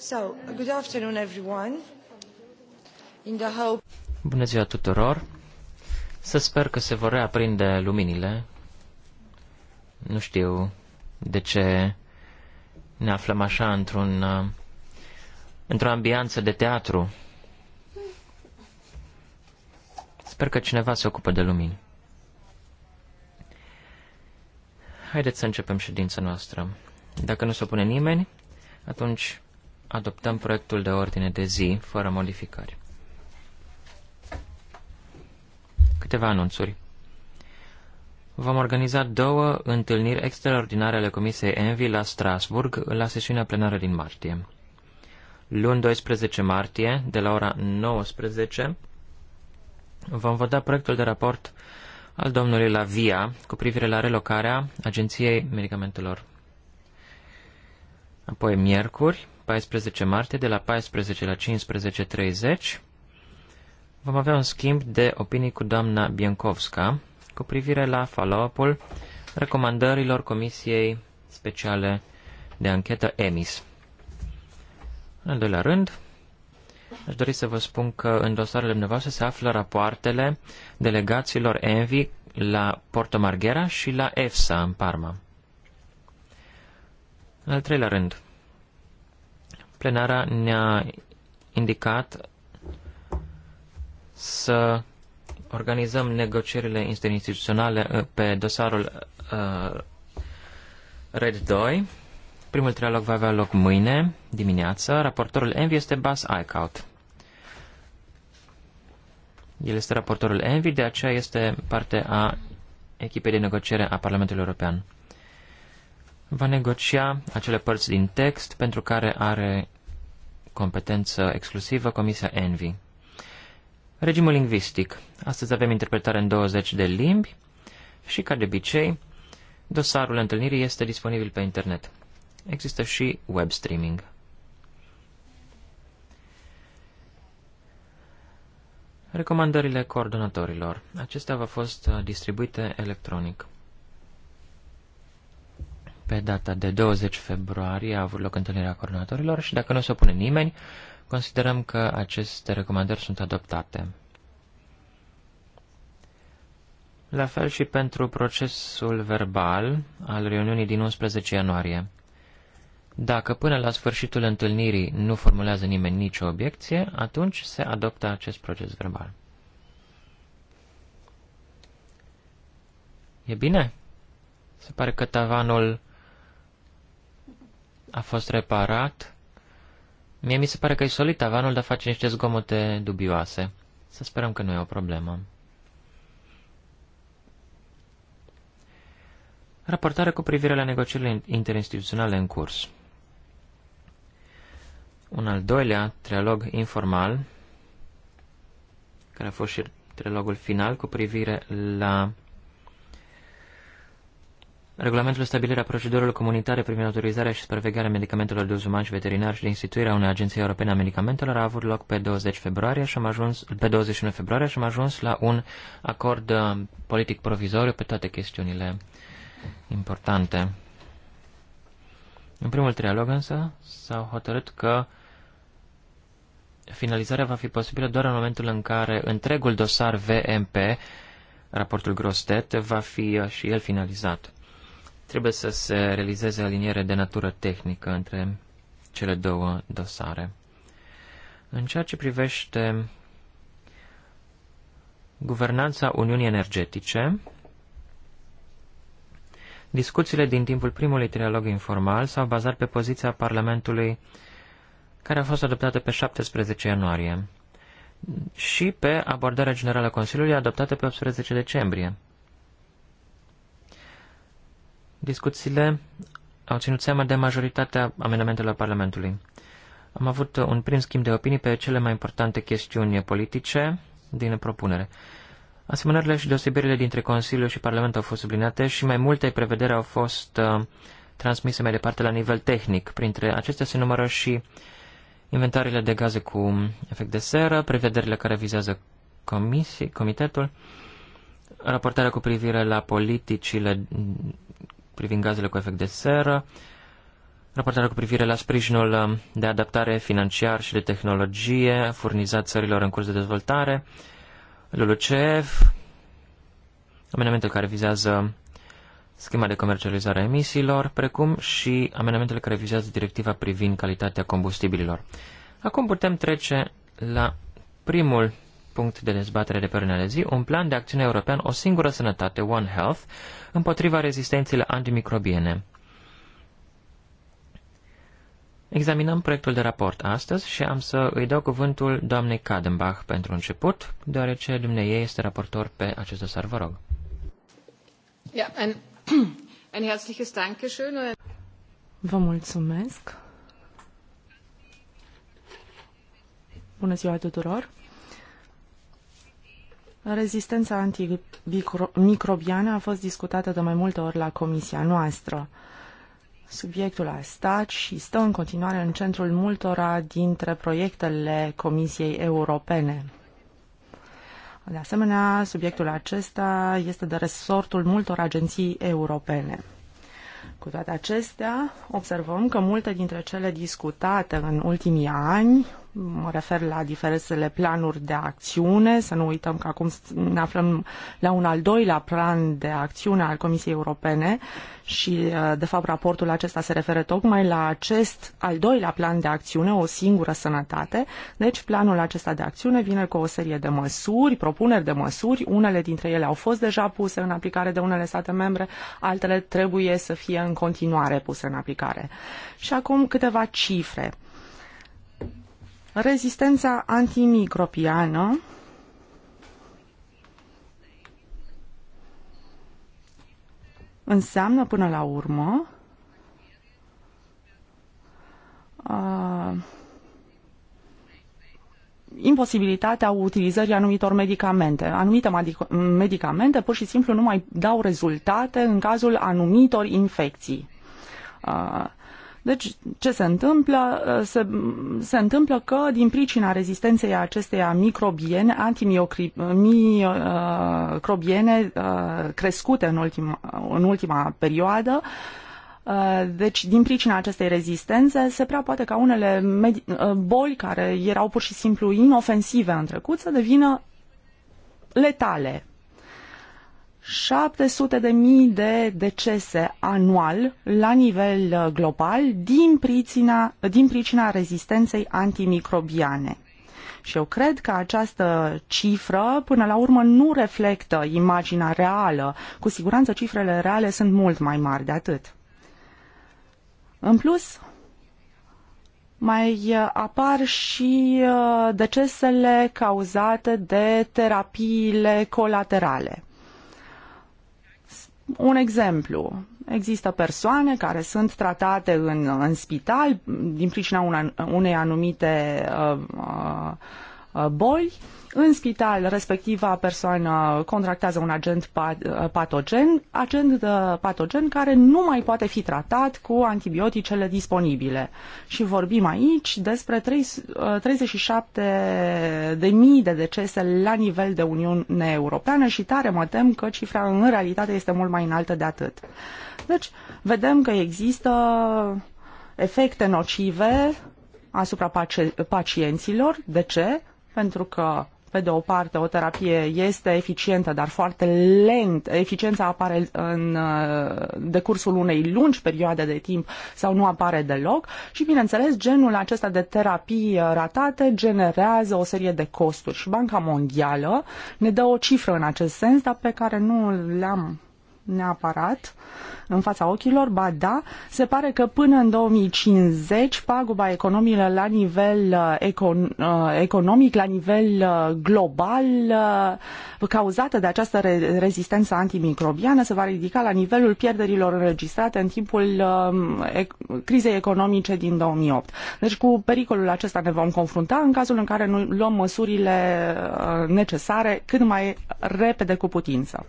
So, good afternoon everyone. In the hope... Bună ziua tuturor. Să sper că se vor reaprinde luminile. Nu știu de ce ne aflăm așa într-un uh, într-o ambianță de teatru. Sper că cineva se ocupă de lumini. Haideți să începem ședința noastră. Dacă nu se opune nimeni, atunci adoptăm proiectul de ordine de zi fără modificări. Câteva anunțuri. Vom organiza două întâlniri extraordinare ale Comisiei Envi la Strasburg la sesiunea plenară din martie. Luni 12 martie, de la ora 19, vom vota proiectul de raport al domnului Lavia cu privire la relocarea Agenției Medicamentelor. Apoi, miercuri, 14 martie, de la 14 la 15.30, vom avea un schimb de opinii cu doamna Biancovska cu privire la follow-up-ul recomandărilor Comisiei Speciale de Anchetă EMIS. În al doilea rând, aș dori să vă spun că în dosarele dumneavoastră se află rapoartele delegațiilor ENVI la Porto Marghera și la EFSA în Parma. În al treilea rând, Plenara ne-a indicat să organizăm negocierile interinstituționale uh, pe dosarul uh, Red 2. Primul trilog va avea loc mâine dimineață. Raportorul Envi este Bas Eichhout. El este raportorul Envi, de aceea este parte a echipei de negociere a Parlamentului European. Va negocia acele părți din text pentru care are competență exclusivă Comisia Envi. Regimul lingvistic. Astăzi avem interpretare în 20 de limbi și, ca de obicei, dosarul întâlnirii este disponibil pe internet. Există și web streaming. Recomandările coordonatorilor. Acestea au fost uh, distribuite electronic. Pe data de 20 februarie a avut loc întâlnirea coordonatorilor și dacă nu se opune nimeni, considerăm că aceste recomandări sunt adoptate. La fel și pentru procesul verbal al reuniunii din 11 ianuarie. Dacă până la sfârșitul întâlnirii nu formulează nimeni nicio obiecție, atunci se adoptă acest proces verbal. E bine? Se pare că tavanul a fost reparat. Mie mi se pare că e solid tavanul, dar face niște zgomote dubioase. Să sperăm că nu e o problemă. Raportare cu privire la negocierile interinstituționale în curs. Un al doilea trialog informal, care a fost și trilogul final cu privire la Regulamentul stabilirea procedurilor comunitare privind autorizarea și supravegherea medicamentelor de uz uman și veterinar și de instituirea unei agenții europene a medicamentelor a avut loc pe 20 februarie și am ajuns, pe 21 februarie și am ajuns la un acord uh, politic provizoriu pe toate chestiunile importante. În primul trialog însă s-au hotărât că finalizarea va fi posibilă doar în momentul în care întregul dosar VMP, raportul Grostet, va fi uh, și el finalizat. Trebuie să se realizeze aliniere de natură tehnică între cele două dosare. În ceea ce privește guvernanța Uniunii Energetice, discuțiile din timpul primului trialog informal s-au bazat pe poziția Parlamentului care a fost adoptată pe 17 ianuarie și pe abordarea generală a Consiliului adoptată pe 18 decembrie. Discuțiile au ținut seama de majoritatea amendamentelor Parlamentului. Am avut un prim schimb de opinii pe cele mai importante chestiuni politice din propunere. Asemănările și deosebirile dintre Consiliu și Parlament au fost subliniate și mai multe prevederi au fost uh, transmise mai departe la nivel tehnic. Printre acestea se numără și inventarile de gaze cu efect de seră, prevederile care vizează comisii, comitetul, raportarea cu privire la politicile privind gazele cu efect de seră, raportarea cu privire la sprijinul um, de adaptare financiar și de tehnologie furnizat țărilor în curs de dezvoltare, LULUCF, amendamentul care vizează schema de comercializare a emisiilor, precum și amendamentele care vizează directiva privind calitatea combustibililor. Acum putem trece la primul punct de dezbatere de pe ordinea de zi, un plan de acțiune european O singură sănătate, One Health, împotriva rezistenței antimicrobiene. Examinăm proiectul de raport astăzi și am să îi dau cuvântul doamnei Kadenbach pentru început, deoarece ei este raportor pe acest dosar. Vă rog. Ja, ein, ein herzliches Dankeschön. Vă mulțumesc. Bună ziua tuturor. Rezistența antimicrobiană a fost discutată de mai multe ori la comisia noastră. Subiectul a stat și stă în continuare în centrul multora dintre proiectele Comisiei Europene. De asemenea, subiectul acesta este de resortul multor agenții europene. Cu toate acestea, observăm că multe dintre cele discutate în ultimii ani, mă refer la diferitele planuri de acțiune, să nu uităm că acum ne aflăm la un al doilea plan de acțiune al Comisiei Europene și, uh, de fapt, raportul acesta se referă tocmai la acest al doilea plan de acțiune, o singură sănătate. Deci, planul acesta de acțiune vine cu o serie de măsuri, propuneri de măsuri, unele dintre ele au fost deja puse în aplicare de unele state membre, altele trebuie să fie în continuare puse în aplicare. Și acum câteva cifre Rezistența antimicrobiană înseamnă până la urmă uh, imposibilitatea utilizării anumitor medicamente. Anumite medicamente pur și simplu nu mai dau rezultate în cazul anumitor infecții. Uh, deci, ce se întâmplă? Ă, se, se întâmplă că, din pricina rezistenței acesteia microbiene, antimicrobiene ă, ă, crescute în ultima, în ultima perioadă, deci, din pricina acestei rezistențe, se prea poate ca unele boli care erau pur și simplu inofensive în trecut să devină letale 700 de mii de decese anual la nivel uh, global din pricina, din pricina rezistenței antimicrobiane. Și eu cred că această cifră, până la urmă, nu reflectă imaginea reală. Cu siguranță cifrele reale sunt mult mai mari de atât. În plus, mai uh, apar și uh, decesele cauzate de terapiile colaterale. Un exemplu, există persoane care sunt tratate în, în spital din pricina una, unei anumite uh, uh, boli în spital respectiva persoană contractează un agent eh, patogen, agent eh, patogen care nu mai poate fi tratat cu antibioticele disponibile. Și vorbim aici despre 37 eh, de mii de decese la nivel de Uniune Europeană și tare mă tem că cifra în realitate este mult mai înaltă de atât. Deci, vedem că există efecte nocive asupra pacienților. De ce? Pentru că pe de o parte, o terapie este eficientă, dar foarte lent, eficiența apare uh, în uh, decursul unei lungi perioade de timp sau nu apare deloc și, bineînțeles, genul acesta de terapii ratate generează o serie de costuri și Banca Mondială ne dă o cifră în acest sens, dar pe care nu le-am neapărat în fața ochilor, ba da, se pare că până în 2050 paguba economică la nivel uh, econ, uh, economic, la nivel uh, global, cauzată de această re- rezistență antimicrobiană, se va ridica la nivelul pierderilor înregistrate în timpul ec- crizei economice din 2008. Deci cu pericolul acesta ne vom confrunta în cazul în care nu luăm măsurile necesare cât mai repede cu putință.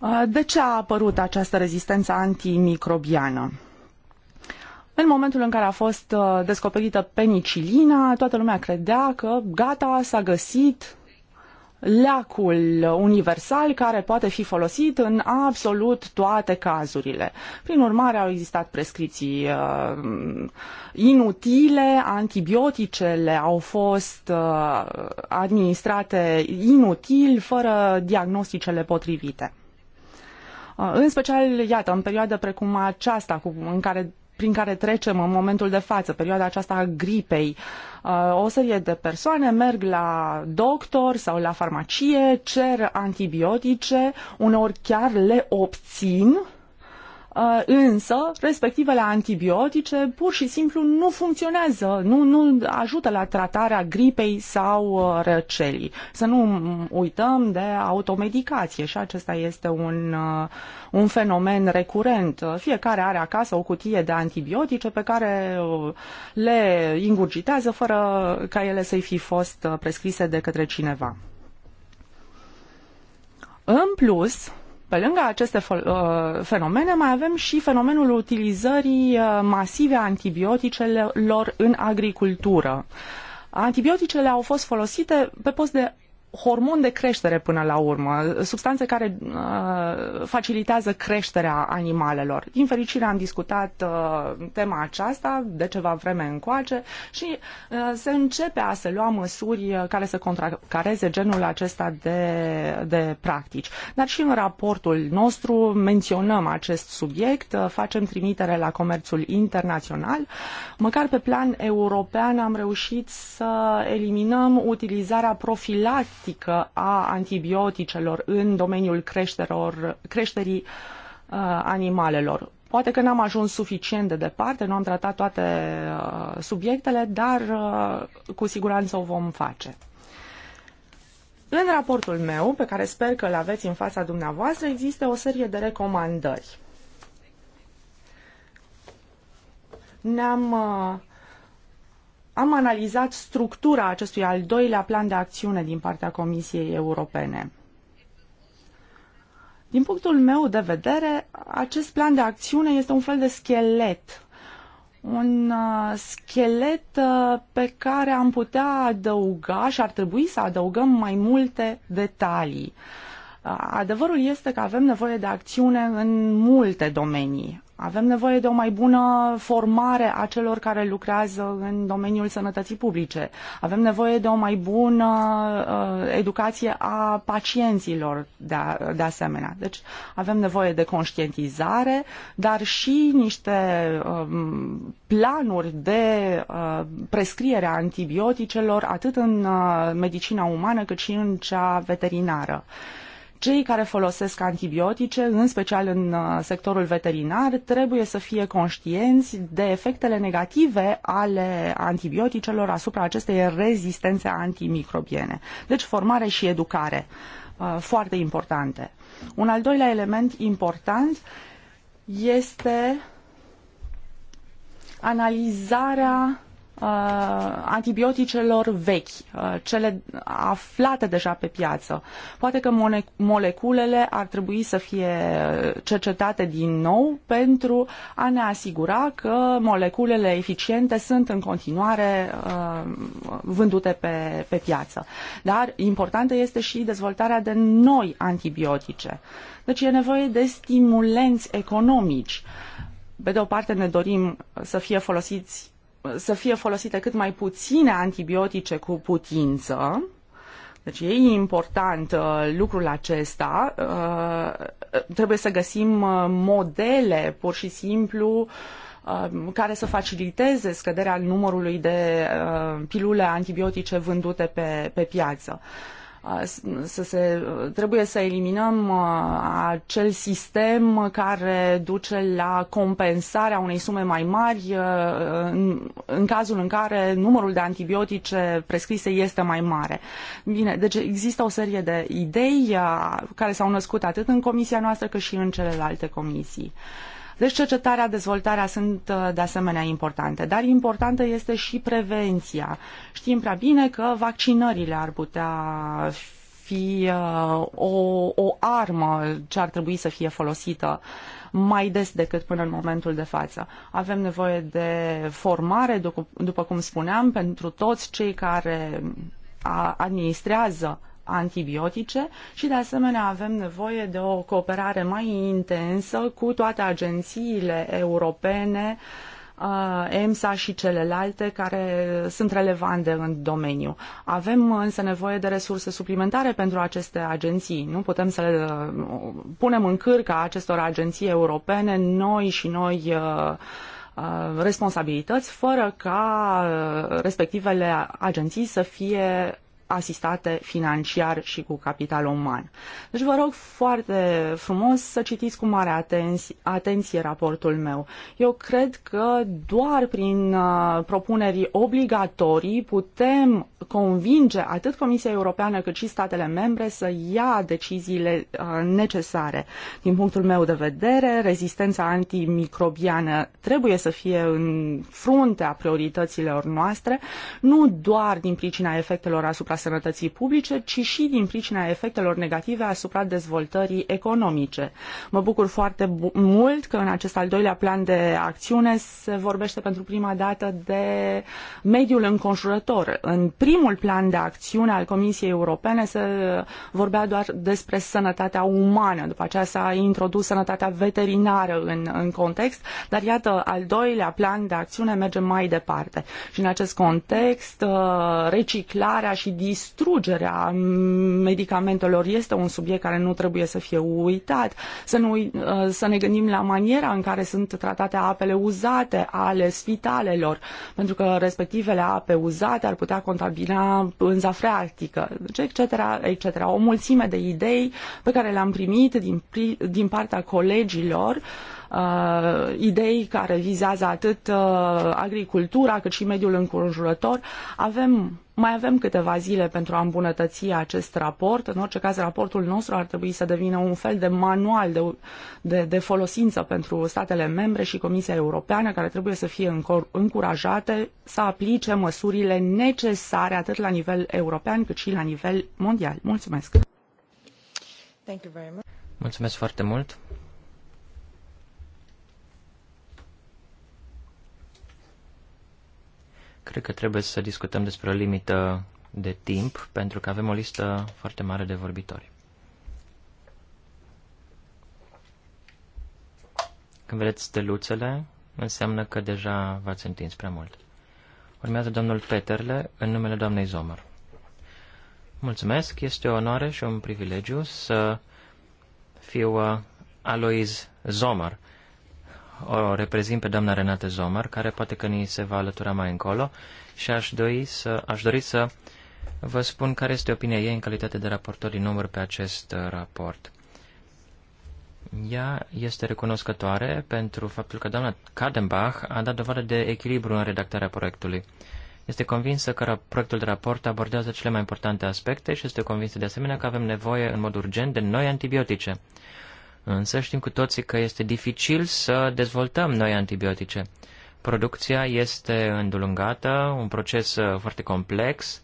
Uh, de ce a apărut această rezistență antimicrobiană? În momentul în care a fost uh, descoperită penicilina, toată lumea credea că gata, s-a găsit leacul universal care poate fi folosit în absolut toate cazurile. Prin urmare, au existat prescripții uh, inutile, antibioticele au fost uh, administrate inutil, fără diagnosticele potrivite. În special, iată, în perioadă precum aceasta cu, în care prin care trecem în momentul de față, perioada aceasta a gripei. O serie de persoane merg la doctor sau la farmacie, cer antibiotice, uneori chiar le obțin, Uh, însă respectivele antibiotice pur și simplu nu funcționează, nu, nu ajută la tratarea gripei sau uh, răcelii. Să nu uităm de automedicație și acesta este un, uh, un fenomen recurent. Fiecare are acasă o cutie de antibiotice pe care le ingurgitează fără ca ele să-i fi fost prescrise de către cineva. În plus, pe lângă aceste uh, fenomene, mai avem și fenomenul utilizării uh, masive a antibioticelor în agricultură. Antibioticele au fost folosite pe post de hormon de creștere până la urmă, substanțe care uh, facilitează creșterea animalelor. Din fericire am discutat uh, tema aceasta de ceva vreme încoace și uh, se începe a se lua măsuri care să contracareze genul acesta de, de practici. Dar și în raportul nostru menționăm acest subiect, uh, facem trimitere la comerțul internațional. Măcar pe plan european am reușit să eliminăm utilizarea profilată practică a antibioticelor în domeniul creșterilor, creșterii uh, animalelor. Poate că n-am ajuns suficient de departe, nu am tratat toate uh, subiectele, dar uh, cu siguranță o vom face. În raportul meu, pe care sper că îl aveți în fața dumneavoastră, există o serie de recomandări. Ne-am uh, am analizat structura acestui al doilea plan de acțiune din partea Comisiei Europene. Din punctul meu de vedere, acest plan de acțiune este un fel de schelet. Un uh, schelet uh, pe care am putea adăuga și ar trebui să adăugăm mai multe detalii. Uh, adevărul este că avem nevoie de acțiune în multe domenii. Avem nevoie de o mai bună formare a celor care lucrează în domeniul sănătății publice. Avem nevoie de o mai bună uh, educație a pacienților de, a, de asemenea. Deci avem nevoie de conștientizare, dar și niște um, planuri de uh, prescriere a antibioticelor atât în uh, medicina umană cât și în cea veterinară. Uh, cei care folosesc antibiotice, în special în uh, sectorul veterinar, trebuie să fie conștienți de efectele negative ale antibioticelor asupra acestei rezistențe antimicrobiene. Deci formare și educare uh, foarte importante. Un al doilea element important este analizarea Uh, antibioticelor vechi, uh, cele aflate deja pe piață. Poate că moleculele ar trebui să fie cercetate din nou pentru a ne asigura că moleculele eficiente sunt în continuare uh, vândute pe, pe piață. Dar importantă este și dezvoltarea de noi antibiotice. Deci e nevoie de stimulenți economici. Pe de o parte ne dorim să fie folosiți să fie folosite cât mai puține antibiotice cu putință. Deci e important uh, lucrul acesta. Uh, trebuie să găsim uh, modele pur și simplu care să faciliteze scăderea numărului de pilule antibiotice vândute pe, pe piață. Uh, să se, trebuie să eliminăm acel sistem care duce la compensarea unei sume mai mari în, în cazul în care numărul de antibiotice prescrise este mai mare. Bine, deci există o serie de idei care s-au născut atât în comisia noastră cât și în celelalte comisii. Uh, deci cercetarea, dezvoltarea sunt uh, de asemenea importante, dar importantă este și prevenția. Știm prea bine că vaccinările ar putea fi uh, o, o armă ce ar trebui să fie folosită mai des decât până în momentul de față. Avem nevoie de formare, după cum spuneam, pentru toți cei care administrează antibiotice și de asemenea avem nevoie de o cooperare mai intensă cu toate agențiile europene uh, EMSA și celelalte care sunt relevante în domeniu. Avem însă nevoie de resurse suplimentare pentru aceste agenții. Nu putem să le uh, punem în cârca acestor agenții europene noi și noi uh, responsabilități fără ca respectivele agenții să fie asistate financiar și cu capital uman. Deci vă rog foarte frumos să citiți cu mare atenție, atenție raportul meu. Eu cred că doar prin uh, propuneri obligatorii putem convinge atât Comisia Europeană cât și statele membre să ia deciziile uh, necesare. Din punctul meu de vedere, rezistența antimicrobiană trebuie să fie în fruntea priorităților noastre, nu doar din pricina efectelor asupra sănătății publice, ci și din pricina efectelor negative asupra dezvoltării economice. Mă bucur foarte mult că în acest al doilea plan de acțiune se vorbește pentru prima dată de mediul înconjurător. În prim primul plan de acțiune al Comisiei Europene se vorbea doar despre sănătatea umană, după aceea s-a introdus sănătatea veterinară în, în context, dar iată, al doilea plan de acțiune merge mai departe. Și în acest context, uh, reciclarea și distrugerea medicamentelor este un subiect care nu trebuie să fie uitat. Să, nu, uh, să ne gândim la maniera în care sunt tratate apele uzate ale spitalelor, pentru că respectivele ape uzate ar putea contabili în pânza freatică, etc., deci, etc. O mulțime de idei pe care le-am primit din, din partea colegilor uh, uh, idei care vizează atât uh, agricultura cât și mediul înconjurător. Avem, mai avem câteva zile pentru a îmbunătăți acest raport. În orice caz, raportul nostru ar trebui să devină un fel de manual de, de, de folosință pentru statele membre și Comisia Europeană, care trebuie să fie încurajate să aplice măsurile necesare atât la nivel european cât și la nivel mondial. Mulțumesc! Mulțumesc foarte mult! Cred că trebuie să discutăm despre o limită de timp, pentru că avem o listă foarte mare de vorbitori. Când vedeți steluțele, înseamnă că deja v-ați întins prea mult. Urmează domnul Peterle în numele doamnei Zomăr. Mulțumesc, este o onoare și un privilegiu să fiu uh, Alois Zomăr o reprezint pe doamna Renate Zomar, care poate că ni se va alătura mai încolo și aș dori să, aș dori să vă spun care este opinia ei în calitate de raportor din număr pe acest uh, raport. Ea este recunoscătoare pentru faptul că doamna Kadenbach a dat dovadă de echilibru în redactarea proiectului. Este convinsă că proiectul de raport abordează cele mai importante aspecte și este convinsă de asemenea că avem nevoie în mod urgent de noi antibiotice. Însă știm cu toții că este dificil să dezvoltăm noi antibiotice. Producția este îndelungată, un proces uh, foarte complex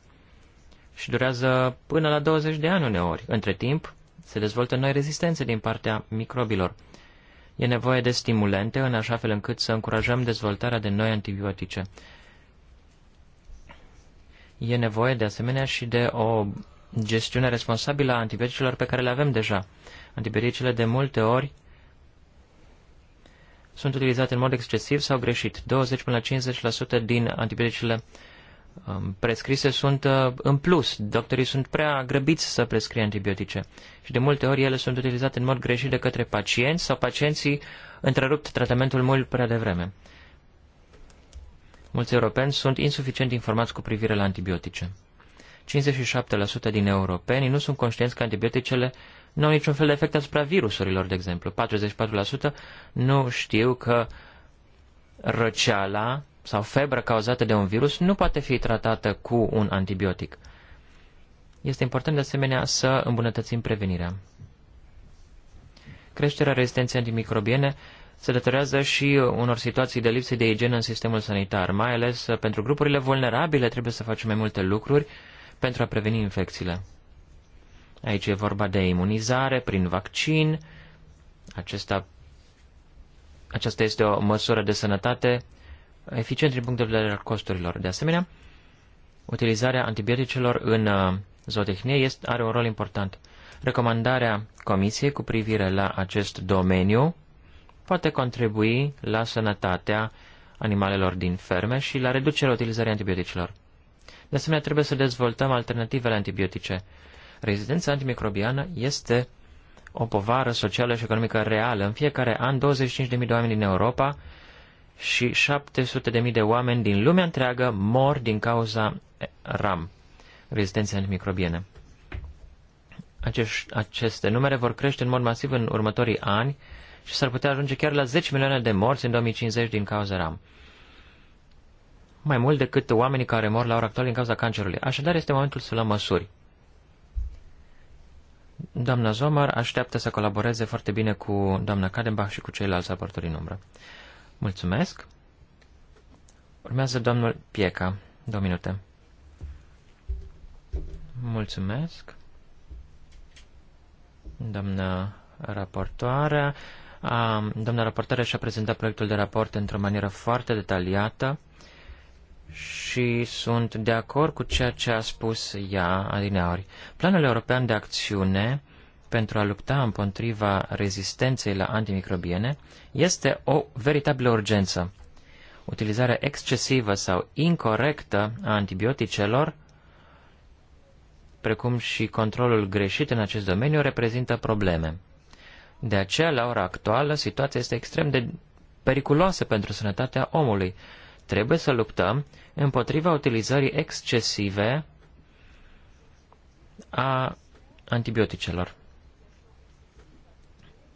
și durează până la 20 de ani uneori. Între timp, se dezvoltă noi rezistențe din partea microbilor. E nevoie de stimulente în așa fel încât să încurajăm dezvoltarea de noi antibiotice. E nevoie de asemenea și de o gestiune responsabilă a antibioticelor pe care le avem deja. Antibioticele de multe ori sunt utilizate în mod excesiv sau greșit. 20 până la 50% din antibioticele um, prescrise sunt uh, în plus. Doctorii sunt prea grăbiți să prescrie antibiotice și de multe ori ele sunt utilizate în mod greșit de către pacienți sau pacienții întrerupt tratamentul mult prea devreme. Mulți europeni sunt insuficient informați cu privire la antibiotice. 57% din europeni nu sunt conștienți că antibioticele nu au niciun fel de efect asupra virusurilor, de exemplu. 44% nu știu că răceala sau febra cauzată de un virus nu poate fi tratată cu un antibiotic. Este important de asemenea să îmbunătățim prevenirea. Creșterea rezistenței antimicrobiene se datorează și unor situații de lipsă de igienă în sistemul sanitar, mai ales pentru grupurile vulnerabile trebuie să facem mai multe lucruri pentru a preveni infecțiile. Aici e vorba de imunizare prin vaccin. Acesta, aceasta este o măsură de sănătate eficient din punct de vedere al costurilor. De asemenea, utilizarea antibioticelor în uh, zootehnie este, are un rol important. Recomandarea Comisiei cu privire la acest domeniu poate contribui la sănătatea animalelor din ferme și la reducerea utilizării antibioticelor. De asemenea, trebuie să dezvoltăm alternativele antibiotice. Rezistența antimicrobiană este o povară socială și economică reală. În fiecare an, 25.000 de oameni din Europa și 700.000 de oameni din lumea întreagă mor din cauza RAM, rezistenței antimicrobiene. Acești, aceste numere vor crește în mod masiv în următorii ani și s-ar putea ajunge chiar la 10 milioane de morți în 2050 din cauza RAM. Mai mult decât oamenii care mor la ora actuală din cauza cancerului. Așadar, este momentul să luăm măsuri. Doamna Zomar așteaptă să colaboreze foarte bine cu doamna Kadenbach și cu ceilalți raportori în umbră. Mulțumesc. Urmează domnul Pieca. Două minute. Mulțumesc. Doamna raportoare. Doamna raportoare și-a prezentat proiectul de raport într-o manieră foarte detaliată și sunt de acord cu ceea ce a spus ea adineori. Planul european de acțiune pentru a lupta împotriva rezistenței la antimicrobiene este o veritabilă urgență. Utilizarea excesivă sau incorrectă a antibioticelor, precum și controlul greșit în acest domeniu, reprezintă probleme. De aceea, la ora actuală, situația este extrem de periculoasă pentru sănătatea omului Trebuie să luptăm împotriva utilizării excesive a antibioticelor.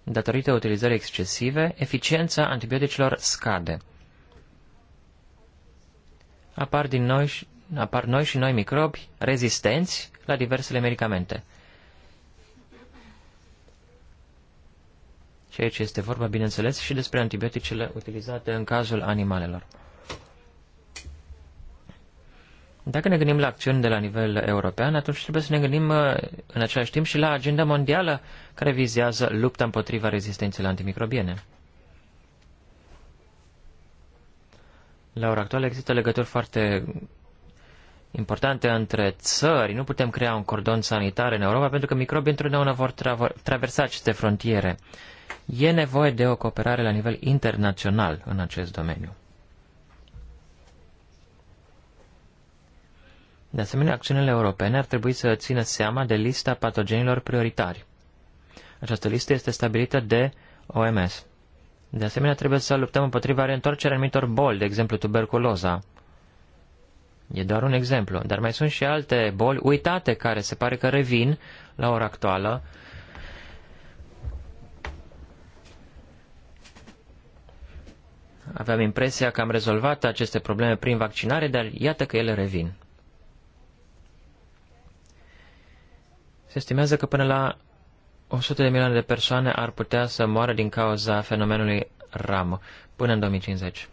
Datorită utilizării excesive, eficiența antibioticelor scade. Apar, din noi, apar noi și noi microbi rezistenți la diversele medicamente. Și aici este vorba, bineînțeles, și despre antibioticele utilizate în cazul animalelor. Dacă ne gândim la acțiuni de la nivel european, atunci trebuie să ne gândim uh, în același timp și la agenda mondială care vizează lupta împotriva rezistenței la antimicrobiene. La ora actuală există legături foarte importante între țări. Nu putem crea un cordon sanitar în Europa pentru că microbii întotdeauna vor tra- traversa aceste frontiere. E nevoie de o cooperare la nivel internațional în acest domeniu. De asemenea, acțiunile europene ar trebui să țină seama de lista patogenilor prioritari. Această listă este stabilită de OMS. De asemenea, trebuie să luptăm împotriva reîntoarcerea anumitor boli, de exemplu tuberculoza. E doar un exemplu, dar mai sunt și alte boli uitate care se pare că revin la ora actuală. Aveam impresia că am rezolvat aceste probleme prin vaccinare, dar iată că ele revin. Se estimează că până la 100 de milioane de persoane ar putea să moară din cauza fenomenului RAM până în 2050.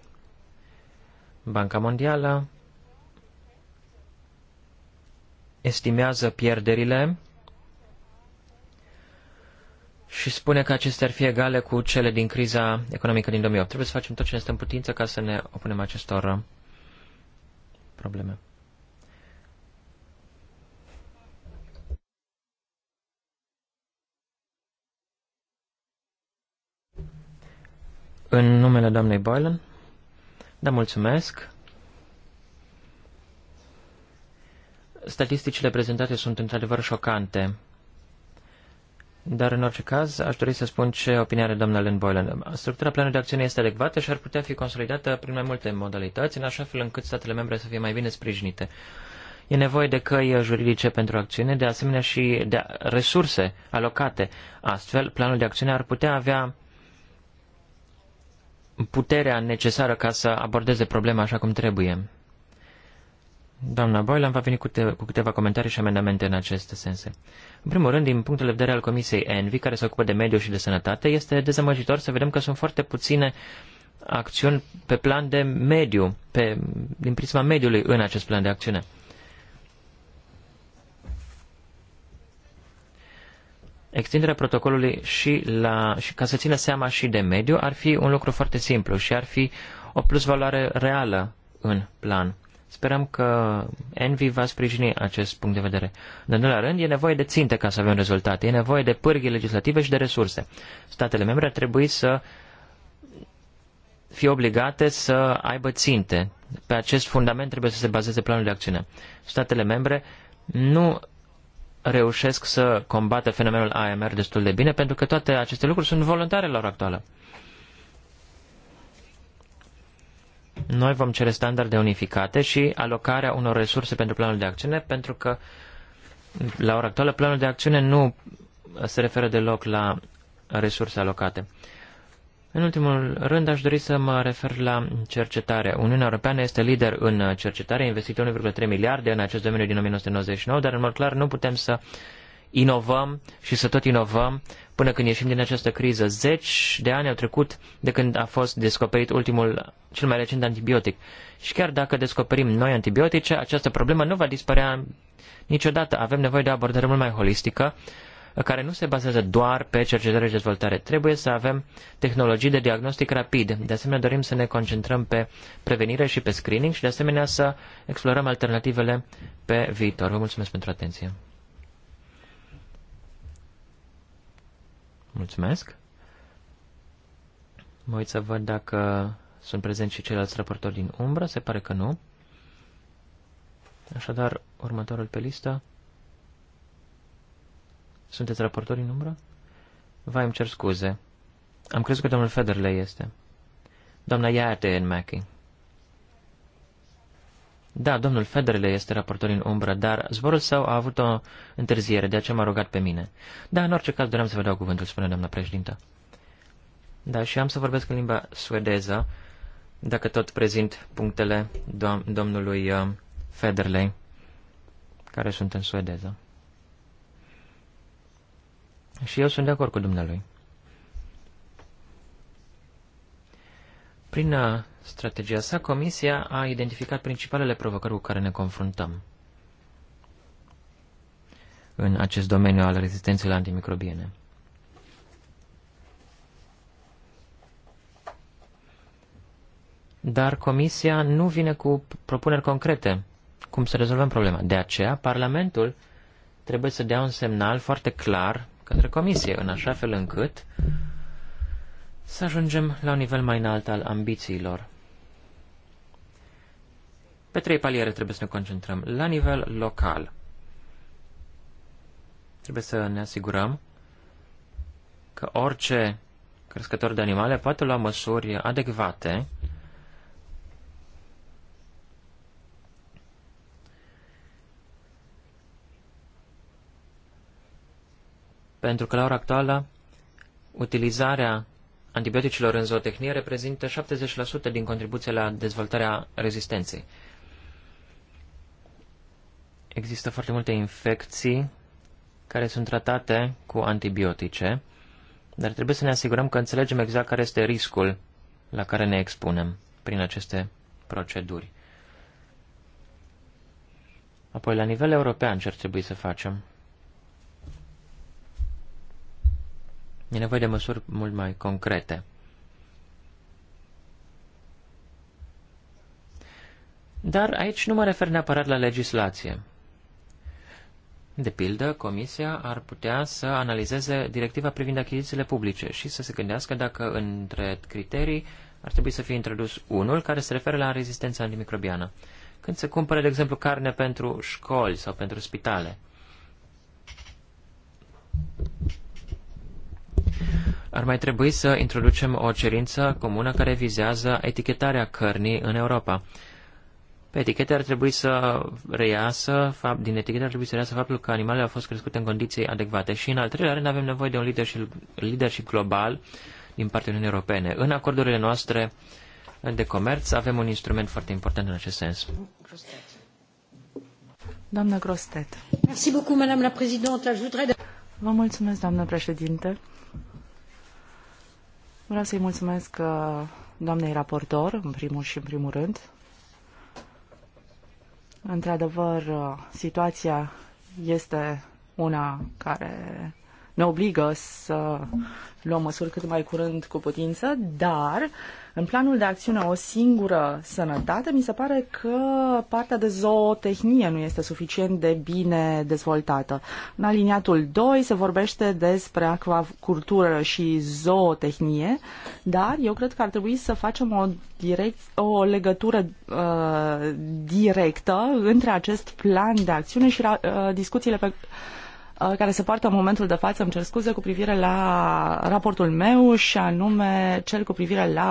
Banca Mondială estimează pierderile și spune că acestea ar fi egale cu cele din criza economică din 2008. Trebuie să facem tot ce ne stă în putință ca să ne opunem acestor probleme. În numele doamnei Boylan? Da, mulțumesc. Statisticile prezentate sunt într-adevăr șocante. Dar, în orice caz, aș dori să spun ce opinia are doamna Lynn Boylan. Structura planului de acțiune este adecvată și ar putea fi consolidată prin mai multe modalități, în așa fel încât statele membre să fie mai bine sprijinite. E nevoie de căi juridice pentru acțiune, de asemenea și de resurse alocate. Astfel, planul de acțiune ar putea avea puterea necesară ca să abordeze problema așa cum trebuie. Doamna Boylan va veni cu, te- cu câteva comentarii și amendamente în aceste sens. În primul rând, din punctul de vedere al Comisiei ENVI, care se ocupă de mediu și de sănătate, este dezamăgitor să vedem că sunt foarte puține acțiuni pe plan de mediu, pe, din prisma mediului în acest plan de acțiune. extinderea protocolului și, la, și ca să țină seama și de mediu ar fi un lucru foarte simplu și ar fi o plusvaloare reală în plan. Sperăm că Envy va sprijini acest punct de vedere. În al doilea rând, e nevoie de ținte ca să avem rezultate. E nevoie de pârghii legislative și de resurse. Statele membre ar trebui să fie obligate să aibă ținte. Pe acest fundament trebuie să se bazeze planul de acțiune. Statele membre nu reușesc să combată fenomenul AMR destul de bine, pentru că toate aceste lucruri sunt voluntare la ora actuală. Noi vom cere standarde unificate și alocarea unor resurse pentru planul de acțiune, pentru că la ora actuală planul de acțiune nu se referă deloc la resurse alocate. În ultimul rând, aș dori să mă refer la cercetare. Uniunea Europeană este lider în cercetare, a investit 1,3 miliarde în acest domeniu din 1999, dar în mod clar nu putem să inovăm și să tot inovăm până când ieșim din această criză. Zeci de ani au trecut de când a fost descoperit ultimul, cel mai recent antibiotic. Și chiar dacă descoperim noi antibiotice, această problemă nu va dispărea niciodată. Avem nevoie de o abordare mult mai holistică care nu se bazează doar pe cercetare și dezvoltare. Trebuie să avem tehnologii de diagnostic rapid. De asemenea, dorim să ne concentrăm pe prevenire și pe screening și, de asemenea, să explorăm alternativele pe viitor. Vă mulțumesc pentru atenție. Mulțumesc. Mă uit să văd dacă sunt prezenți și ceilalți raportori din umbră. Se pare că nu. Așadar, următorul pe listă sunteți raportori în umbră? Vai, îmi cer scuze. Am crezut că domnul Federle este. Doamna în Mackey. Da, domnul Federle este raportor în umbră, dar zborul său a avut o întârziere, de aceea m-a rugat pe mine. Da, în orice caz doream să vă dau cuvântul, spune doamna președintă. Da, și am să vorbesc în limba suedeză, dacă tot prezint punctele dom- domnului uh, Federley, care sunt în suedeză. Și eu sunt de acord cu dumnealui. Prin uh, strategia sa, Comisia a identificat principalele provocări cu care ne confruntăm în acest domeniu al rezistenței la antimicrobiene. Dar Comisia nu vine cu propuneri concrete cum să rezolvăm problema. De aceea, Parlamentul trebuie să dea un semnal foarte clar către Comisie, în așa fel încât să ajungem la un nivel mai înalt al ambițiilor. Pe trei paliere trebuie să ne concentrăm. La nivel local, trebuie să ne asigurăm că orice crescător de animale poate lua măsuri adecvate pentru că la ora actuală utilizarea antibioticilor în zootehnie reprezintă 70% din contribuția la dezvoltarea rezistenței. Există foarte multe infecții care sunt tratate cu antibiotice, dar trebuie să ne asigurăm că înțelegem exact care este riscul la care ne expunem prin aceste proceduri. Apoi, la nivel european, ce ar trebui să facem? E nevoie de măsuri mult mai concrete. Dar aici nu mă refer neapărat la legislație. De pildă, Comisia ar putea să analizeze directiva privind achizițiile publice și să se gândească dacă între criterii ar trebui să fie introdus unul care se referă la rezistența antimicrobiană. Când se cumpără, de exemplu, carne pentru școli sau pentru spitale. Ar mai trebui să introducem o cerință comună care vizează etichetarea cărnii în Europa. Pe etichete ar trebui să reiasă, fapt, din etichete ar trebui să reiasă faptul că animalele au fost crescute în condiții adecvate. Și în al treilea rând avem nevoie de un leadership, leadership global din partea Uniunii Europene. În acordurile noastre de comerț avem un instrument foarte important în acest sens. Doamna Grostet. Vă mulțumesc, doamnă președinte. Vreau să-i mulțumesc uh, doamnei raportor, în primul și în primul rând. Într-adevăr, uh, situația este una care ne obligă să luăm măsuri cât mai curând cu putință, dar în planul de acțiune o singură sănătate mi se pare că partea de zootehnie nu este suficient de bine dezvoltată. În aliniatul 2 se vorbește despre acvacultură și zootehnie, dar eu cred că ar trebui să facem o, direct, o legătură uh, directă între acest plan de acțiune și uh, discuțiile pe Uh, care se poartă în momentul de față, îmi cer scuze, cu privire la raportul meu și anume cel cu privire la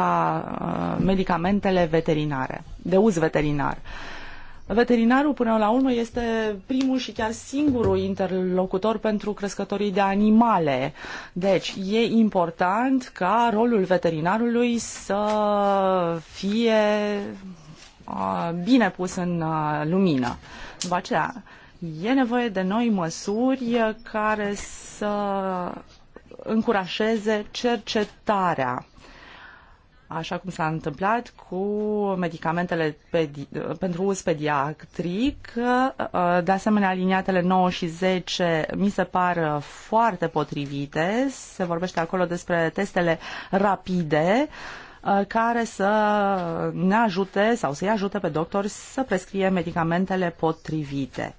uh, medicamentele veterinare, de uz veterinar. Veterinarul, până la urmă, este primul și chiar singurul interlocutor pentru crescătorii de animale. Deci, e important ca rolul veterinarului să fie uh, bine pus în lumină. După aceea, E nevoie de noi măsuri care să încurajeze cercetarea așa cum s-a întâmplat cu medicamentele pentru uz pediatric. De asemenea, aliniatele 9 și 10 mi se par foarte potrivite. Se vorbește acolo despre testele rapide. Uh, Uh, care să ne ajute sau să-i ajute pe doctori să prescrie medicamentele potrivite.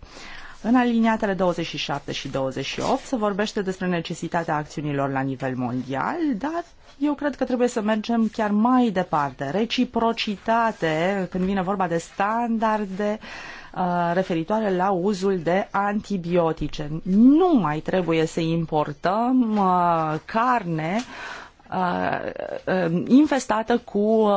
În aliniatele 27 și 28 se vorbește despre necesitatea acțiunilor la nivel mondial, dar eu cred că trebuie să mergem chiar mai departe. Reciprocitate când vine vorba de standarde uh, referitoare la uzul de antibiotice. Nu mai trebuie să importăm uh, carne uh, Uh, uh, infestată cu uh,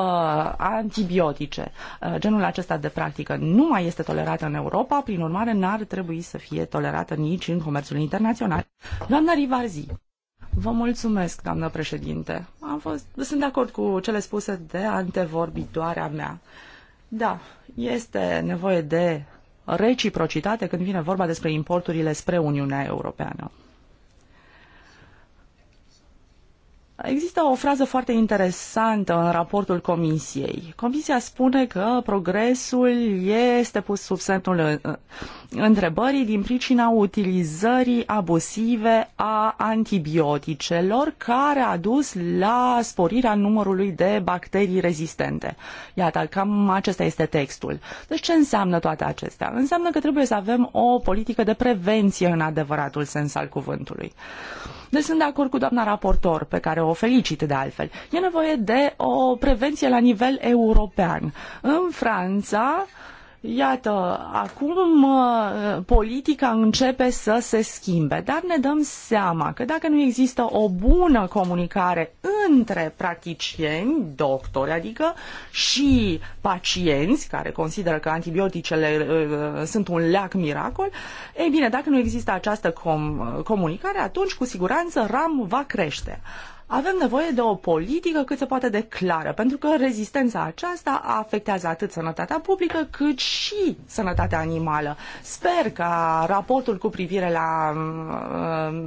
antibiotice. Genul acesta de practică nu mai este tolerată în Europa, prin urmare n-ar trebui să fie tolerată nici în comerțul internațional. Doamna Rivarzi. Vă mulțumesc, doamnă președinte. Am fost, sunt de acord cu cele spuse de antevorbitoarea mea. Da, este nevoie de reciprocitate când vine vorba despre importurile spre Uniunea Europeană. Există o frază foarte interesantă în raportul Comisiei. Comisia spune că progresul este pus sub semnul uh, întrebării din pricina utilizării abusive a antibioticelor care a dus la sporirea numărului de bacterii rezistente. Iată, cam acesta este textul. Deci ce înseamnă toate acestea? Înseamnă că trebuie să avem o politică de prevenție în adevăratul sens al cuvântului. Deci sunt de acord cu doamna raportor, pe care o felicit de altfel. E nevoie de o prevenție la nivel european. În Franța, Iată, acum politica începe să se schimbe, dar ne dăm seama că dacă nu există o bună comunicare între practicieni, doctori, adică și pacienți care consideră că antibioticele uh, uh sunt un leac miracol, ei bine, dacă nu există această com- comunicare, atunci cu siguranță RAM va crește. Avem nevoie de o politică cât se poate de clară, pentru că rezistența aceasta afectează atât sănătatea publică cât și sănătatea animală. Sper ca raportul cu privire la uh,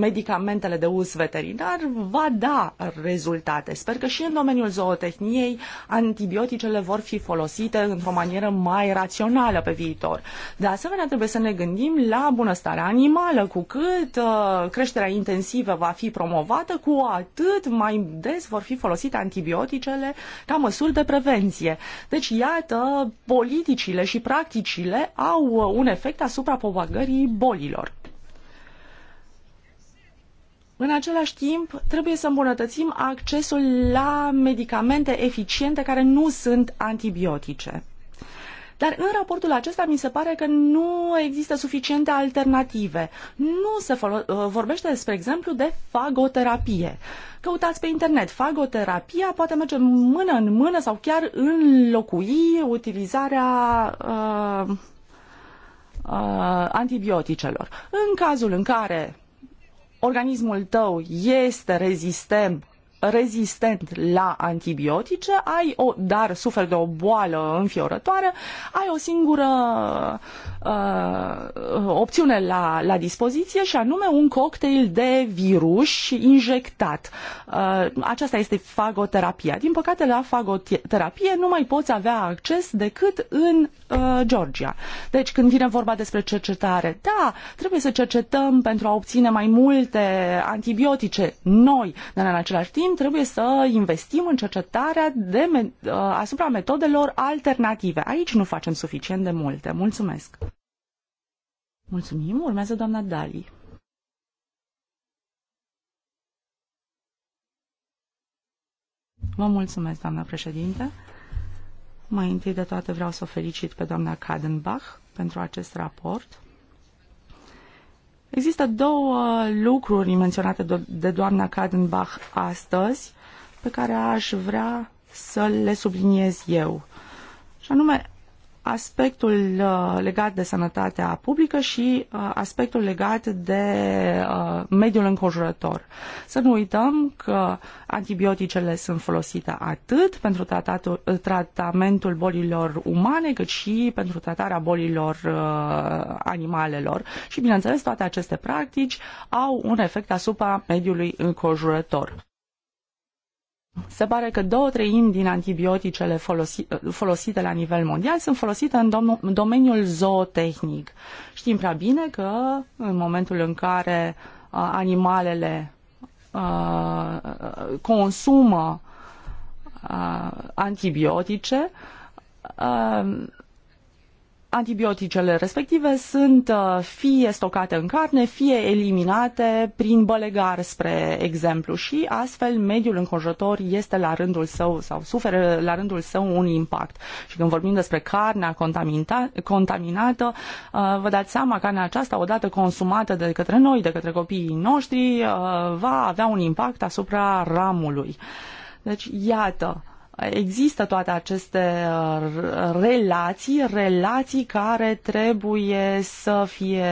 medicamentele de uz veterinar va da rezultate. Sper că și în domeniul zootehniei antibioticele vor fi folosite într-o manieră mai rațională pe viitor. De asemenea, trebuie să ne gândim la bunăstarea animală. Cu cât uh, creșterea intensivă va fi promovată, cu cu atât mai des vor fi folosite antibioticele ca măsuri de prevenție. Deci, iată, politicile și practicile au uh, un efect asupra propagării bolilor. În același timp, trebuie să îmbunătățim accesul la medicamente eficiente care nu sunt antibiotice. Dar în raportul acesta mi se pare că nu există suficiente alternative. Nu se uh, vorbește, spre exemplu, de fagoterapie. Căutați pe internet. Fagoterapia poate merge mână în mână sau chiar înlocui utilizarea uh, uh, antibioticelor. În cazul în care organismul tău este rezistent rezistent la antibiotice, ai o, dar suferi de o boală înfiorătoare, ai o singură uh, opțiune la, la dispoziție și anume un cocktail de virus injectat. Uh, aceasta este fagoterapia. Din păcate, la fagoterapie nu mai poți avea acces decât în uh, Georgia. Deci, când vine vorba despre cercetare, da, trebuie să cercetăm pentru a obține mai multe antibiotice noi, dar în același timp puțin trebuie să investim în cercetarea de me- uh, asupra metodelor alternative. Aici nu facem suficient de multe. Mulțumesc! Mulțumim! Urmează doamna Dali. Vă mulțumesc, doamna președinte. Mai întâi de toate vreau să o felicit pe doamna Kadenbach pentru acest raport. Există două lucruri menționate de doamna Kadenbach astăzi pe care aș vrea să le subliniez eu. Și anume, aspectul uh, legat de sănătatea publică și uh, aspectul legat de uh, mediul înconjurător. Să nu uităm că antibioticele sunt folosite atât pentru tratatul, tratamentul bolilor umane, cât și pentru tratarea bolilor animalelor. Și, bineînțeles, toate aceste practici au un efect asupra mediului înconjurător. Se pare că două treimi din antibioticele folosi, folosite la nivel mondial sunt folosite în, dom în domeniul zootehnic. Știm prea bine că în momentul în care a, uh, animalele a, uh, consumă a, uh, antibiotice, antibioticele respective sunt uh, fie stocate în carne, fie eliminate prin bălegar, spre exemplu, și astfel mediul înconjurător este la rândul său sau suferă la rândul său un impact. Și când vorbim despre carnea contaminată, uh, vă dați seama că carnea aceasta, odată consumată de către noi, de către copiii noștri, uh, va avea un impact asupra ramului. Deci, iată, Există toate aceste uh, relații, relații care trebuie să fie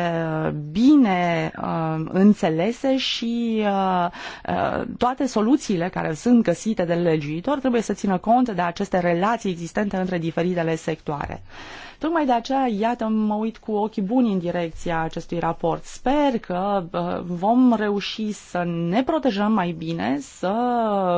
bine uh, înțelese și uh, toate soluțiile care sunt găsite de legiuitor trebuie să țină cont de aceste relații existente între diferitele sectoare. Tocmai de aceea, iată, mă uit cu ochii buni în direcția acestui raport. Sper că uh, vom reuși să ne protejăm mai bine, să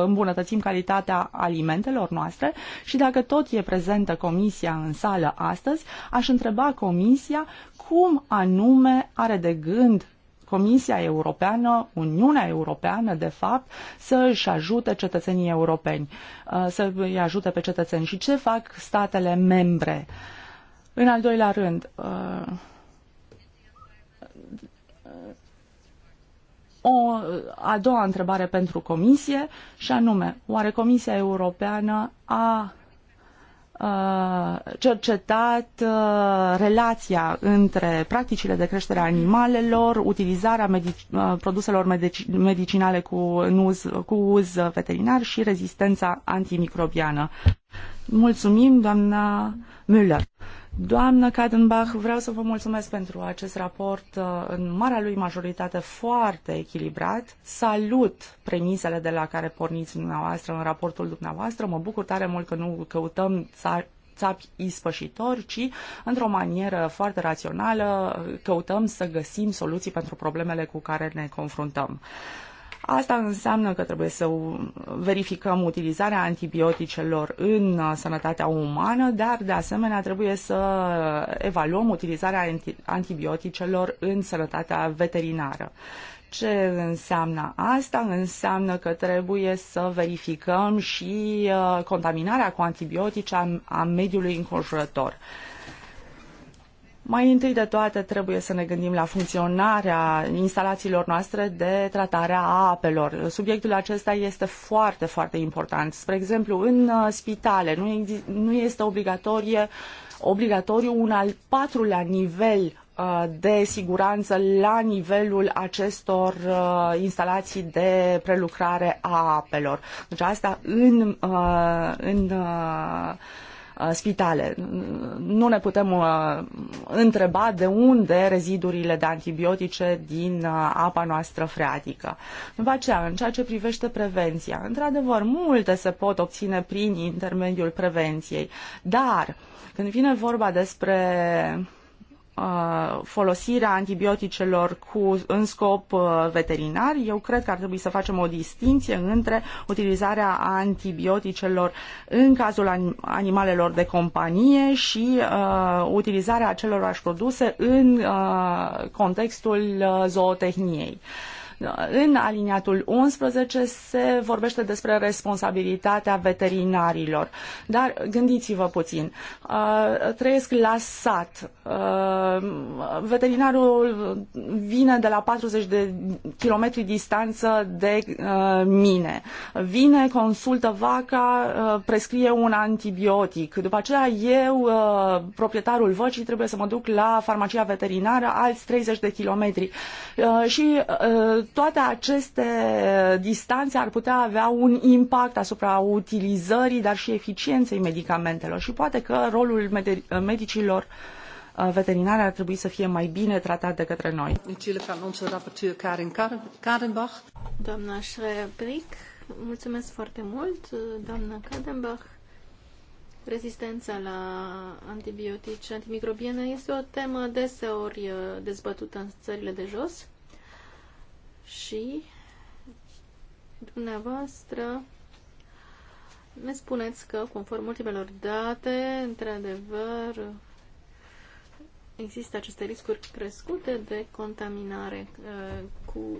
îmbunătățim calitatea alimentelor noastre și dacă tot e prezentă comisia în sală astăzi, aș întreba comisia cum anume are de gând Comisia Europeană, Uniunea Europeană, de fapt, să își ajute cetățenii europeni, uh, să îi ajute pe cetățeni. Și ce fac statele membre? În al doilea rând, uh, o a doua întrebare pentru Comisie și anume, oare Comisia Europeană a uh, cercetat uh, relația între practicile de creștere a animalelor, utilizarea medic produselor medic medicinale cu uz, cu uz veterinar și rezistența antimicrobiană. Mulțumim, doamna Müller. Doamnă Kadenbach, vreau să vă mulțumesc pentru acest raport uh, în marea lui majoritate foarte echilibrat. Salut premisele de la care porniți dumneavoastră în raportul dumneavoastră. Mă bucur tare mult că nu căutăm țapi ispășitori, ci într-o manieră foarte rațională căutăm să găsim soluții pentru problemele cu care ne confruntăm. Uh, Asta înseamnă că trebuie să verificăm utilizarea antibioticelor în uh, sănătatea umană, dar de asemenea trebuie să evaluăm utilizarea antibioticelor în sănătatea veterinară. Ce înseamnă asta? Înseamnă că trebuie să verificăm și uh, contaminarea cu antibiotice a mediului înconjurător. Mai întâi de toate trebuie să ne gândim la funcționarea instalațiilor noastre de tratare a apelor. Subiectul acesta este foarte, foarte important. Spre exemplu, în uh, spitale nu, nu este obligatorie, obligatoriu un al patrulea nivel uh, de siguranță la nivelul acestor uh, instalații de prelucrare a apelor. Deci asta în, în Uh, spitale. Nu ne putem uh, întreba de unde rezidurile de antibiotice din uh, apa noastră freatică. După aceea, în ceea ce privește prevenția, într-adevăr, multe se pot obține prin intermediul prevenției, dar când vine vorba despre Uh, folosirea antibioticelor cu, în scop uh, veterinar, eu cred că ar trebui să facem o distinție între utilizarea antibioticelor în cazul animalelor de companie și uh, utilizarea acelorași produse în uh, contextul uh, zootehniei. Uh, în aliniatul 11 se vorbește despre responsabilitatea veterinarilor. Dar gândiți-vă puțin. Uh, trăiesc la sat. Uh, veterinarul vine de la 40 de kilometri distanță de uh, mine. Vine, consultă vaca, prescrie un antibiotic. După aceea eu, proprietarul văcii, trebuie să mă duc la farmacia veterinară alți 30 de kilometri. Și toate aceste distanțe ar putea avea un impact asupra utilizării, dar și eficienței medicamentelor și poate că rolul medicilor uh, veterinare ar trebui să fie mai bine tratat de către noi. Doamna Schrebric, mulțumesc foarte mult, doamna Kadenbach. Rezistența la antibiotice antimicrobiene este o temă deseori uh, dezbătută în țările de jos și dumneavoastră ne spuneți că, conform ultimelor date, într-adevăr, există aceste riscuri crescute de contaminare uh, cu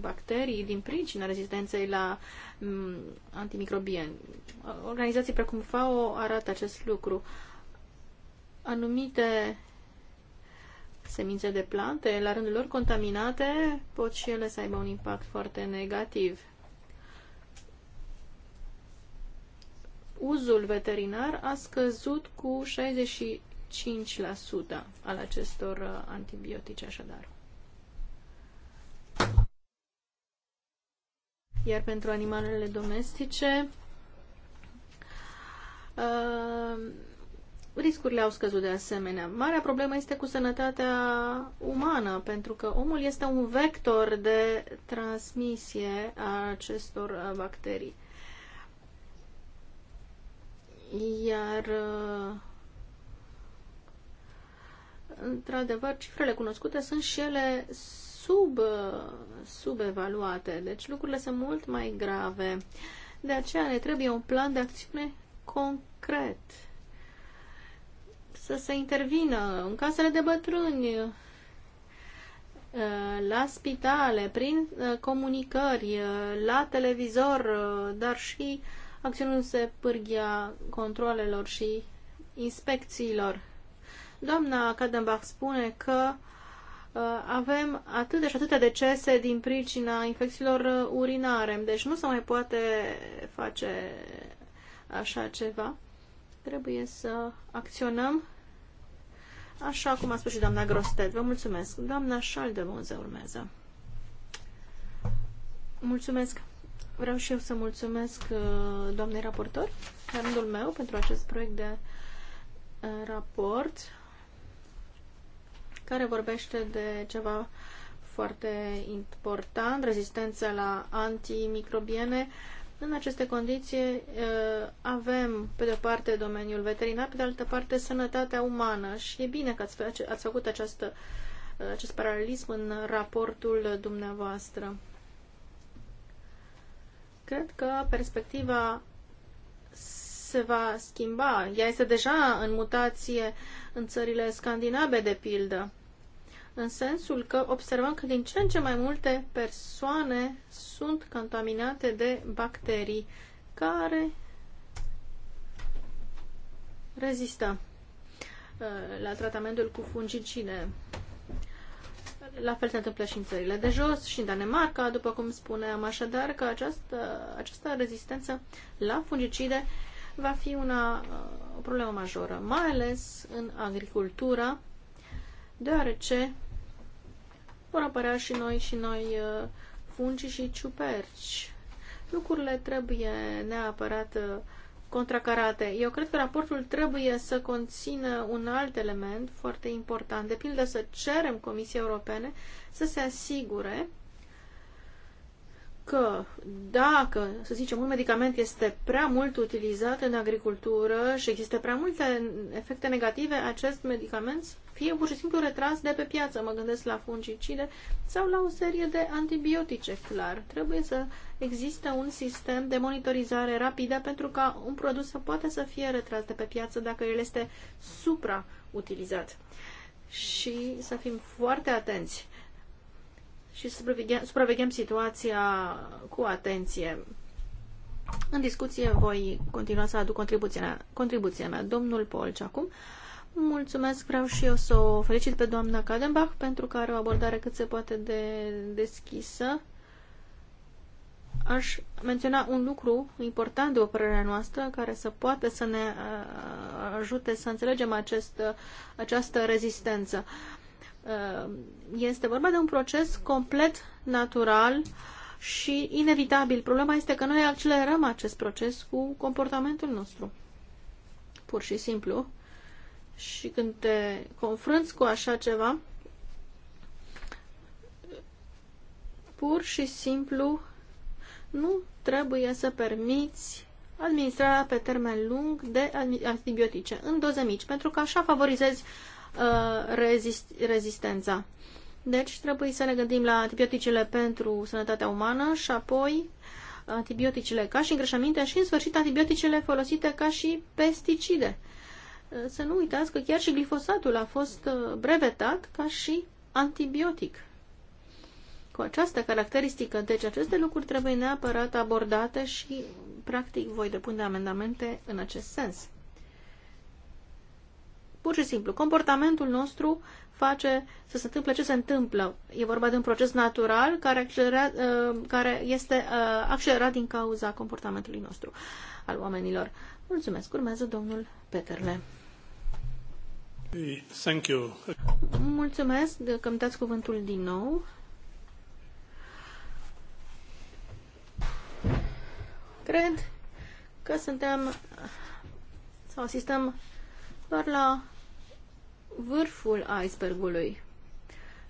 bacterii din pricina rezistenței la mm, antimicrobieni. Organizații precum FAO arată acest lucru. Anumite semințe de plante, la rândul lor contaminate, pot și ele să aibă un impact foarte negativ. Uzul veterinar a scăzut cu 65% al acestor uh, antibiotice, așadar. Iar pentru animalele domestice, uh, riscurile au scăzut de asemenea. Marea problemă este cu sănătatea umană, pentru că omul este un vector de transmisie a acestor uh, bacterii. Iar uh, într-adevăr, cifrele cunoscute sunt și ele sub, uh, subevaluate, deci lucrurile sunt mult mai grave. De aceea ne trebuie un plan de acțiune concret să se intervină în casele de bătrâni, uh, la spitale, prin uh, comunicări, uh, la televizor, dar și acționând se pârghia controlelor și inspecțiilor. Doamna Kadenbach spune că avem atât de și atâtea decese din pricina infecțiilor urinare, deci nu se mai poate face așa ceva. Trebuie să acționăm Așa cum a spus și doamna Grostet, vă mulțumesc. Doamna Șaldemoze urmează. Mulțumesc. Vreau și eu să mulțumesc uh, doamnei raportor, rândul meu, pentru acest proiect de uh, raport care vorbește de ceva foarte important, rezistența la antimicrobiene. Uh, în aceste condiții eh, avem, pe de-o parte, domeniul veterinar, pe de altă parte, sănătatea umană și e bine că ați, făcut această, eh, acest paralelism în raportul dumneavoastră. Cred că perspectiva se va schimba. Ea este deja în mutație în țările scandinave, de pildă în sensul că observăm că din ce în ce mai multe persoane sunt contaminate de bacterii care rezistă uh, la tratamentul cu fungicide. La fel se întâmplă și în țările de jos și în Danemarca, după cum spuneam așadar, că această, această rezistență la fungicide va fi una, uh, o problemă majoră, mai ales în agricultura deoarece vor apărea și noi și noi uh, fungi și ciuperci. Lucrurile trebuie neapărat uh, contracarate. Eu cred că raportul trebuie să conțină un alt element foarte important, de pildă să cerem Comisiei Europene să se asigure că dacă, să zicem, un medicament este prea mult utilizat în agricultură și există prea multe efecte negative, acest medicament fie pur și simplu retras de pe piață, mă gândesc la fungicide sau la o serie de antibiotice, clar. Trebuie să există un sistem de monitorizare rapidă pentru ca un produs să poată să fie retras de pe piață dacă el este suprautilizat. Și să fim foarte atenți și să supraveghem, supraveghem situația cu atenție. În discuție voi continua să aduc contribuția mea, contribuția mea domnul Polci acum. Uh, Mulțumesc, vreau și eu să o felicit pe doamna Kadenbach pentru că are o abordare cât se poate de deschisă. Aș menționa un lucru important de o părerea noastră care să poate să ne uh, ajute să înțelegem acest, uh, această rezistență. Uh, este vorba de un proces complet natural și inevitabil. Problema este că noi accelerăm acest proces cu comportamentul nostru. Pur și simplu și când te confrunți cu așa ceva, pur și simplu nu trebuie să permiți administrarea pe termen lung de antibiotice în doze mici, pentru că așa favorizezi uh, rezist rezistența. Deci trebuie să ne gândim la antibioticele pentru sănătatea umană și apoi antibioticele ca și îngrășăminte și în sfârșit antibioticele folosite ca și pesticide. Eh, să nu uitați că chiar și glifosatul a fost eh, brevetat ca și antibiotic. Cu această caracteristică, deci aceste lucruri trebuie neapărat abordate și, practic, voi depune amendamente în acest sens. Pur și simplu, comportamentul nostru face să se întâmple ce se întâmplă. E vorba de un proces natural care, accelera, eh, care este accelerat din cauza comportamentului nostru al oamenilor. Mulțumesc. Urmează domnul Peterle. Thank you. Mulțumesc că îmi dați cuvântul din nou. Cred că suntem sau asistăm doar la vârful icebergului.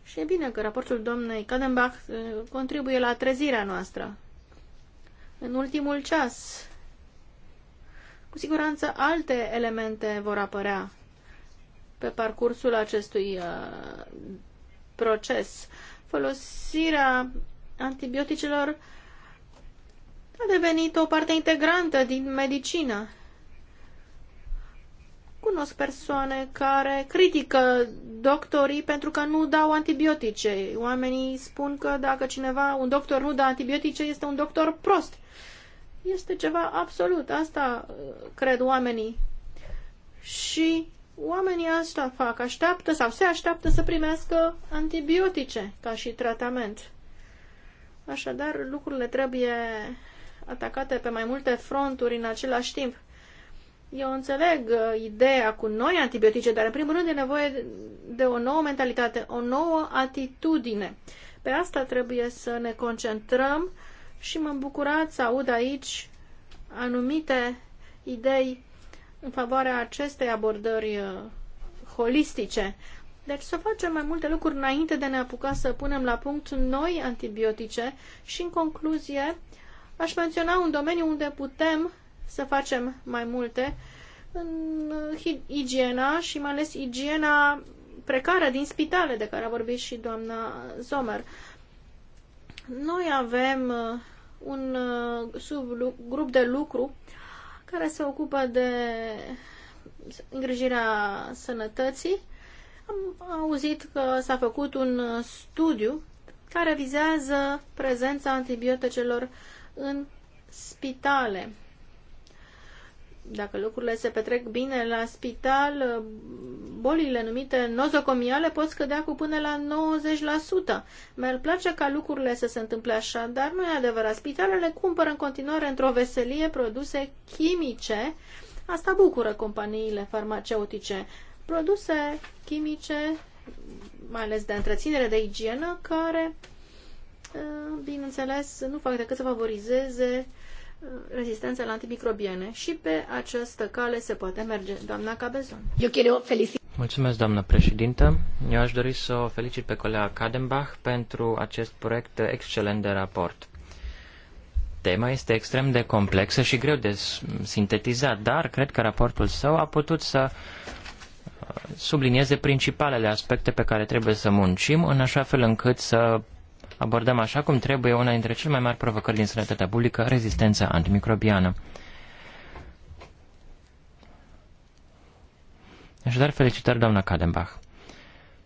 Și e bine că raportul doamnei Kadenbach eh, contribuie la trezirea noastră. În ultimul ceas, cu siguranță alte elemente vor apărea pe parcursul acestui uh, proces. Folosirea antibioticelor a devenit o parte integrantă din medicină. Cunosc persoane care critică doctorii pentru că nu dau antibiotice. Oamenii spun că dacă cineva, un doctor nu dă antibiotice, este un doctor prost. Este ceva absolut. Asta uh, cred oamenii. Și Oamenii asta fac, așteaptă sau se așteaptă să primească antibiotice ca și tratament. Așadar, lucrurile trebuie atacate pe mai multe fronturi în același timp. Eu înțeleg uh, ideea cu noi antibiotice, dar în primul rând e nevoie de o nouă mentalitate, o nouă atitudine. Pe asta trebuie să ne concentrăm și mă bucurat să aud aici anumite idei în favoarea acestei abordări uh, holistice. Deci să facem mai multe lucruri înainte de a ne apuca să punem la punct noi antibiotice și, în concluzie, aș menționa un domeniu unde putem să facem mai multe în uh, igiena și mai ales igiena precară din spitale, de care a vorbit și doamna Zomer. Noi avem uh, un subgrup de lucru care se ocupă de îngrijirea sănătății. Am auzit că s-a făcut un studiu care vizează prezența antibioticelor în spitale dacă lucrurile se petrec bine la spital, bolile numite nozocomiale pot scădea cu până la 90%. Mi-ar place ca lucrurile să se întâmple așa, dar nu e adevărat. Spitalele cumpără în continuare într-o veselie produse chimice. Asta bucură companiile farmaceutice. Produse chimice, mai ales de întreținere, de igienă, care, eh, bineînțeles, nu fac decât să favorizeze uh, rezistență la antimicrobiene și pe această cale se poate merge. Doamna Cabezon. Eu quiero felicit. Mulțumesc, doamnă președintă. Eu aș dori să o felicit pe colega Kadenbach pentru acest proiect excelent de raport. Tema este extrem de complexă și greu de sintetizat, dar cred că raportul său a putut să uh, sublinieze principalele aspecte pe care trebuie să muncim, în așa fel încât să abordăm așa cum trebuie una dintre cele mai mari provocări din sănătatea publică, rezistența antimicrobiană. Așadar, felicitări, doamna Kadenbach.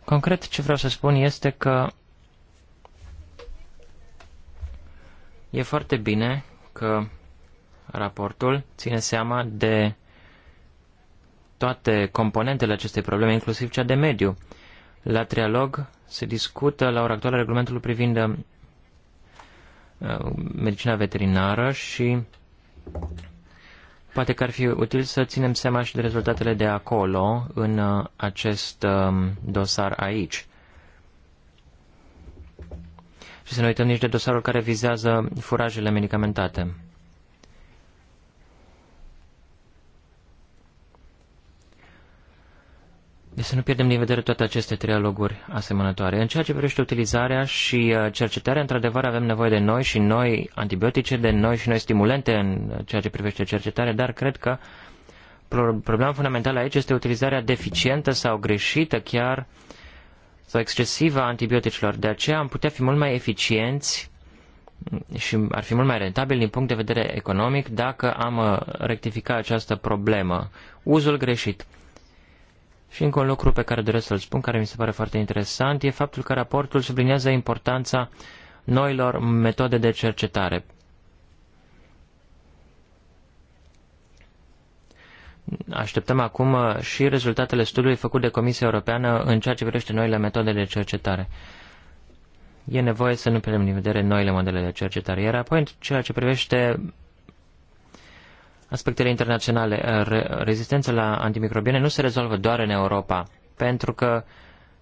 Concret, ce vreau să spun este că e foarte bine că raportul ține seama de toate componentele acestei probleme, inclusiv cea de mediu. La trialog se discută la ora actuală regulamentul privind uh, medicina veterinară și poate că ar fi util să ținem seama și de rezultatele de acolo în uh, acest um, dosar aici. Și să nu uităm nici de dosarul care vizează furajele medicamentate. Deci să nu pierdem din vedere toate aceste trialoguri asemănătoare. În ceea ce privește utilizarea și uh, cercetarea, într-adevăr avem nevoie de noi și noi antibiotice, de noi și noi stimulente în uh, ceea ce privește cercetarea, dar cred că problema fundamentală aici este utilizarea deficientă sau greșită chiar sau excesivă a antibioticelor. De aceea am putea fi mult mai eficienți și ar fi mult mai rentabil din punct de vedere economic dacă am uh, rectifica această problemă. Uzul greșit. Și încă un lucru pe care doresc să-l spun, care mi se pare foarte interesant, e faptul că raportul sublinează importanța noilor metode de cercetare. Așteptăm acum uh, și rezultatele studiului făcut de Comisia Europeană în ceea ce privește noile metode de cercetare. E nevoie să nu pierdem din vedere noile modele de cercetare. Iar apoi, în ceea ce privește aspectele internaționale. Eh, rezistența la antimicrobiene nu se rezolvă doar în Europa, pentru că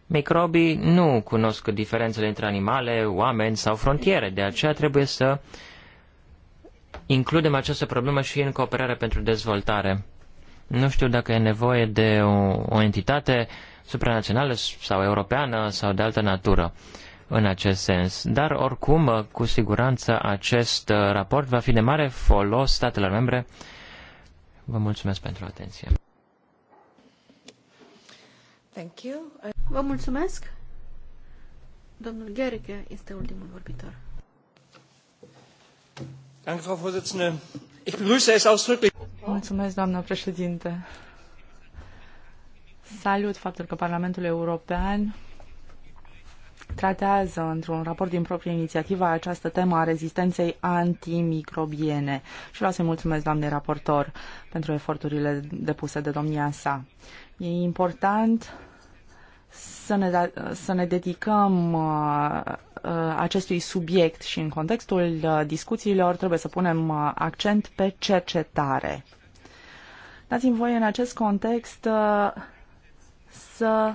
microbii nu cunosc diferențele între animale, oameni sau frontiere. De aceea trebuie să includem această problemă și în cooperare pentru dezvoltare. Nu știu dacă e nevoie de o, o entitate supranațională sau europeană sau de altă natură în acest sens. Dar, oricum, cu siguranță, acest eh, raport va fi de mare folos statelor membre Vă mulțumesc pentru atenție. Thank you. Vă mulțumesc. Domnul Gherke este ultimul vorbitor. Danke, Frau Vorsitzende. Ich begrüße es ausdrücklich. Mulțumesc, doamnă președinte. Salut faptul că Parlamentul European tratează într-un raport din proprie inițiativă această temă a rezistenței antimicrobiene. Și vreau să-i mulțumesc, doamne raportor, pentru eforturile depuse de domnia sa. E important să ne, da, să ne dedicăm uh, uh, acestui subiect și în contextul uh, discuțiilor trebuie să punem accent pe cercetare. Dați-mi voie în acest context să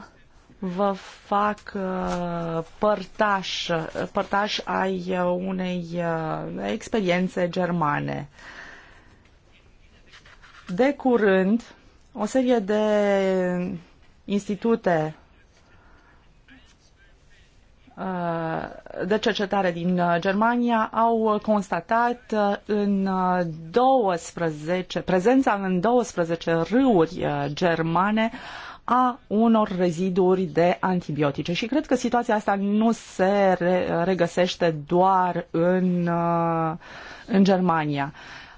vă fac uh, părtaș, părtaș ai uh, unei uh, experiențe germane. De curând, o serie de institute de cercetare din Germania au constatat în 12, prezența în 12 râuri germane a unor reziduri de antibiotice. Și cred că situația asta nu se re- regăsește doar în, uh, în Germania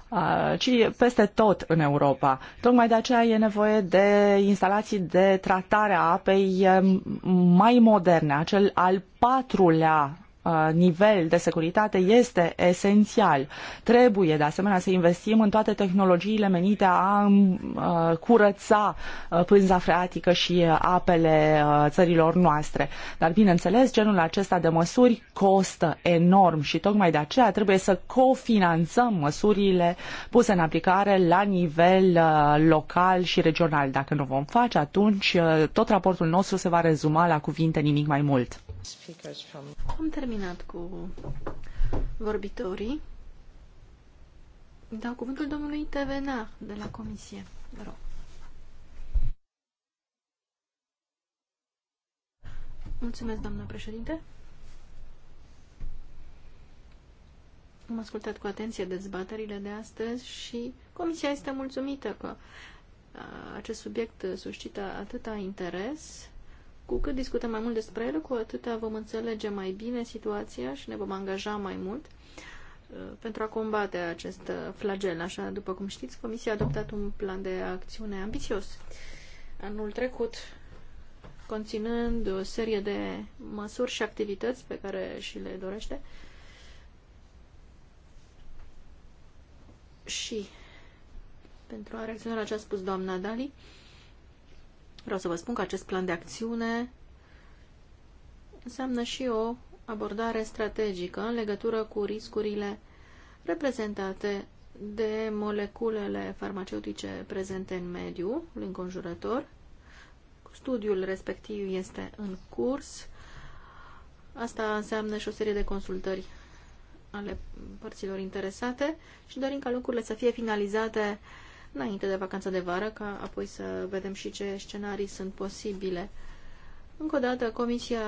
uh, ci peste tot în Europa. Tocmai de aceea e nevoie de instalații de tratare a apei uh, mai moderne, acel al patrulea Uh, nivel de securitate este esențial. Trebuie, de asemenea, să investim în toate tehnologiile menite a uh, curăța uh, pânza freatică și apele țărilor noastre. Dar, bineînțeles, genul acesta de măsuri costă enorm și tocmai de aceea trebuie să cofinanțăm măsurile puse în aplicare la nivel local și regional. Dacă nu vom face, atunci tot raportul nostru se va rezuma la cuvinte nimic mai mult. Am terminat cu vorbitorii. Dau cuvântul domnului Tevenar de la Comisie. Rău. Mulțumesc, doamnă președinte. Am ascultat cu atenție dezbaterile de astăzi și Comisia este mulțumită că uh, acest subiect suscită atâta interes cu cât discutăm mai mult despre ele, cu atâta vom înțelege mai bine situația și ne vom angaja mai mult uh, pentru a combate acest uh, flagel. Așa, după cum știți, Comisia a adoptat un plan de acțiune ambițios anul trecut, conținând o serie de măsuri și activități pe care și le dorește. Și pentru a reacționa la ce a spus doamna Dali, Vreau să vă spun că acest plan de acțiune înseamnă și o abordare strategică în legătură cu riscurile reprezentate de moleculele farmaceutice prezente în în înconjurător. Studiul respectiv este în curs. Asta înseamnă și o serie de consultări ale părților interesate și dorim ca lucrurile să fie finalizate uh, înainte de vacanța de vară, ca apoi să vedem și ce scenarii sunt posibile. Încă o dată, Comisia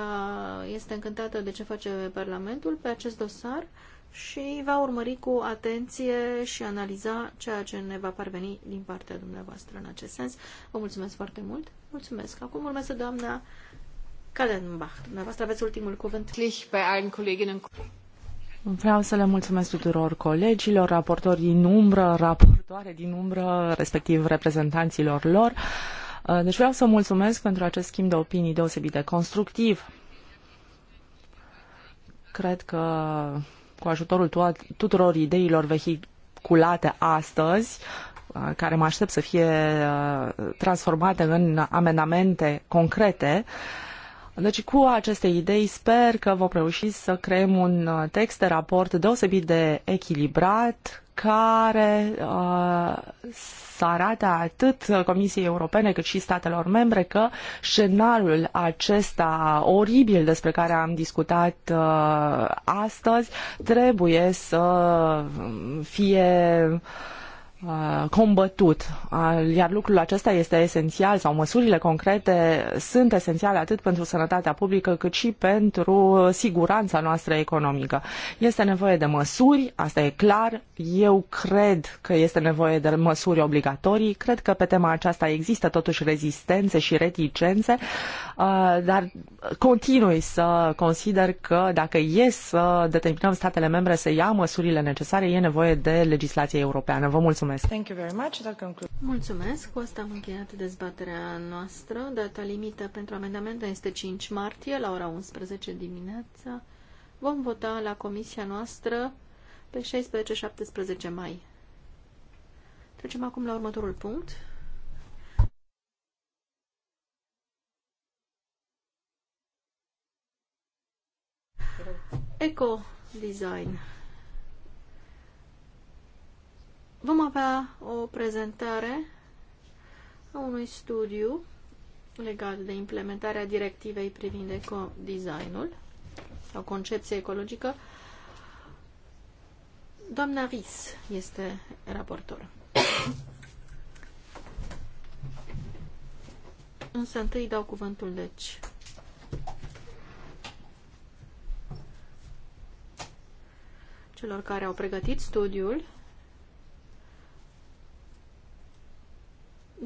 este încântată de ce face Parlamentul pe acest dosar și va urmări cu atenție și analiza ceea ce ne va parveni din partea dumneavoastră în acest sens. Vă mulțumesc foarte mult. Mulțumesc. Acum urmează doamna Kadenbach. Dumneavoastră aveți ultimul cuvânt. Vreau să le mulțumesc tuturor colegilor, raportori din umbră, raportoare din umbră, respectiv reprezentanților lor. Uh, deci vreau să mulțumesc pentru acest schimb de opinii deosebit de constructiv. Cred că cu ajutorul tuturor ideilor vehiculate astăzi, uh, care mă aștept să fie uh, transformate în amendamente concrete, uh, deci cu aceste idei sper că vom reuși să creăm un uh, text de raport deosebit de echilibrat care uh, să arate atât Comisiei Europene cât și statelor membre că scenariul acesta oribil despre care am discutat uh, astăzi trebuie să fie uh, Uh, combătut. Iar lucrul acesta este esențial sau măsurile concrete sunt esențiale atât pentru sănătatea publică cât și pentru siguranța noastră economică. Este nevoie de măsuri, asta e clar. Eu cred că este nevoie de măsuri obligatorii. Cred că pe tema aceasta există totuși rezistențe și reticențe, uh, dar continui să consider că dacă e să determinăm statele membre să ia măsurile necesare, e nevoie de legislație europeană. Vă mulțumesc! Mulțumesc! Thank you very much. That concludes. Mulțumesc! Cu asta am încheiat dezbaterea noastră. Data limită pentru amendamente este 5 martie la ora 11 dimineața. Vom vota la comisia noastră pe 16-17 mai. Trecem acum la următorul punct. Eco Design. Vom avea o prezentare a unui studiu legat de implementarea directivei privind eco-designul sau concepție ecologică. Doamna Ris este raportor. Însă întâi dau cuvântul, deci, celor care au pregătit studiul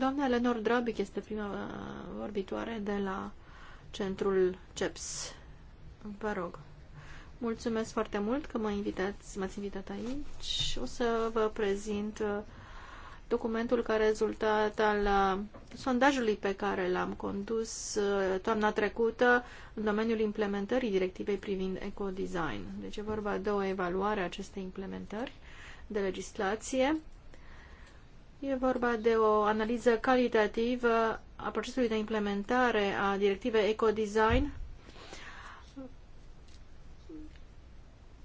Doamna Eleanor Drabic este prima uh, vorbitoare de la centrul CEPS. Vă rog. Mulțumesc foarte mult că m-ați invitat aici. O să vă prezint uh, documentul ca rezultat al uh, sondajului pe care l-am condus toamna trecută în domeniul implementării directivei privind ecodesign. Deci e vorba de o evaluare a acestei implementări de legislație E vorba de o analiză calitativă a procesului de implementare a directivei Ecodesign.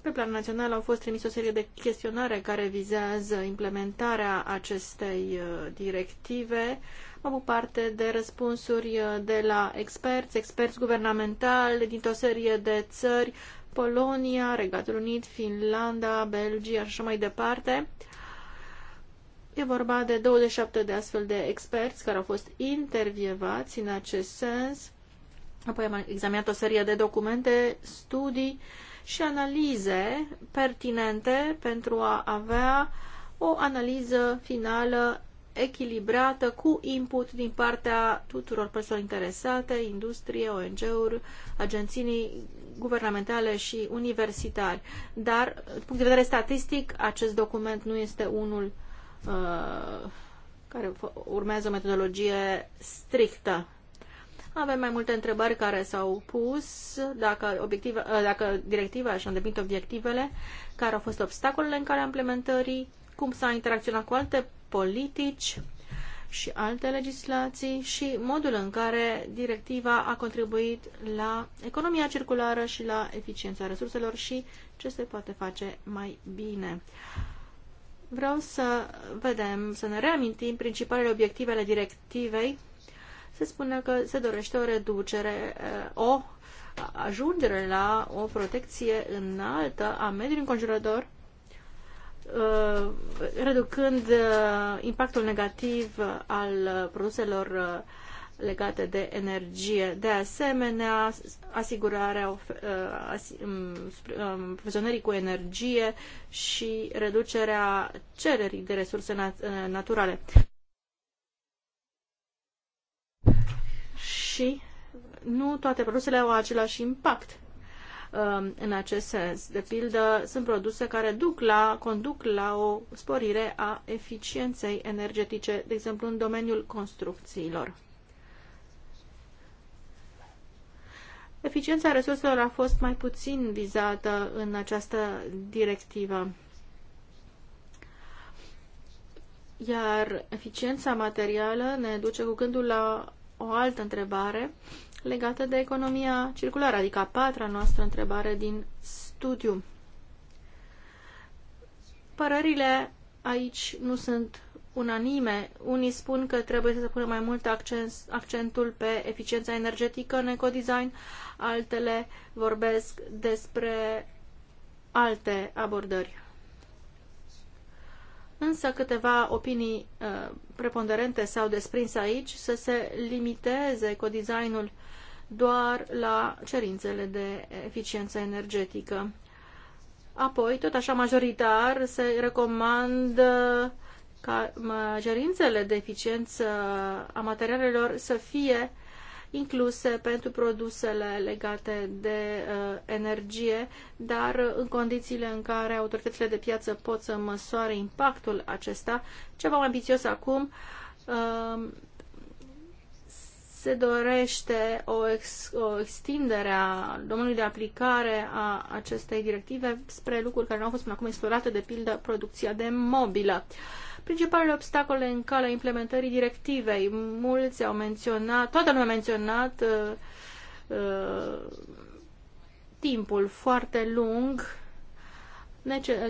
Pe plan național au fost trimise o serie de chestionare care vizează implementarea acestei uh, directive. Am avut parte de răspunsuri uh, de la experți, experți guvernamentali dintr-o serie de țări, Polonia, Regatul Unit, Finlanda, Belgia și așa mai departe. Uh, E vorba de 27 de astfel de experți care au fost intervievați în acest sens. Apoi am examinat o serie de documente, studii și analize pertinente pentru a avea o analiză finală echilibrată cu input din partea tuturor persoanelor interesate, industrie, ONG-uri, agenții guvernamentale și universitari. Dar, din punct de vedere statistic, acest document nu este unul Uh, care urmează o metodologie strictă. Avem mai multe întrebări care s-au pus, dacă, obiective, uh, dacă directiva și-a îndeplinit obiectivele, care au fost obstacolele în calea implementării, cum s-a interacționat cu alte politici și alte legislații și modul în care directiva a contribuit la economia circulară și la eficiența resurselor și ce se poate face mai bine. Vreau să vedem, să ne reamintim principalele obiective ale directivei. Se spune că se dorește o reducere, eh, o ajungere la o protecție înaltă a mediului înconjurător, eh, reducând eh, impactul negativ al produselor legate de energie. De asemenea, asigurarea fuzionării uh, um, um, cu energie și reducerea cererii de resurse uh, naturale. Și nu toate produsele au același impact um, în acest sens. De pildă, sunt produse care duc la, conduc la o sporire a eficienței energetice, de exemplu în domeniul construcțiilor. Eficiența resurselor a fost mai puțin vizată în această directivă. Iar eficiența materială ne duce cu gândul la o altă întrebare legată de economia circulară, adică a patra noastră întrebare din studiu. Părările aici nu sunt unanime. Unii spun că trebuie să punem mai mult accent, accentul pe eficiența energetică în ecodesign, altele vorbesc despre alte abordări. Însă câteva opinii uh, preponderente s-au desprins aici să se limiteze designul doar la cerințele de eficiență energetică. Apoi, tot așa majoritar, se recomandă ca cerințele de eficiență a materialelor să fie incluse pentru produsele legate de uh, energie, dar în condițiile în care autoritățile de piață pot să măsoare impactul acesta, ceva mai ambițios acum, uh, se dorește o, ex, o extindere a domeniului de aplicare a acestei directive spre lucruri care nu au fost până acum explorate, de pildă producția de mobilă. Uh, principalele obstacole în calea implementării directivei. Mulți au menționat, toată lumea a menționat uh, uh, timpul foarte lung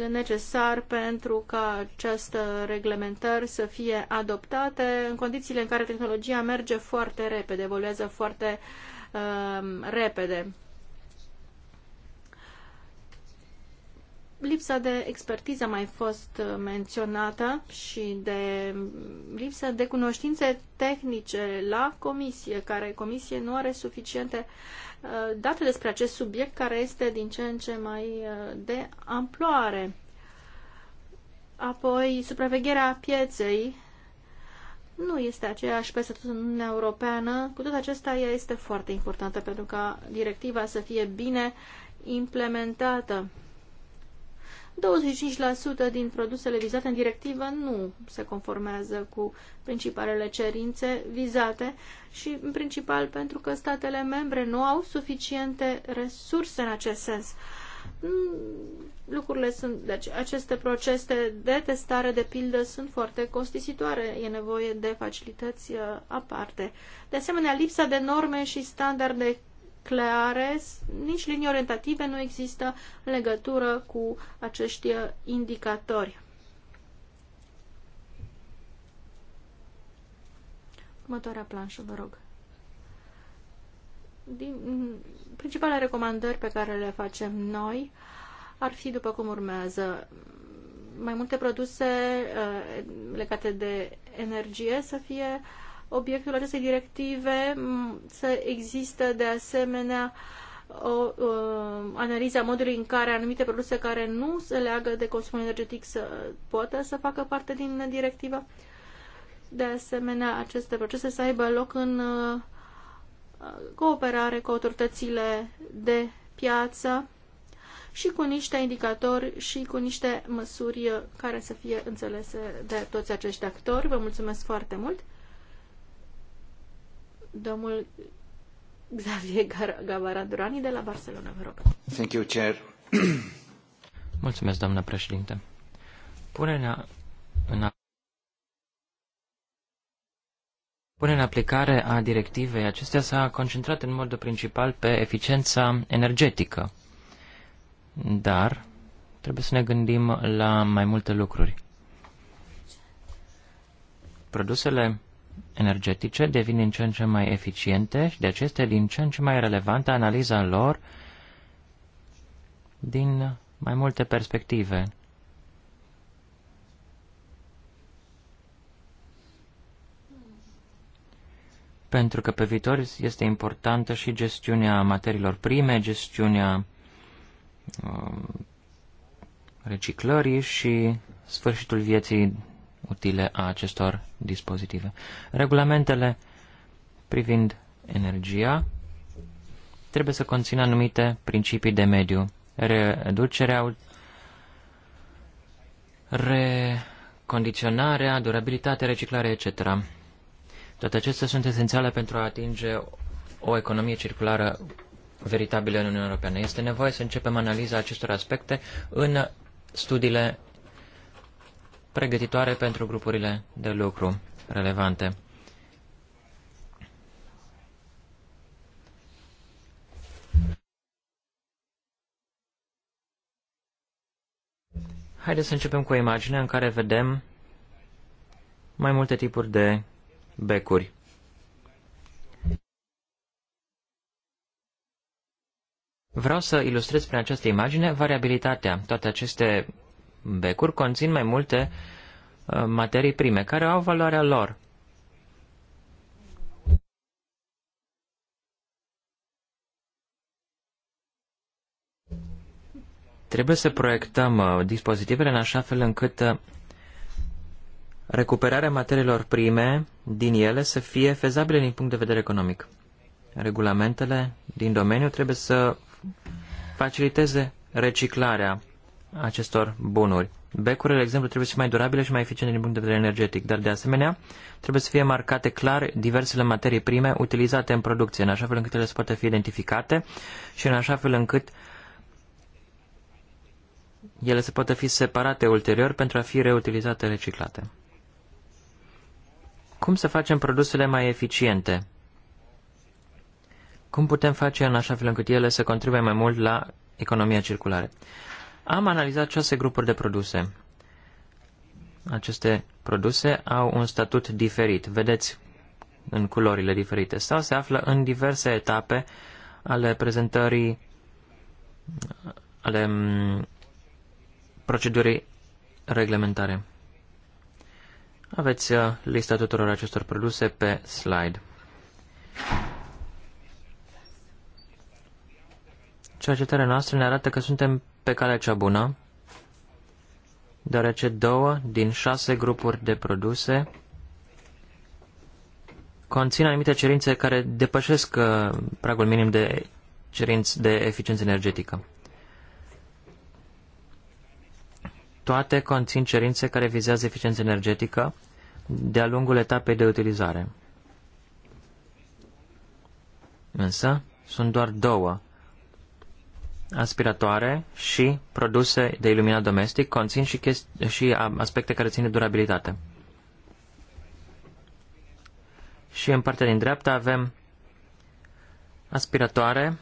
necesar pentru ca aceste reglementări să fie adoptate în condițiile în care tehnologia merge foarte repede, evoluează foarte uh, repede. lipsa de expertiză a mai fost uh, menționată și de mm, lipsa de cunoștințe tehnice la comisie, care comisie nu are suficiente uh, date despre acest subiect care este din ce în ce mai uh, de amploare. Apoi, supravegherea pieței nu este aceeași peste tot în Uniunea Europeană. Cu tot acesta, ea este foarte importantă pentru ca directiva să fie bine implementată. 25% din produsele vizate în directivă nu se conformează cu principalele cerințe vizate și în principal pentru că statele membre nu au suficiente resurse în acest sens. Mm, lucrurile sunt, deci aceste procese de testare, de pildă, sunt foarte costisitoare. E nevoie de facilități uh, aparte. De asemenea, lipsa de norme și standarde clare, nici linii orientative nu există în legătură cu acești indicatori. Următoarea planșă, vă rog. Din, principale recomandări pe care le facem noi ar fi după cum urmează. Mai multe produse uh, legate de energie să fie uh, obiectul acestei directive să existe de asemenea o, o analiză a modului în care anumite produse care nu se leagă de consumul energetic să poată să facă parte din directivă. De asemenea, aceste procese să aibă loc în uh, cooperare cu autoritățile de piață și cu niște indicatori și cu niște măsuri care să fie înțelese de toți acești actori. Vă mulțumesc foarte mult! domnul Xavier Gavaradurani de la Barcelona, vă rog. Thank you, Chair. Mulțumesc, doamnă președinte. Punerea în, Punerea în aplicare a directivei acestea s-a concentrat în mod principal pe eficiența energetică. Dar trebuie să ne gândim la mai multe lucruri. Produsele energetice devin din ce în ce mai eficiente și de aceea este din ce în ce mai relevantă analiza lor din mai multe perspective. Pentru că pe viitor este importantă și gestiunea materiilor prime, gestiunea um, reciclării și sfârșitul vieții utile a acestor dispozitive. Regulamentele privind energia trebuie să conțină anumite principii de mediu. Reducerea, recondiționarea, durabilitate, reciclare, etc. Toate acestea sunt esențiale pentru a atinge o economie circulară veritabilă în Uniunea Europeană. Este nevoie să începem analiza acestor aspecte în studiile pregătitoare pentru grupurile de lucru relevante. Haideți să începem cu o imagine în care vedem mai multe tipuri de becuri. Vreau să ilustrez prin această imagine variabilitatea. Toate aceste becuri conțin mai multe uh, materii prime care au valoarea lor. Trebuie să proiectăm uh, dispozitivele în așa fel încât uh, recuperarea materiilor prime din ele să fie fezabile din punct de vedere economic. Regulamentele din domeniu trebuie să faciliteze reciclarea acestor bunuri. Becurile, de exemplu, trebuie să fie mai durabile și mai eficiente din punct de vedere energetic, dar de asemenea trebuie să fie marcate clar diversele materii prime utilizate în producție, în așa fel încât ele să poată fi identificate și în așa fel încât ele să poată fi separate ulterior pentru a fi reutilizate, reciclate. Cum să facem produsele mai eficiente? Cum putem face în așa fel încât ele să contribuie mai mult la economia circulară? Am analizat șase grupuri de produse. Aceste produse au un statut diferit, vedeți în culorile diferite, sau se află în diverse etape ale prezentării, ale mm, procedurii reglementare. Aveți uh, lista tuturor acestor produse pe slide. Cercetarea noastră ne arată că suntem pe calea cea bună, deoarece două din șase grupuri de produse conțin anumite cerințe care depășesc uh, pragul minim de cerinți de eficiență energetică. Toate conțin cerințe care vizează eficiența energetică de-a lungul etapei de utilizare. Însă, sunt doar două aspiratoare și produse de iluminat domestic conțin și, și aspecte care țin de durabilitate. Și în partea din dreapta avem aspiratoare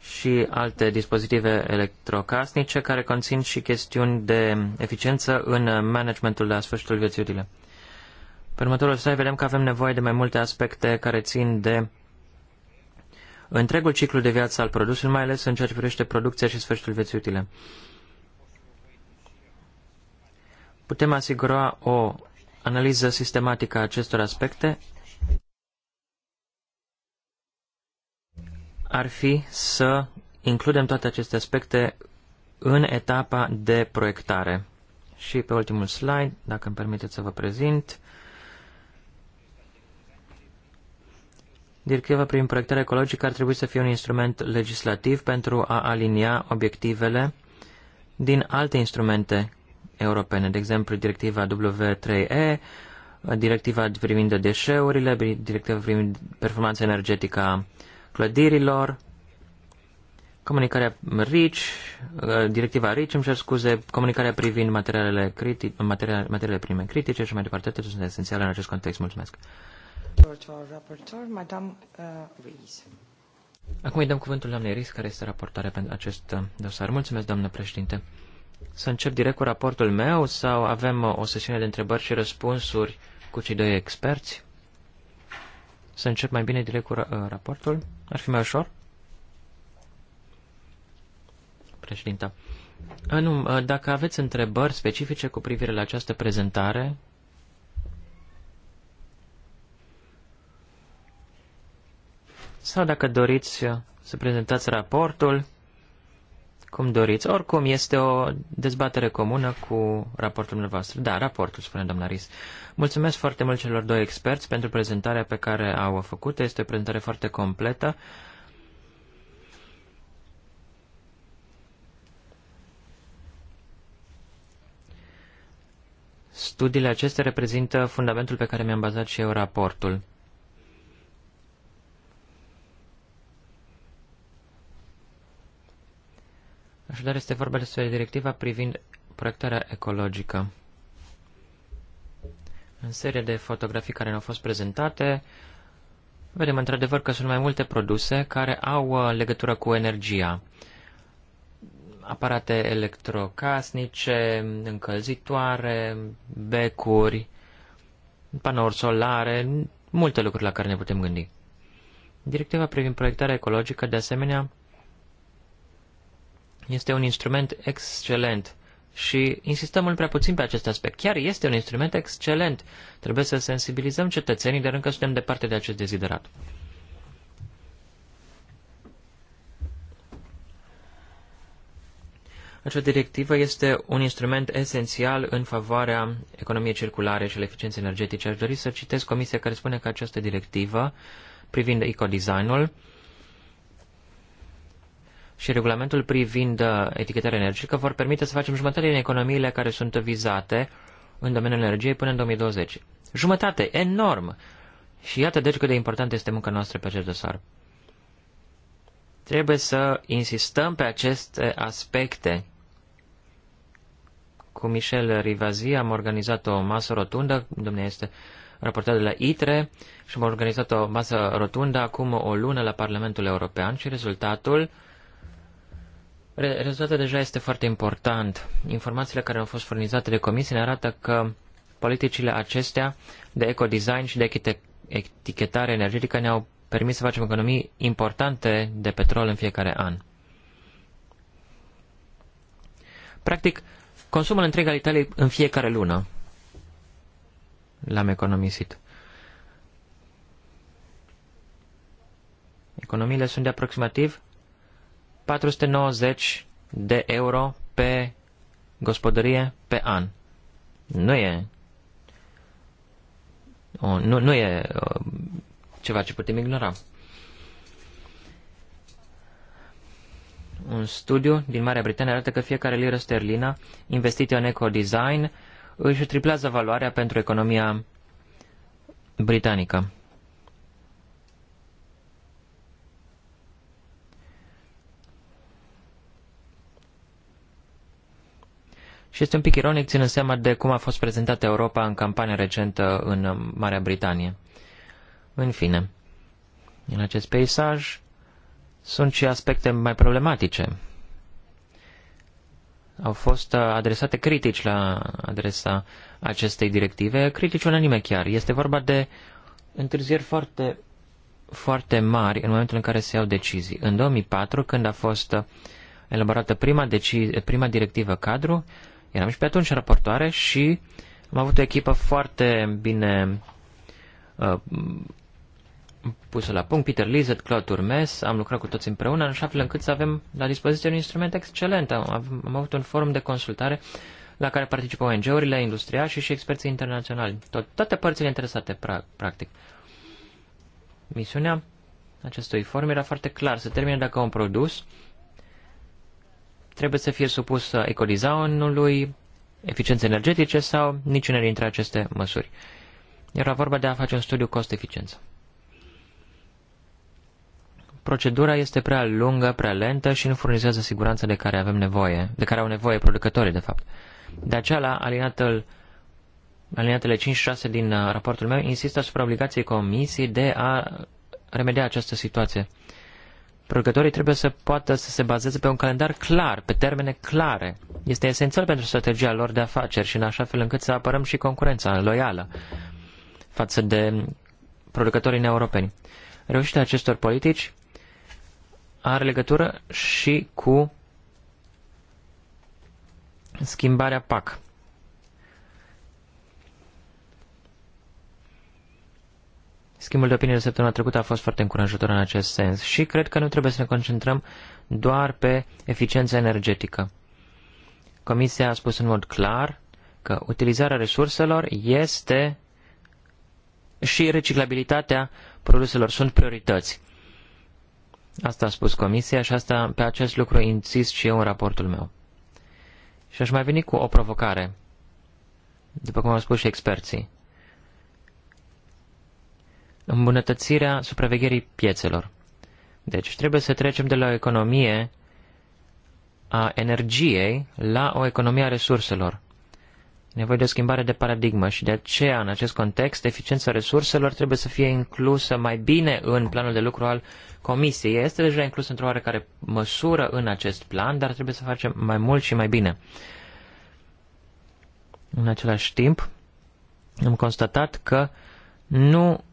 și alte dispozitive electrocasnice care conțin și chestiuni de eficiență în managementul la sfârșitul vieții utile. Pe următorul slide vedem că avem nevoie de mai multe aspecte care țin de întregul ciclu de viață al produsului, mai ales în ceea ce privește producția și sfârșitul vieții utile. Putem asigura o analiză sistematică a acestor aspecte ar fi să includem toate aceste aspecte în etapa de proiectare. Și pe ultimul slide, dacă îmi permiteți să vă prezint, Directiva prin proiectarea ecologică ar trebui să fie un instrument legislativ pentru a alinia obiectivele din alte instrumente europene, de exemplu directiva W3E, directiva privind deșeurile, directiva privind performanța energetică a clădirilor, comunicarea RIC, directiva RIC, îmi cer scuze, comunicarea privind materialele, criti, materiale, materiale prime critice și mai departe, toate sunt esențiale în acest context. Mulțumesc! Uh, Acum îi dăm cuvântul doamnei Ries, care este raportarea pentru acest uh, dosar. Mulțumesc, doamnă președinte. Să încep direct cu raportul meu sau avem uh, o sesiune de întrebări și răspunsuri cu cei doi experți? Să încep mai bine direct cu raportul? Ar fi mai ușor? Președinte. Nu, dacă aveți întrebări specifice cu privire la această prezentare, sau dacă doriți să prezentați raportul, cum doriți. Oricum, este o dezbatere comună cu raportul dumneavoastră. Da, raportul, spune doamna Ris. Mulțumesc foarte mult celor doi experți pentru prezentarea pe care au făcut-o. Este o prezentare foarte completă. Studiile acestea reprezintă fundamentul pe care mi-am bazat și eu raportul. Așadar, este vorba despre directiva privind proiectarea ecologică. În serie de fotografii care ne-au fost prezentate, vedem într-adevăr că sunt mai multe produse care au uh, legătură cu energia. Aparate electrocasnice, încălzitoare, becuri, panouri solare, multe lucruri la care ne putem gândi. Directiva privind proiectarea ecologică, de asemenea, este un instrument excelent și insistăm mult prea puțin pe acest aspect. Chiar este un instrument excelent. Trebuie să sensibilizăm cetățenii, dar încă suntem departe de acest deziderat. Această directivă este un instrument esențial în favoarea economiei circulare și al eficienței energetice. Aș dori să citesc comisia care spune că această directivă privind ecodesignul și regulamentul privind uh, etichetarea energetică vor permite să facem jumătate din economiile care sunt vizate în domeniul energiei până în 2020. Jumătate, enorm! Și iată deci cât de important este munca noastră pe acest dosar. Trebuie să insistăm pe aceste aspecte. Cu Michel Rivazi am organizat o masă rotundă, domnule este raportat de la ITRE și am organizat o masă rotundă acum o lună la Parlamentul European și rezultatul uh, Rezultatul deja este foarte important. Informațiile care au fost furnizate de comisie ne arată că politicile acestea de ecodesign și de etichetare energetică ne-au permis să facem economii importante de petrol în fiecare an. Practic, consumul întreg al Italiei în fiecare lună l-am economisit. Economiile sunt de aproximativ 490 de euro pe gospodărie pe an. Nu e, o, nu, nu e uh, ceva ce putem ignora. Un studiu din Marea Britanie arată că fiecare liră sterlină investită în eco-design își triplează valoarea pentru economia britanică. Și este un pic ironic, ținând seama de cum a fost prezentată Europa în campania recentă în Marea Britanie. În fine, în acest peisaj sunt și aspecte mai problematice. Au fost adresate critici la adresa acestei directive, critici unanime chiar. Este vorba de întârzieri foarte, foarte mari în momentul în care se iau decizii. În 2004, când a fost elaborată prima, deci, prima directivă cadru, Eram și pe atunci raportoare și am avut o echipă foarte bine uh, pusă la punct. Peter Lizet, Claude Turmes, am lucrat cu toți împreună, în așa fel încât să avem la dispoziție un instrument excelent. Am, am avut un forum de consultare la care participă ONG-urile, industria și experții internaționali. Tot, toate părțile interesate, pra, practic. Misiunea acestui forum era foarte clar, să termine dacă un produs trebuie să fie supusă ecodizaunului, eficiențe energetice sau niciuna dintre aceste măsuri. Era vorba de a face un studiu cost-eficiență. Procedura este prea lungă, prea lentă și nu furnizează siguranța de care avem nevoie, de care au nevoie producătorii, de fapt. De aceea, la alinatul, alinatele 5-6 din uh, raportul meu, insistă asupra obligației comisiei de a remedia această situație. Producătorii trebuie să poată să se bazeze pe un calendar clar, pe termene clare. Este esențial pentru strategia lor de afaceri și în așa fel încât să apărăm și concurența loială față de producătorii neeuropeni. Reușita acestor politici are legătură și cu schimbarea PAC. Schimbul de opinie de săptămâna trecută a fost foarte încurajator în acest sens și cred că nu trebuie să ne concentrăm doar pe eficiența energetică. Comisia a spus în mod clar că utilizarea resurselor este și reciclabilitatea produselor sunt priorități. Asta a spus Comisia și asta, pe acest lucru insist și eu în raportul meu. Și aș mai veni cu o provocare, după cum au spus și experții îmbunătățirea supravegherii piețelor. Deci trebuie să trecem de la o economie a energiei la o economie a resurselor. Nevoie de o schimbare de paradigmă și de aceea, în acest context, eficiența resurselor trebuie să fie inclusă mai bine în planul de lucru al Comisiei. Este deja inclusă într-o oarecare măsură în acest plan, dar trebuie să facem mai mult și mai bine. În același timp, am constatat că nu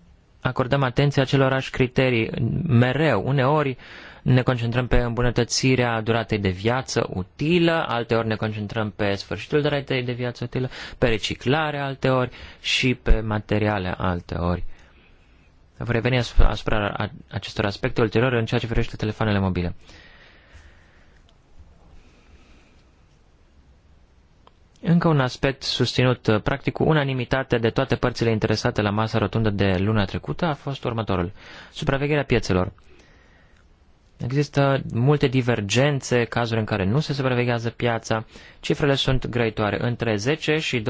acordăm atenție acelorași criterii mereu. Uneori ne concentrăm pe îmbunătățirea duratei de viață utilă, alteori ne concentrăm pe sfârșitul duratei de viață utilă, pe reciclare alteori și pe materiale alteori. Vă reveni asupra acestor aspecte ulterior în ceea ce privește telefoanele mobile. Încă un aspect susținut uh, practic cu unanimitate de toate părțile interesate la masa rotundă de luna trecută a fost următorul. Supravegherea piețelor. Există multe divergențe, cazuri în care nu se supraveghează piața. Cifrele sunt grăitoare. Între 10 și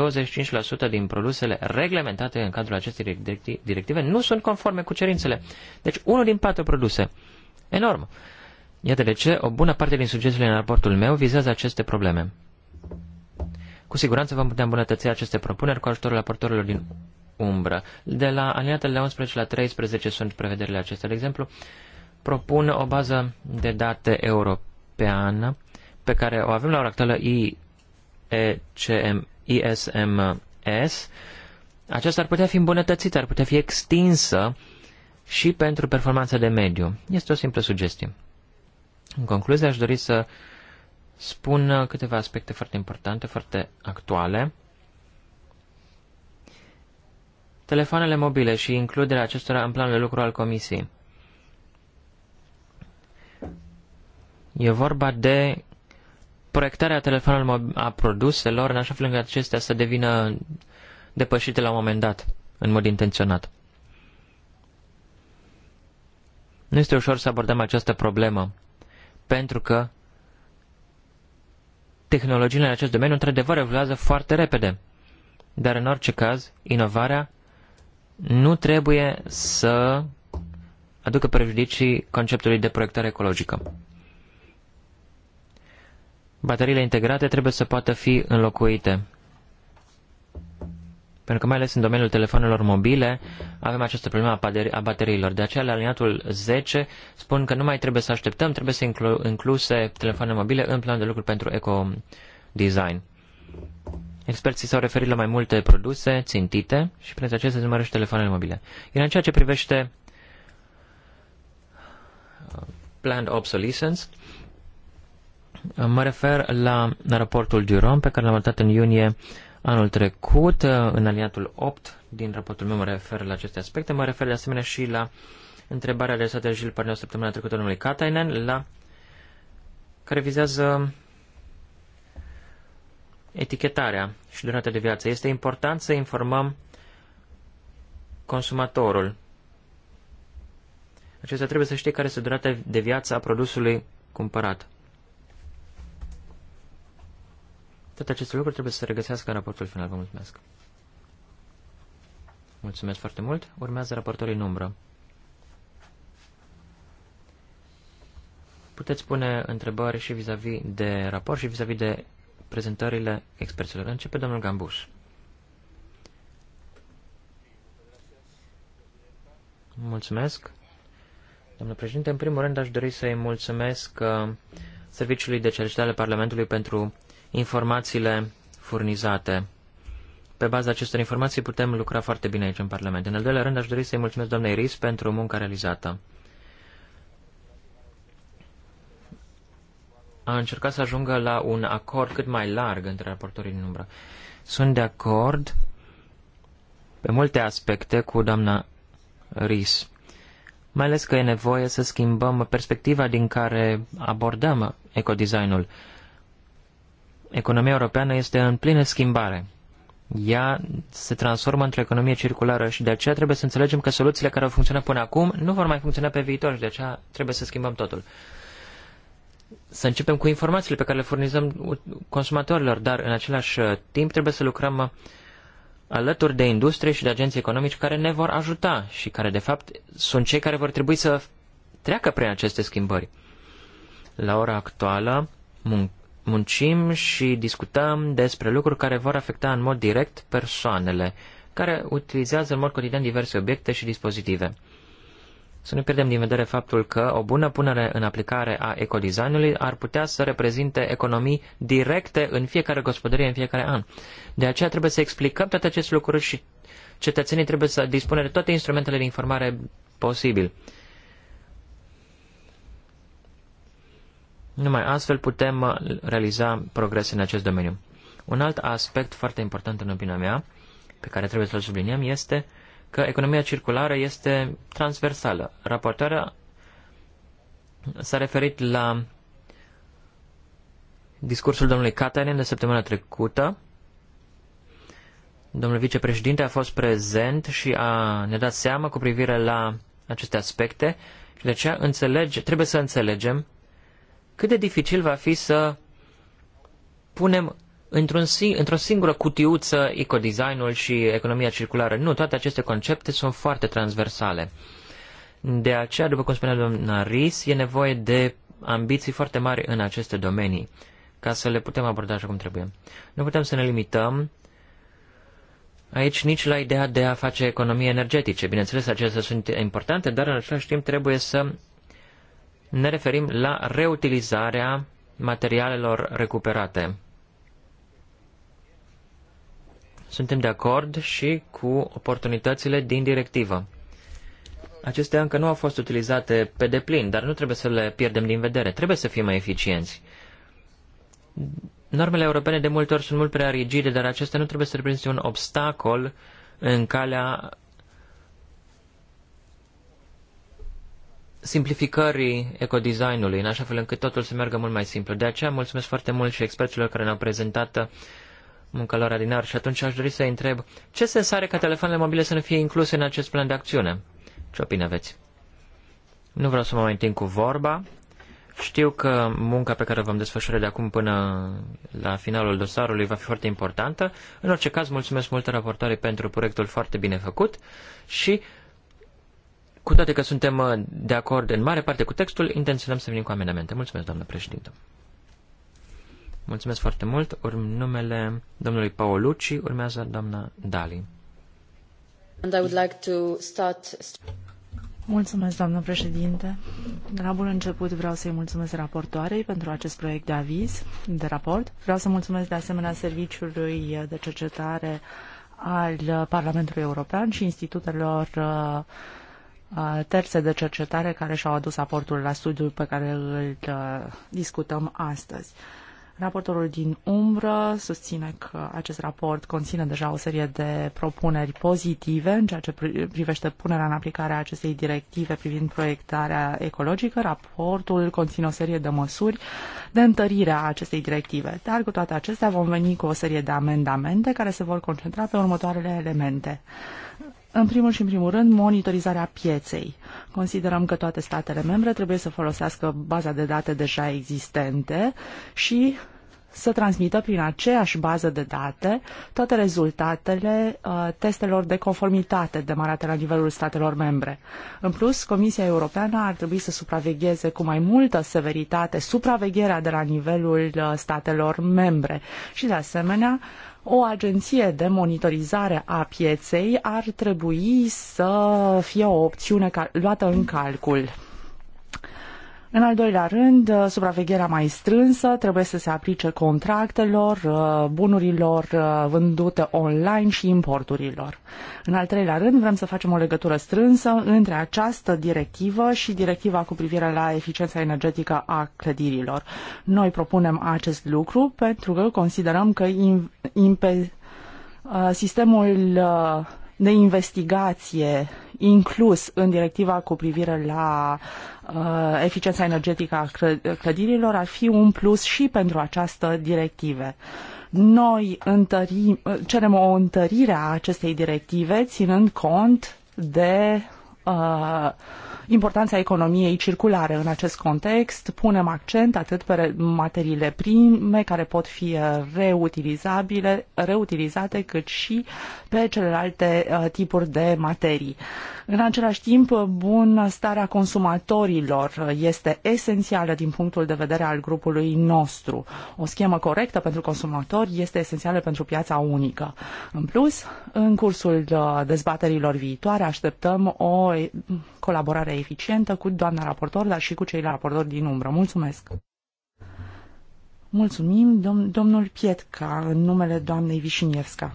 25% din produsele reglementate în cadrul acestei directive nu sunt conforme cu cerințele. Deci unul din patru produse. Enorm. Iată de ce o bună parte din sugestiile în raportul meu vizează aceste probleme. Cu siguranță vom putea îmbunătăți aceste propuneri cu ajutorul raportorilor din umbră. De la aliniatele 11 la 13 sunt prevederile acestea. De exemplu, propun o bază de date europeană pe care o avem la ora actuală ISMS. Aceasta ar putea fi îmbunătățită, ar putea fi extinsă și pentru performanța de mediu. Este o simplă sugestie. În concluzie, aș dori să uh, spun uh, câteva aspecte foarte importante, foarte actuale. Telefoanele mobile și includerea acestora în planul de lucru al comisiei. E vorba de proiectarea telefonelor a produselor în așa fel încât acestea să devină depășite la un moment dat, în mod intenționat. Nu este ușor să abordăm această problemă, pentru că tehnologiile în acest domeniu într-adevăr evoluează foarte repede. Dar în orice caz, inovarea nu trebuie să aducă prejudicii conceptului de proiectare ecologică. Bateriile integrate trebuie să poată fi înlocuite pentru că mai ales în domeniul telefonelor mobile avem această problemă a bateriilor. De aceea, la aliniatul 10 spun că nu mai trebuie să așteptăm, trebuie să inclu- incluse telefoane mobile în plan de lucru pentru eco-design. Experții s-au referit la mai multe produse țintite și prin acestea se numără și telefoanele mobile. Iar în ceea ce privește uh, planned obsolescence, mă refer la raportul Duron pe care l-am arătat în iunie Anul trecut, uh, în aliniatul 8 din raportul meu mă refer la aceste aspecte, mă refer de asemenea și la întrebarea adresată de Gilles Parneau săptămâna trecută domnului Katainen, la care vizează etichetarea și durata de viață. Este important să informăm consumatorul. Acesta trebuie să știe care este durata de viață a produsului cumpărat. Toate aceste lucruri trebuie să se regăsească în raportul final. Vă mulțumesc. Mulțumesc foarte mult. Urmează raportorii în umbră. Puteți pune întrebări și vis-a-vis -vis de raport și vis-a-vis -vis de prezentările experților. Începe domnul Gambuș. Mulțumesc. Domnule președinte, în primul rând aș dori să-i mulțumesc uh, Serviciului de Cercetare Parlamentului pentru informațiile furnizate. Pe baza acestor informații putem lucra foarte bine aici în Parlament. În al doilea rând, aș dori să-i mulțumesc doamnei Ris pentru munca realizată. A încercat să ajungă la un acord cât mai larg între raportorii din umbră. Sunt de acord pe multe aspecte cu doamna Ris. Mai ales că e nevoie să schimbăm perspectiva din care abordăm ecodesignul. ul economia europeană este în plină schimbare. Ea se transformă într-o economie circulară și de aceea trebuie să înțelegem că soluțiile care au funcționat până acum nu vor mai funcționa pe viitor și de aceea trebuie să schimbăm totul. Să începem cu informațiile pe care le furnizăm consumatorilor, dar în același uh, timp trebuie să lucrăm uh, alături de industrie și de agenții economici care ne vor ajuta și care, de fapt, sunt cei care vor trebui să treacă prin aceste schimbări. La ora actuală, muncim și discutăm despre lucruri care vor afecta în mod direct persoanele care utilizează în mod cotidian diverse obiecte și dispozitive. Să nu pierdem din vedere faptul că o bună punere în aplicare a ecodesignului ar putea să reprezinte economii directe în fiecare gospodărie, în fiecare an. De aceea trebuie să explicăm toate aceste lucruri și cetățenii trebuie să dispună de toate instrumentele de informare posibil. Numai astfel putem uh, realiza progrese în acest domeniu. Un alt aspect foarte important în opinia mea, pe care trebuie să-l subliniem, este că economia circulară este transversală. Raportarea s-a referit la discursul domnului Katainen de săptămâna trecută. Domnul vicepreședinte a fost prezent și a ne dat seama cu privire la aceste aspecte și de aceea înțelege, trebuie să înțelegem cât de dificil va fi să punem într-un, într-o singură cutiuță ecodesignul și economia circulară. Nu, toate aceste concepte sunt foarte transversale. De aceea, după cum spunea doamna Ris, e nevoie de ambiții foarte mari în aceste domenii, ca să le putem aborda așa cum trebuie. Nu putem să ne limităm aici nici la ideea de a face economie energetice. Bineînțeles, acestea sunt importante, dar în același timp trebuie să ne referim la reutilizarea materialelor recuperate. Suntem de acord și cu oportunitățile din directivă. Acestea încă nu au fost utilizate pe deplin, dar nu trebuie să le pierdem din vedere. Trebuie să fim mai eficienți. Normele europene de multe ori sunt mult prea rigide, dar acestea nu trebuie să reprezinte un obstacol în calea simplificării ecodesignului, în așa fel încât totul să meargă mult mai simplu. De aceea mulțumesc foarte mult și experților care ne-au prezentat uh, munca lor adinar și atunci aș dori să întreb ce sens are ca telefoanele mobile să nu fie incluse în acest plan de acțiune? Ce opinie aveți? Nu vreau să mă mai întind cu vorba. Știu că munca pe care o vom desfășura de acum până la finalul dosarului va fi foarte importantă. În orice caz, mulțumesc mult raportare pentru proiectul foarte bine făcut și cu toate că suntem uh, de acord în mare parte cu textul, intenționăm să venim cu amendamente. Mulțumesc, doamnă președinte. Mulțumesc foarte mult. Urm numele domnului Paolucci urmează doamna Dali. And I would like to start... Mulțumesc, doamnă președinte. De la bun început vreau să-i mulțumesc raportoarei pentru acest proiect de aviz, de raport. Vreau să mulțumesc de asemenea Serviciului de Cercetare al Parlamentului European și instituțiilor. uh, terțe de cercetare care și-au adus aportul la studiul pe care îl discutăm astăzi. Raportorul din umbră susține că acest raport conține deja o serie de propuneri pozitive în ceea ce privește punerea în aplicare a acestei directive privind proiectarea ecologică. Raportul conține o serie de măsuri de întărire a acestei directive. Dar cu toate acestea vom veni cu o serie de amendamente care se vor concentra pe următoarele elemente. În primul și în primul rând, monitorizarea pieței. Considerăm că toate statele membre trebuie să folosească baza de date deja existente și să transmită prin aceeași bază de date toate rezultatele uh, testelor de conformitate demarate la nivelul statelor membre. În plus, Comisia Europeană ar trebui să supravegheze cu mai multă severitate supravegherea de la nivelul uh, statelor membre și, de asemenea, o agenție de monitorizare a pieței ar trebui să fie o opțiune luată în calcul. În al doilea rând, uh, supravegherea mai strânsă trebuie să se aplice contractelor, uh, bunurilor uh, vândute online și importurilor. În al treilea rând, vrem să facem o legătură strânsă între această directivă și directiva cu privire la eficiența energetică a clădirilor. Noi propunem acest lucru pentru că considerăm că sistemul de investigație inclus în directiva cu privire la uh, eficiența energetică a clădirilor ar fi un plus și pentru această directive. Noi întărim, cerem o întărire a acestei directive ținând cont de uh, importanța economiei circulare. În acest context punem accent atât pe materiile prime care pot fi uh, reutilizabile, reutilizate, cât și pe celelalte uh, tipuri de materii. În același timp, bunăstarea consumatorilor este esențială din punctul de vedere al grupului nostru. O schemă corectă pentru consumatori este esențială pentru piața unică. În plus, în cursul uh, dezbaterilor viitoare așteptăm o colaborare eficientă cu doamna raportor, dar și cu cei raportori din umbră. Mulțumesc! Mulțumim, dom- domnul Pietca, în numele doamnei Vișinievska.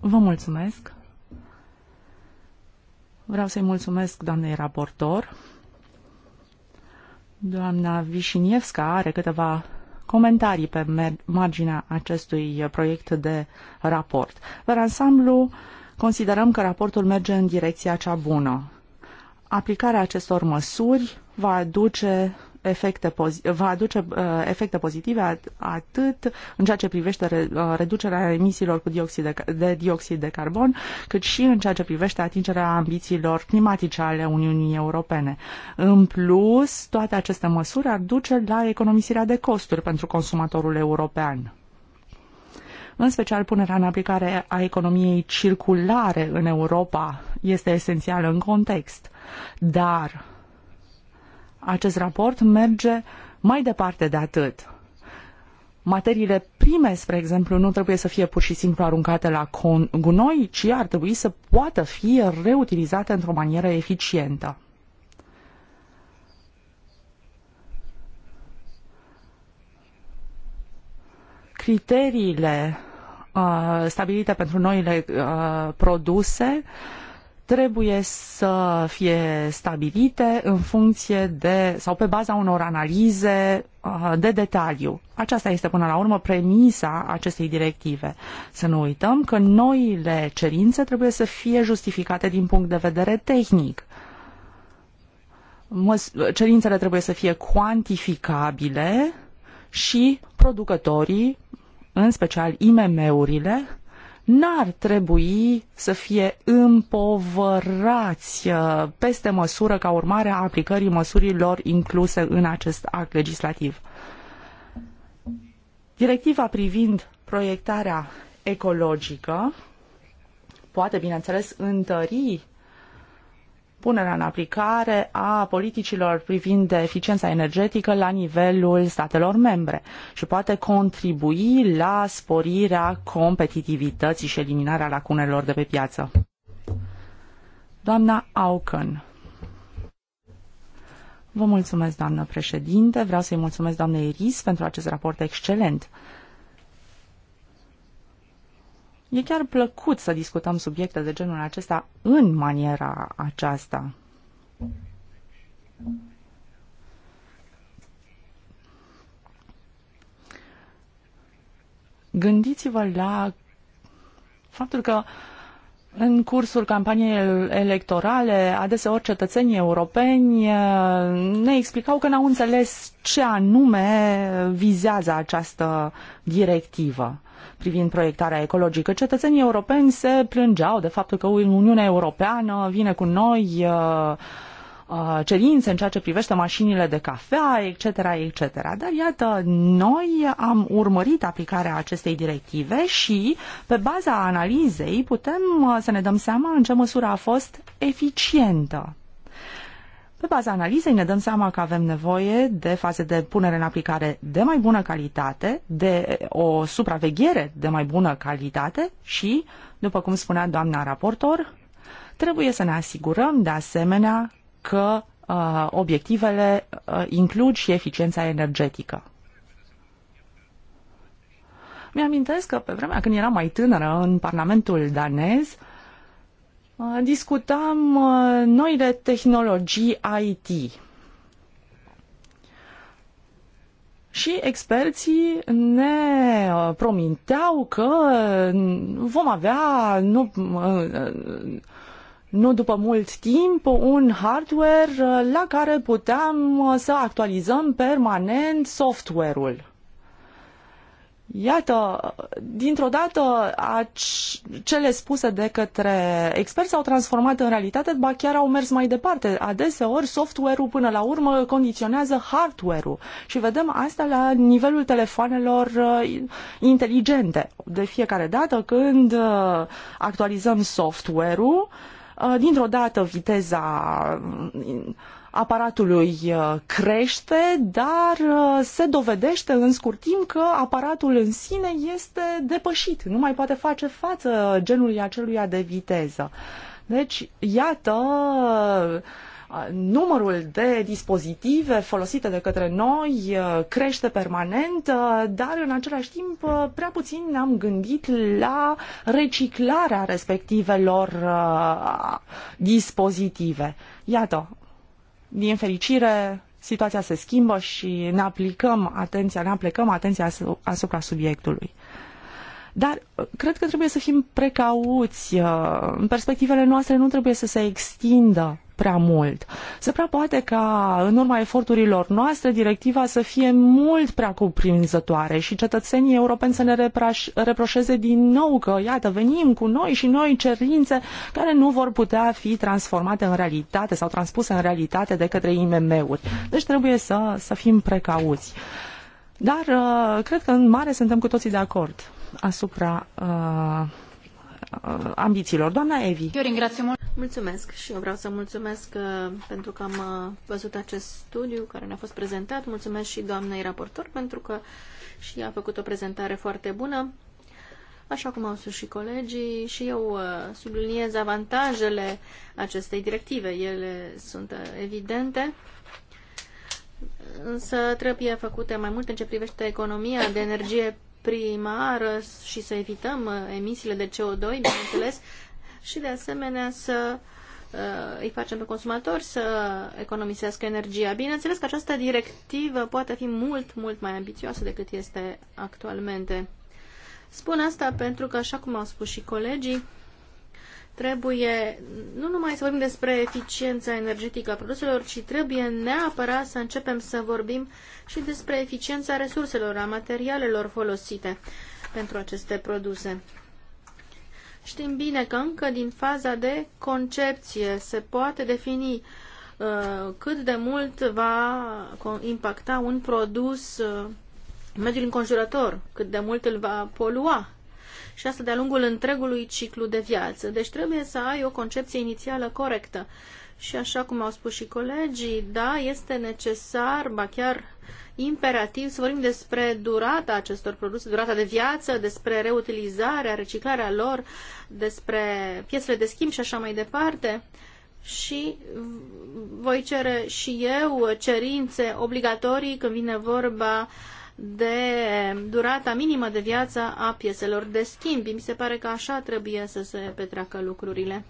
Vă mulțumesc! Vreau să-i mulțumesc doamnei raportor. Doamna Vișinievska are câteva comentarii pe marginea acestui proiect de raport. Dar ansamblu, Considerăm că raportul merge în direcția cea bună. Aplicarea acestor măsuri va aduce efecte, va aduce uh, efecte pozitive atât în ceea ce privește uh, reducerea emisiilor cu dioxid de, de dioxid de carbon, cât și în ceea ce privește atingerea ambițiilor climatice ale Uniunii Europene. În plus, toate aceste măsuri ar duce la economisirea de costuri pentru consumatorul european în special punerea în aplicare a economiei circulare în Europa este esențială în context. Dar acest raport merge mai departe de atât. Materiile prime, spre exemplu, nu trebuie să fie pur și simplu aruncate la gunoi, ci ar trebui să poată fi reutilizate într-o manieră eficientă. criteriile uh, stabilite pentru noile uh, produse trebuie să fie stabilite în funcție de sau pe baza unor analize uh, de detaliu. Aceasta este până la urmă premisa acestei directive. Să nu uităm că noile cerințe trebuie să fie justificate din punct de vedere tehnic cerințele trebuie să fie cuantificabile și producătorii în special IMM-urile, n-ar trebui să fie împovărați uh, peste măsură ca urmare a aplicării măsurilor incluse în acest act legislativ. Directiva privind proiectarea ecologică poate, bineînțeles, întări punerea în aplicare a politicilor privind eficiența energetică la nivelul statelor membre și poate contribui la sporirea competitivității și eliminarea lacunelor de pe piață. Doamna Auken. Vă mulțumesc, doamnă președinte. Vreau să-i mulțumesc doamnei Iris pentru acest raport excelent. E chiar plăcut să discutăm subiecte de genul acesta în maniera aceasta. Gândiți-vă la faptul că în cursul campaniei electorale, adeseori cetățenii europeni eh, ne explicau că n-au înțeles ce anume vizează această directivă privind proiectarea ecologică. Cetățenii europeni se plângeau de faptul că Uniunea Europeană vine cu noi uh, uh, cerințe în ceea ce privește mașinile de cafea, etc., etc. Dar iată, noi am urmărit aplicarea acestei directive și pe baza analizei putem uh, să ne dăm seama în ce măsură a fost eficientă. Pe baza analizei ne dăm seama că avem nevoie de faze de punere în aplicare de mai bună calitate, de o supraveghere de mai bună calitate și, după cum spunea doamna raportor, trebuie să ne asigurăm de asemenea că uh, obiectivele uh, includ și eficiența energetică. Mi-amintesc că pe vremea când eram mai tânără în Parlamentul danez, uh, Uh, discutam uh, noile tehnologii IT. Și experții ne uh, promiteau că vom avea nu, nu după mult timp un hardware la care puteam să actualizăm permanent software-ul. Iată, dintr-o dată, cele spuse de către experți s-au transformat în realitate, ba chiar au mers mai departe. Adeseori, software-ul până la urmă condiționează hardware-ul și vedem asta la nivelul telefoanelor uh, inteligente. De fiecare dată când uh, actualizăm software-ul, uh, dintr-o dată viteza aparatului uh, crește, dar uh, se dovedește în scurt timp că aparatul în sine este depășit, nu mai poate face față genului aceluia de viteză. Deci, iată uh, numărul de dispozitive folosite de către noi crește permanent, dar în același timp prea puțin ne-am gândit la reciclarea respectivelor dispozitive. Iată, din fericire, situația se schimbă și ne aplicăm atenția, ne aplicăm atenția asupra subiectului. Dar uh, cred că trebuie să fim precauți. Uh, perspectivele noastre nu trebuie să se extindă prea mult. Se prea poate ca, în urma eforturilor noastre, directiva să fie mult prea cuprinzătoare și cetățenii europeni să ne repraș- reproșeze din nou că, iată, venim cu noi și noi cerințe care nu vor putea fi transformate în realitate sau transpuse în realitate de către IMM-uri. Deci trebuie să, să fim precauți. Dar uh, cred că în mare suntem cu toții de acord asupra uh, uh ambițiilor. Doamna Evi. Eu Mulțumesc și eu vreau să mulțumesc uh, pentru că am uh, văzut acest studiu care ne-a fost prezentat. Mulțumesc și doamnei raportor pentru că și ea a făcut o prezentare foarte bună. Așa cum au spus și colegii, și eu uh, subliniez avantajele acestei directive. Ele sunt evidente, însă trebuie făcute mai mult în ce privește economia de energie primară și să evităm emisiile de CO2, bineînțeles, și de asemenea să uh, îi facem pe consumatori să economisească energia. Bineînțeles că această directivă poate fi mult, mult mai ambițioasă decât este actualmente. Spun asta pentru că, așa cum au spus și colegii, trebuie nu numai să vorbim despre eficiența energetică a produselor, ci trebuie neapărat să începem să vorbim și despre eficiența resurselor, a materialelor folosite pentru aceste produse. Știm bine că încă din faza de concepție se poate defini uh, cât de mult va impacta un produs uh, mediul înconjurător, cât de mult îl va polua și asta de-a lungul întregului ciclu de viață. Deci trebuie să ai o concepție inițială corectă. Și așa cum au spus și colegii, da, este necesar, ba chiar imperativ să vorbim despre durata acestor produse, durata de viață, despre reutilizarea, reciclarea lor, despre piesele de schimb și așa mai departe. Și voi cere și eu cerințe obligatorii când vine vorba de durata minimă de viață a pieselor de schimb. Mi se pare că așa trebuie să se petreacă lucrurile.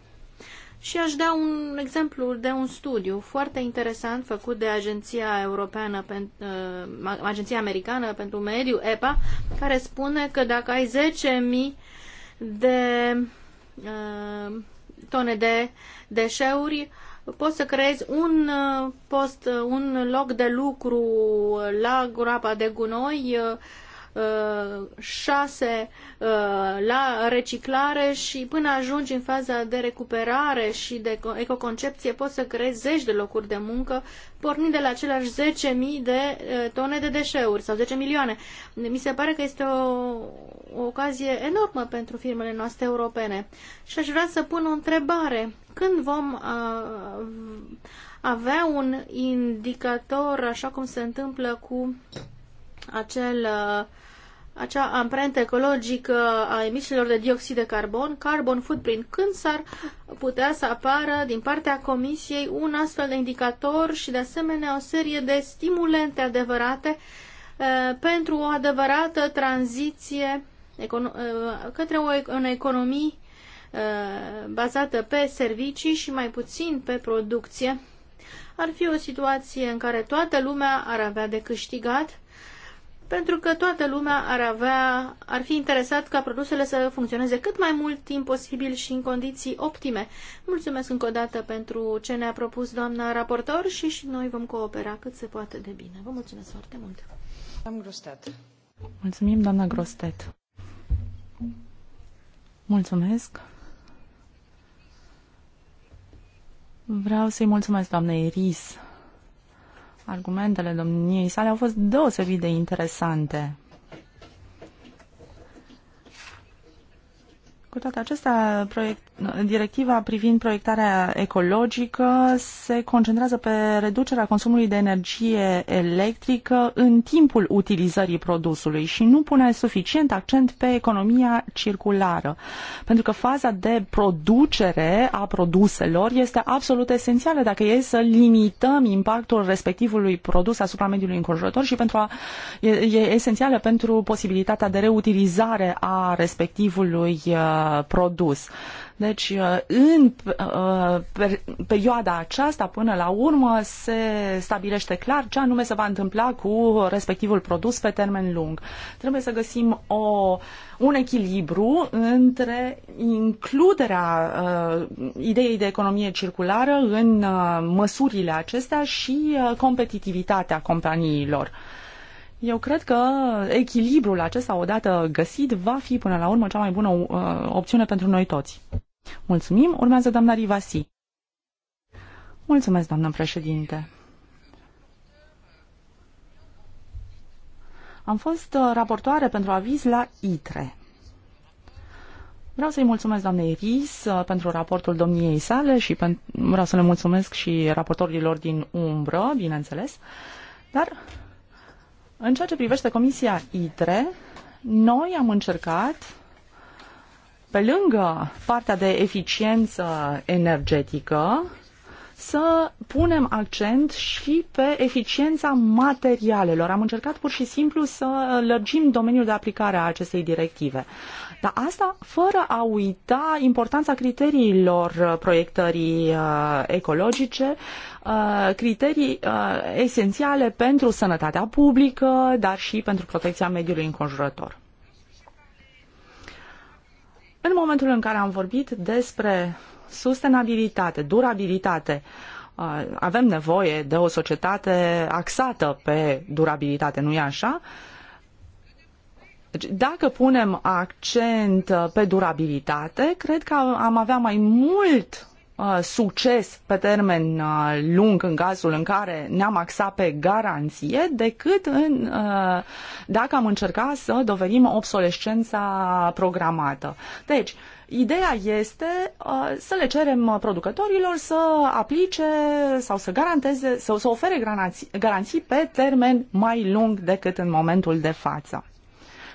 Și aș da un exemplu de un studiu foarte interesant făcut de Agenția Europeană, uh, Agenția Americană pentru Mediu, EPA, care spune că dacă ai 10.000 de uh, tone de deșeuri, poți să creezi un uh, post, uh, un loc de lucru la groapa de gunoi 6 uh, la reciclare și până ajungi în faza de recuperare și de ecoconcepție poți să creezi zeci de locuri de muncă pornind de la aceleași 10.000 de uh, tone de deșeuri sau 10 milioane. Mi se pare că este o, o ocazie enormă pentru firmele noastre europene și aș vrea să pun o întrebare. Când vom a, uh, avea un indicator, așa cum se întâmplă cu acel, uh, acea amprentă ecologică uh, a emisiilor de dioxid de carbon, carbon footprint, când s-ar putea să apară din partea Comisiei un astfel de indicator și de asemenea o serie de stimulente adevărate uh, pentru o adevărată tranziție către o, o economie bazată pe servicii și mai puțin pe producție, ar fi o situație în care toată lumea ar avea de câștigat pentru că toată lumea ar avea, ar fi interesat ca produsele să funcționeze cât mai mult timp posibil și în condiții optime. Mulțumesc încă o dată pentru ce ne-a propus doamna raportor și și noi vom coopera cât se poate de bine. Vă mulțumesc foarte mult. Am grostat. Mulțumim, doamna Grostet. Mulțumesc. Vreau să-i mulțumesc doamnei Ris Argumentele domniei sale au fost deosebit de interesante. Cu toate acestea, proiect, directiva privind proiectarea ecologică se concentrează pe reducerea consumului de energie electrică în timpul utilizării produsului și nu pune suficient accent pe economia circulară. Pentru că faza de producere a produselor este absolut esențială dacă e să limităm impactul respectivului produs asupra mediului înconjurător și pentru a, e, e esențială pentru posibilitatea de reutilizare a respectivului uh, produs. Deci, uh, în uh, perioada aceasta, până la urmă, se stabilește clar ce anume se va întâmpla cu respectivul produs pe termen lung. Trebuie să găsim o, un echilibru între includerea uh, ideii de economie circulară în uh, măsurile acestea și uh, competitivitatea companiilor. Uh, eu cred că echilibrul acesta, odată găsit, va fi până la urmă cea mai bună uh, opțiune pentru noi toți. Mulțumim. Urmează doamna Rivasi. Mulțumesc, doamnă președinte. Am fost uh, raportoare pentru aviz la ITRE. Vreau să-i mulțumesc doamnei Ris uh, pentru raportul domniei sale și vreau să le mulțumesc și raportorilor din umbră, bineînțeles, dar în ceea ce privește Comisia ITRE, noi am încercat, pe lângă partea de eficiență energetică, să punem accent și pe eficiența materialelor. Am încercat pur și simplu să lărgim domeniul de aplicare a acestei directive. Dar asta fără a uita importanța criteriilor proiectării uh, ecologice, uh, criterii uh, esențiale pentru sănătatea publică, dar și pentru protecția mediului înconjurător. În momentul în care am vorbit despre sustenabilitate, durabilitate. Uh, avem nevoie de o societate axată pe durabilitate, nu e așa? Deci, dacă punem accent uh, pe durabilitate, cred că am avea mai mult uh, succes pe termen lung în cazul în care ne-am axat pe garanție decât în, dacă am încercat să dovedim obsolescența programată. Deci, Ideea este uh, să le cerem uh, producătorilor să aplice sau să garanteze sau să ofere garanții, garanții pe termen mai lung decât în momentul de față.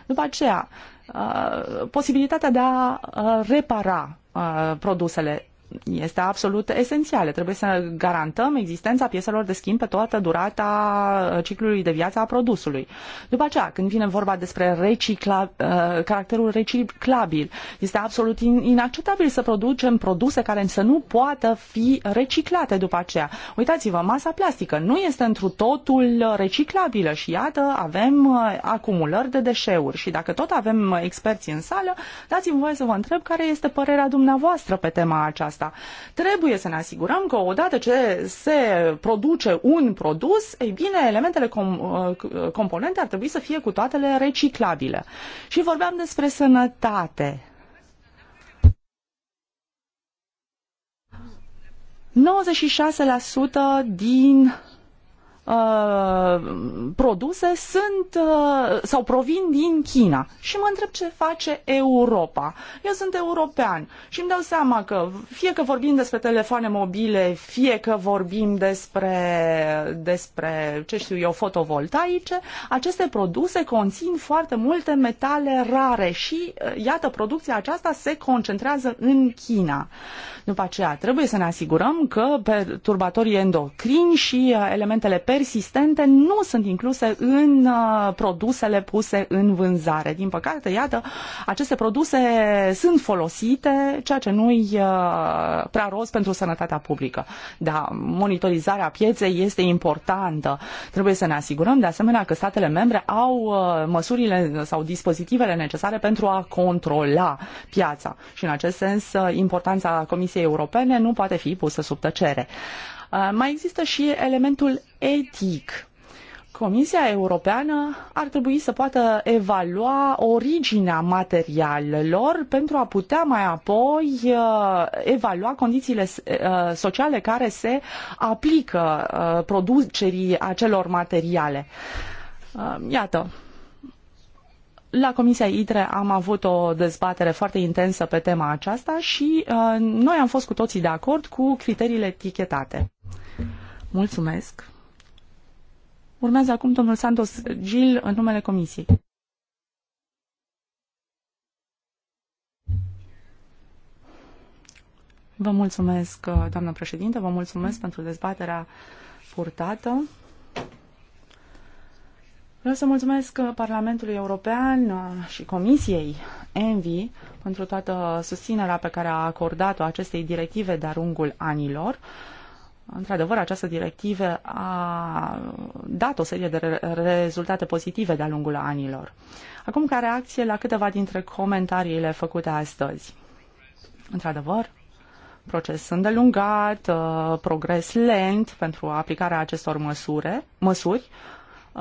După aceea, uh, posibilitatea de a uh, repara uh, produsele este absolut esențială. Trebuie să garantăm existența pieselor de schimb pe toată durata uh, ciclului de viață a produsului. După aceea, când vine vorba despre recicla, uh, caracterul reciclabil, este absolut inacceptabil să producem produse care să nu poată fi reciclate după aceea. Uitați-vă, masa plastică nu este întru totul reciclabilă și iată, avem uh, acumulări de deșeuri și dacă tot avem experți în sală, dați-mi voie să vă întreb care este părerea dumneavoastră pe tema aceasta asta. Trebuie să ne asigurăm că odată ce se produce un produs, ei bine, elementele com- uh, componente ar trebui să fie cu toatele reciclabile. Și vorbeam despre sănătate. 96% din Uh, produse sunt uh, sau provin din China. Și mă întreb ce face Europa. Eu sunt european și îmi dau seama că fie că vorbim despre telefoane mobile, fie că vorbim despre, despre ce știu eu, fotovoltaice, aceste produse conțin foarte multe metale rare și uh, iată, producția aceasta se concentrează în China. După aceea, trebuie să ne asigurăm că perturbatorii endocrini și uh, elementele pe persistente nu sunt incluse în uh, produsele puse în vânzare. Din păcate, iată, aceste produse sunt folosite, ceea ce nu-i uh, prea rost pentru sănătatea publică. Da, monitorizarea pieței este importantă. Trebuie să ne asigurăm, de asemenea, că statele membre au uh, măsurile sau dispozitivele necesare pentru a controla piața. Și în acest sens, importanța Comisiei Europene nu poate fi pusă sub tăcere. Uh, mai există și elementul etic. Comisia Europeană ar trebui să poată evalua originea materialelor pentru a putea mai apoi uh, evalua condițiile uh, sociale care se aplică producerii acelor materiale. Iată, la Comisia ITRE am avut o dezbatere foarte intensă pe tema aceasta și noi am fost cu toții de acord cu criteriile etichetate. Mulțumesc. Urmează acum domnul Santos Gil în numele Comisiei. Vă mulțumesc, doamnă președinte, vă mulțumesc pentru dezbaterea purtată. Vreau să mulțumesc Parlamentului European și Comisiei ENVI pentru toată susținerea pe care a acordat-o acestei directive de-a lungul anilor. Uh, Într-adevăr, această directivă a dat o serie de rezultate pozitive de-a lungul anilor. Acum, ca reacție la câteva dintre comentariile făcute astăzi. Într-adevăr, proces îndelungat, uh, progres lent pentru aplicarea acestor măsure, măsuri, 4-5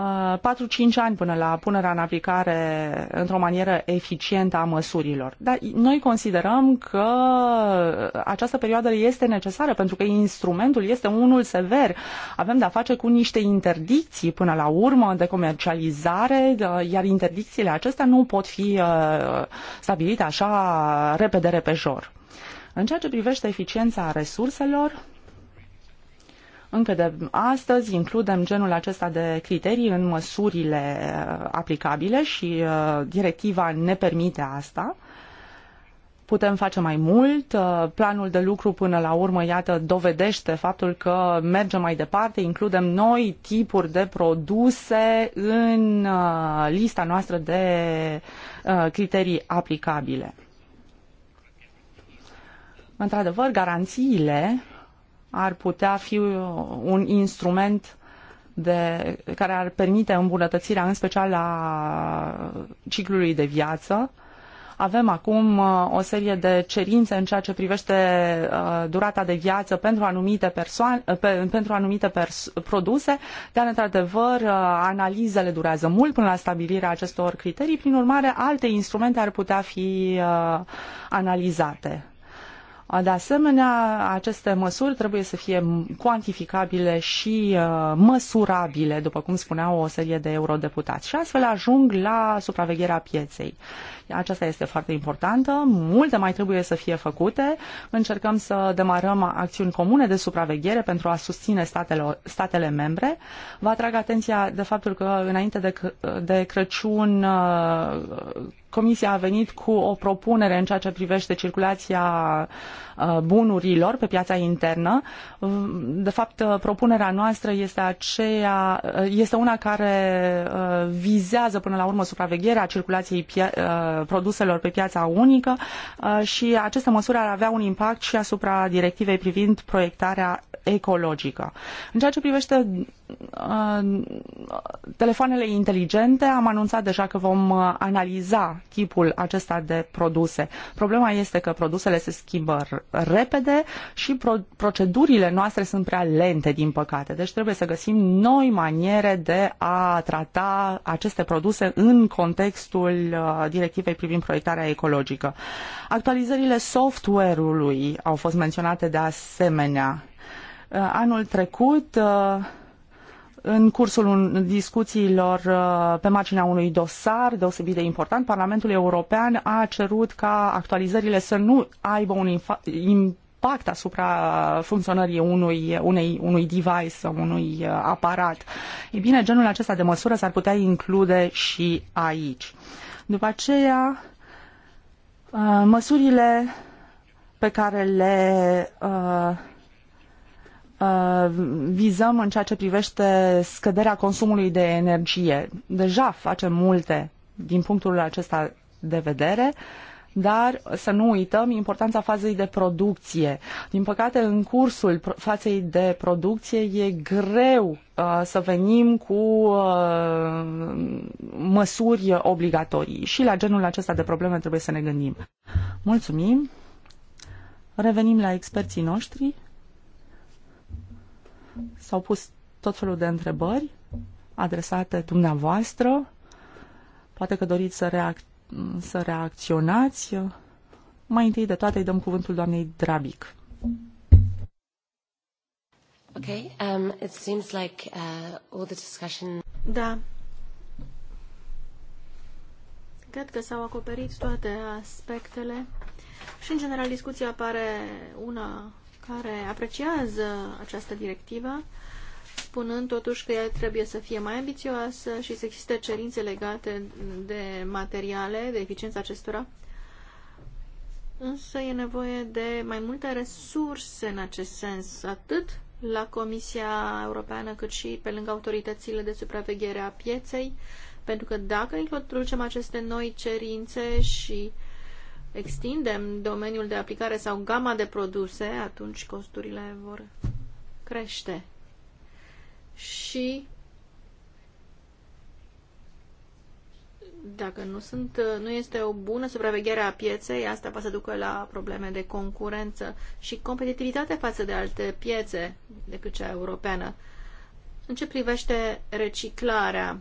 uh, ani până la punerea în aplicare într-o manieră eficientă a măsurilor. Dar noi considerăm că această perioadă este necesară pentru că instrumentul este unul sever. Avem de-a face cu niște interdicții până la urmă de comercializare, uh, iar interdicțiile acestea nu pot fi uh, stabilite așa repede repejor. În ceea ce privește eficiența resurselor, încă de astăzi includem genul acesta de criterii în măsurile uh, aplicabile și uh, directiva ne permite asta putem face mai mult. Uh, planul de lucru până la urmă, iată, dovedește faptul că mergem mai departe, includem noi tipuri de produse în lista noastră de criterii aplicabile. Într-adevăr, garanțiile ar putea fi un instrument de, care ar permite îmbunătățirea în special a ciclului de viață. Avem acum uh, o serie de cerințe în ceea ce privește uh, durata de viață pentru anumite, persoane, uh, pentru anumite produse, dar, într-adevăr, analizele durează mult până la stabilirea acestor criterii, prin urmare, alte instrumente ar putea fi analizate. De asemenea, aceste măsuri trebuie să fie cuantificabile și uh, măsurabile, după cum spuneau o serie de eurodeputați. Și astfel ajung la supravegherea pieței. Aceasta este foarte importantă, multe mai trebuie să fie făcute. Încercăm să demarăm acțiuni comune de supraveghere pentru a susține statele, statele membre. Vă atrag atenția de faptul că înainte de, de Crăciun uh, Comisia a venit cu o propunere în ceea ce privește circulația uh, Uh, bunurilor pe piața internă. Uh, de fapt, uh, propunerea noastră este aceea, este una care vizează până la urmă supravegherea circulației produselor pe piața unică și aceste măsuri ar avea un impact și asupra directivei privind proiectarea ecologică. În ceea ce privește telefoanele inteligente, am anunțat deja că vom analiza tipul acesta de produse. Problema este că produsele se schimbă repede și pro- procedurile noastre sunt prea lente, din păcate. Deci trebuie să găsim noi maniere de a trata aceste produse în contextul uh, directivei privind proiectarea ecologică. Actualizările software-ului au fost menționate de asemenea. Uh, anul trecut uh, în cursul discuțiilor uh, pe marginea unui dosar deosebit de important, Parlamentul European a cerut ca actualizările să nu aibă un impact asupra funcționării unui, unei, unui device sau unui uh, aparat. Ei bine, genul acesta de măsură s-ar putea include și aici. După aceea, uh, măsurile pe care le Uh, vizăm în ceea ce privește scăderea consumului de energie. Deja facem multe din punctul acesta de vedere, dar să nu uităm importanța fazei de producție. Din păcate, în cursul fazei de producție e greu uh, să venim cu uh, măsuri obligatorii și la genul acesta de probleme trebuie să ne gândim. Mulțumim! Revenim la experții noștri. S-au pus tot felul de întrebări adresate dumneavoastră. Poate că doriți să, reac- să reacționați. Mai întâi de toate îi dăm cuvântul doamnei Drabic. Okay, um, it seems like uh, all the discussion... Da. Cred că s-au acoperit toate aspectele și, în general, discuția pare una care apreciază această directivă, spunând totuși că ea trebuie să fie mai ambițioasă și să existe cerințe legate de materiale, de eficiența acestora. Însă e nevoie de mai multe resurse în acest sens, atât la Comisia Europeană cât și pe lângă autoritățile de supraveghere a pieței, pentru că dacă introducem aceste noi cerințe și uh, extindem domeniul de aplicare sau gama de produse, atunci costurile vor crește. Și dacă nu, sunt, nu este o bună supraveghere a pieței, asta va să ducă la probleme de concurență și competitivitate față de alte piețe decât cea europeană. În ce privește reciclarea,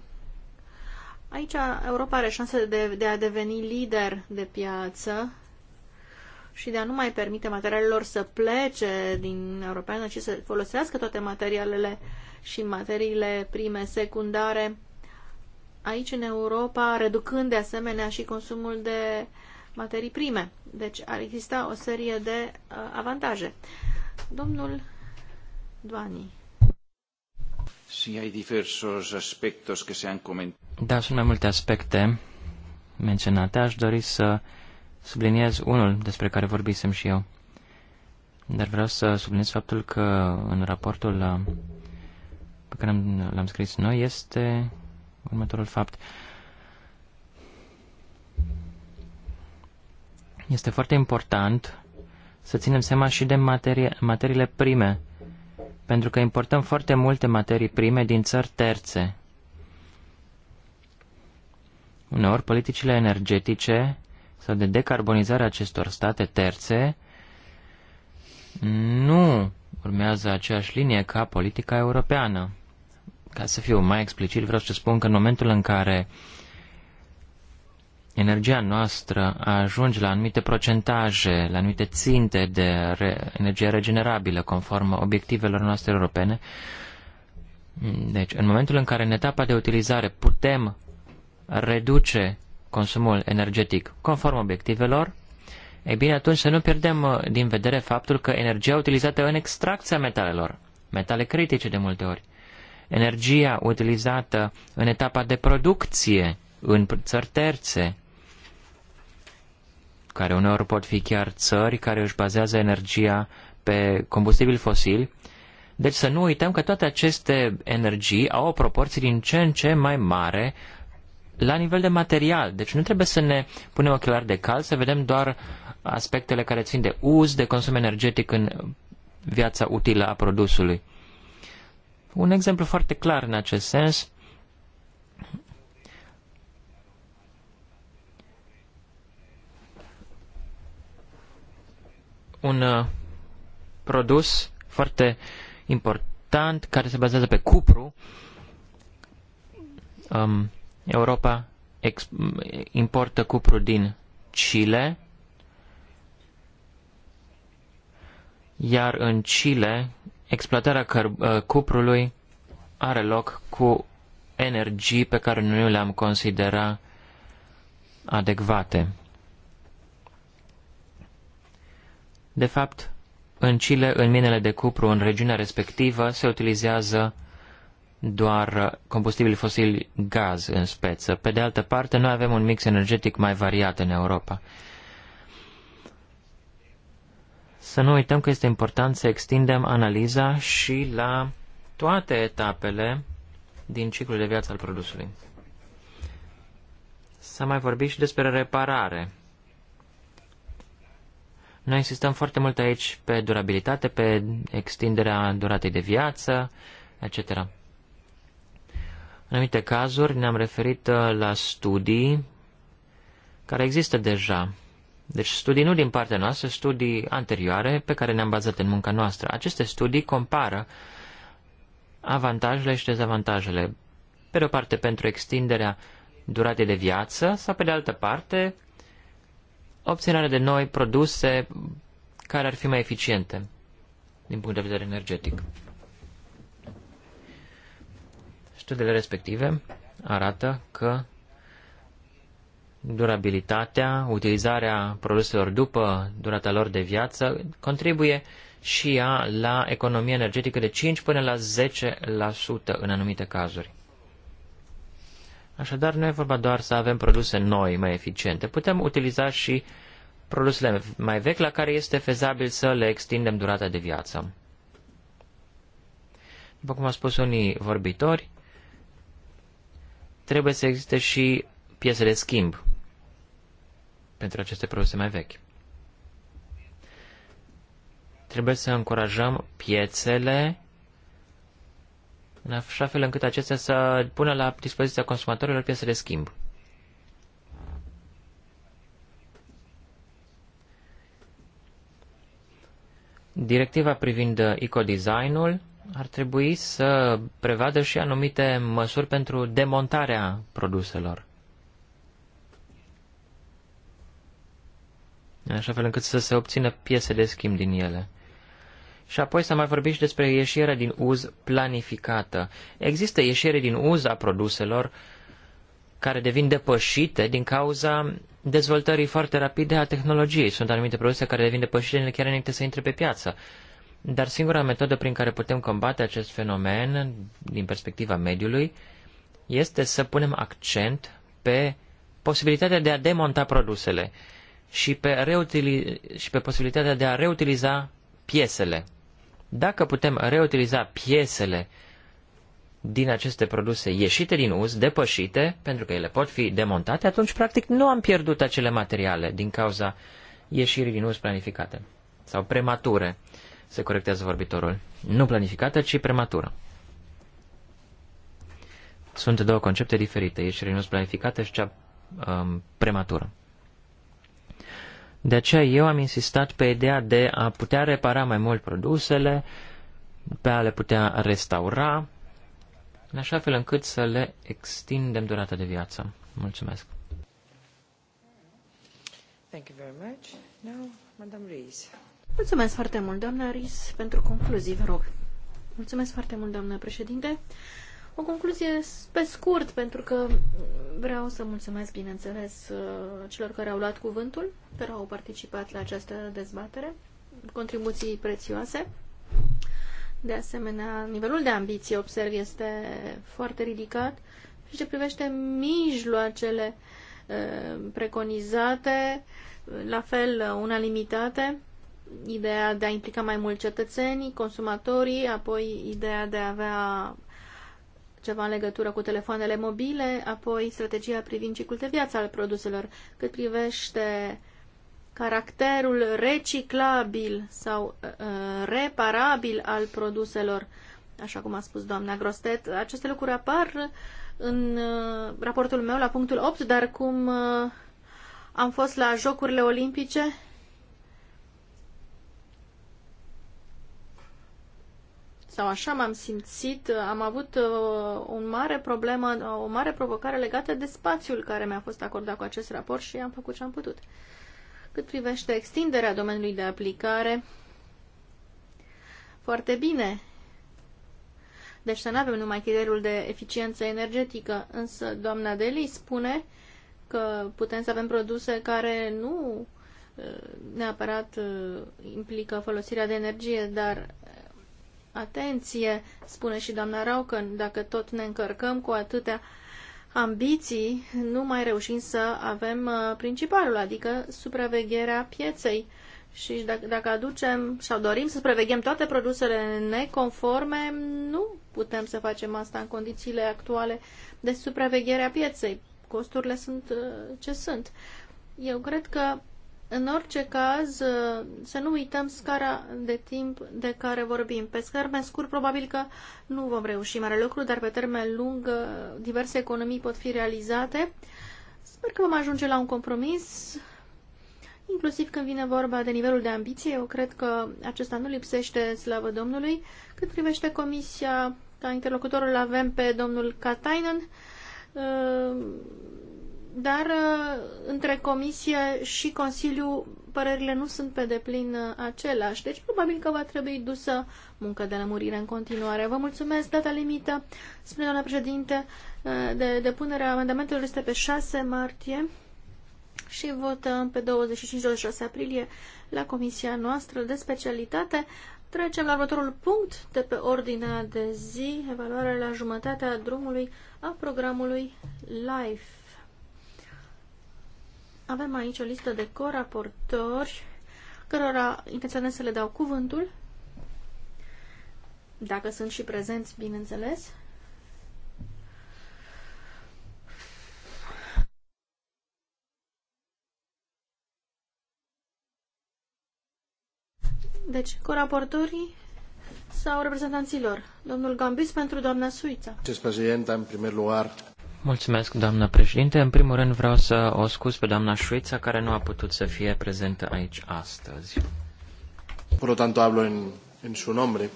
Aici Europa are șanse de, de a deveni lider de piață și de a nu mai permite materialelor să plece din Europeană, ci să folosească toate materialele și materiile prime secundare aici în Europa, reducând de asemenea și consumul de materii prime. Deci ar exista o serie de uh, avantaje. Domnul Duani. Si hay diversos aspectos que se han comentado. Da, sunt mai multe aspecte menționate. Aș dori să subliniez unul despre care vorbisem și eu. Dar vreau să subliniez faptul că în raportul pe care l-am scris noi este următorul fapt. Este foarte important să ținem seama și de materie, materiile prime, pentru că importăm foarte multe materii prime din țări terțe, Uneori, politicile energetice sau de decarbonizare a acestor state terțe nu urmează aceeași linie ca politica europeană. Ca să fiu mai explicit, vreau să spun că în momentul în care energia noastră ajunge la anumite procentaje, la anumite ținte de re- energie regenerabilă, conform obiectivelor noastre europene, deci, în momentul în care în etapa de utilizare putem reduce consumul energetic conform obiectivelor, e bine, atunci să nu pierdem uh, din vedere faptul că energia utilizată în extracția metalelor, metale critice de multe ori, energia utilizată în etapa de producție în țări terțe, care uneori pot fi chiar țări care își bazează energia pe combustibil fosil, Deci să nu uităm că toate aceste energii au o proporție din ce în ce mai mare la nivel de material. Deci nu trebuie să ne punem ochelari de cal, să vedem doar aspectele care țin de uz, de consum energetic în viața utilă a produsului. Un exemplu foarte clar în acest sens un uh, produs foarte important care se bazează pe cupru um, Europa importă cupru din Chile, iar în Chile exploatarea uh, cuprului are loc cu energii pe care nu le-am considera adecvate. De fapt, în Chile, în minele de cupru, în regiunea respectivă, se utilizează doar uh, combustibili fosili gaz în speță. Pe de altă parte, noi avem un mix energetic mai variat în Europa. Să nu uităm că este important să extindem analiza și la toate etapele din ciclul de viață al produsului. S-a mai vorbit și despre reparare. Noi insistăm foarte mult aici pe durabilitate, pe extinderea duratei de viață, etc. În anumite cazuri ne-am referit uh, la studii care există deja. Deci studii nu din partea noastră, studii anterioare pe care ne-am bazat în munca noastră. Aceste studii compară avantajele și dezavantajele. Pe de o parte pentru extinderea duratei de viață sau pe de altă parte obținerea de noi produse care ar fi mai eficiente din punct de vedere energetic. Studiile respective arată că durabilitatea, utilizarea produselor după durata lor de viață contribuie și ea la economie energetică de 5 până la 10% în anumite cazuri. Așadar, nu e vorba doar să avem produse noi, mai eficiente. Putem utiliza și produsele mai vechi la care este fezabil să le extindem durata de viață. După cum au spus unii vorbitori, trebuie să existe și piese de schimb pentru aceste produse mai vechi. Trebuie să încurajăm piețele în așa fel încât acestea să pună la dispoziția consumatorilor piese de schimb. Directiva privind eco-designul ar trebui să prevadă și anumite măsuri pentru demontarea produselor. În așa fel încât să se obțină piese de schimb din ele. Și apoi să mai vorbim și despre ieșirea din uz planificată. Există ieșire din uz a produselor care devin depășite din cauza dezvoltării foarte rapide a tehnologiei. Sunt anumite produse care devin depășite chiar înainte să intre pe piață. Dar singura metodă prin care putem combate acest fenomen din perspectiva mediului este să punem accent pe posibilitatea de a demonta produsele și pe, reutili- și pe posibilitatea de a reutiliza piesele. Dacă putem reutiliza piesele din aceste produse ieșite din uz, depășite, pentru că ele pot fi demontate, atunci practic nu am pierdut acele materiale din cauza ieșirii din uz planificate sau premature se corectează vorbitorul. Nu planificată, ci prematură. Sunt două concepte diferite, ieșirea nu planificată și cea um, prematură. De aceea eu am insistat pe ideea de a putea repara mai mult produsele, pe a le putea restaura, în așa fel încât să le extindem durata de viață. Mulțumesc. Thank you very much. Now, Madame Reese. Mulțumesc foarte mult, doamna Aris, pentru concluzii, vă rog. Mulțumesc foarte mult, doamna președinte. O concluzie pe scurt, pentru că vreau să mulțumesc, bineînțeles, uh, celor care au luat cuvântul, care au participat la această dezbatere, contribuții prețioase. De asemenea, nivelul de ambiție, observ, este foarte ridicat și ce privește mijloacele uh, preconizate, la fel uh, unanimitate, ideea de a implica mai mult cetățenii, consumatorii, apoi ideea de a avea ceva în legătură cu telefoanele mobile, apoi strategia privind ciclul de viață al produselor, cât privește caracterul reciclabil sau uh, reparabil al produselor, așa cum a spus doamna Grostet. Aceste lucruri apar în uh, raportul meu la punctul 8, dar cum uh, am fost la Jocurile Olimpice, sau așa m-am simțit, am avut o uh, mare problemă, uh, o mare provocare legată de spațiul care mi-a fost acordat cu acest raport și am făcut ce am putut. Cât privește extinderea domeniului de aplicare, foarte bine. Deci să nu avem numai criteriul de eficiență energetică, însă doamna Deli spune că putem să avem produse care nu uh, neapărat implică folosirea de energie, dar atenție, spune și doamna Raucan, dacă tot ne încărcăm cu atâtea ambiții, nu mai reușim să avem uh, principalul, adică supravegherea pieței. Și dacă, dacă aducem sau dorim să supraveghem toate produsele neconforme, nu putem să facem asta în condițiile actuale de supraveghere a pieței. Costurile sunt uh, ce sunt. Eu cred că în orice caz, să nu uităm scara de timp de care vorbim. Pe termen scurt, probabil că nu vom reuși mare lucru, dar pe termen lung, diverse economii pot fi realizate. Sper că vom ajunge la un compromis, inclusiv când vine vorba de nivelul de ambiție. Eu cred că acesta nu lipsește, slavă Domnului. Cât privește comisia, ca interlocutorul avem pe domnul Katainen dar uh, între Comisie și Consiliu părerile nu sunt pe deplin uh, aceleași, deci probabil că va trebui dusă muncă de lămurire în continuare. Vă mulțumesc, data limită, spune doamna președinte, uh, de depunerea amendamentelor este pe 6 martie și votăm pe 25-26 aprilie la Comisia noastră de specialitate. Trecem la următorul punct de pe ordinea de zi, evaluarea la jumătatea drumului a programului LIFE. Avem aici o listă de coraportori cărora intenționez să le dau cuvântul, dacă sunt și prezenți, bineînțeles. Deci, coraportorii sau reprezentanților. Domnul Gambis pentru doamna Suița. Domnul președinte, în primul loc. Mulțumesc, doamnă președinte. În primul rând vreau să o scuz pe doamna Șuița, care nu a putut să fie prezentă aici astăzi. Por lo tanto, hablo en, en su nombre.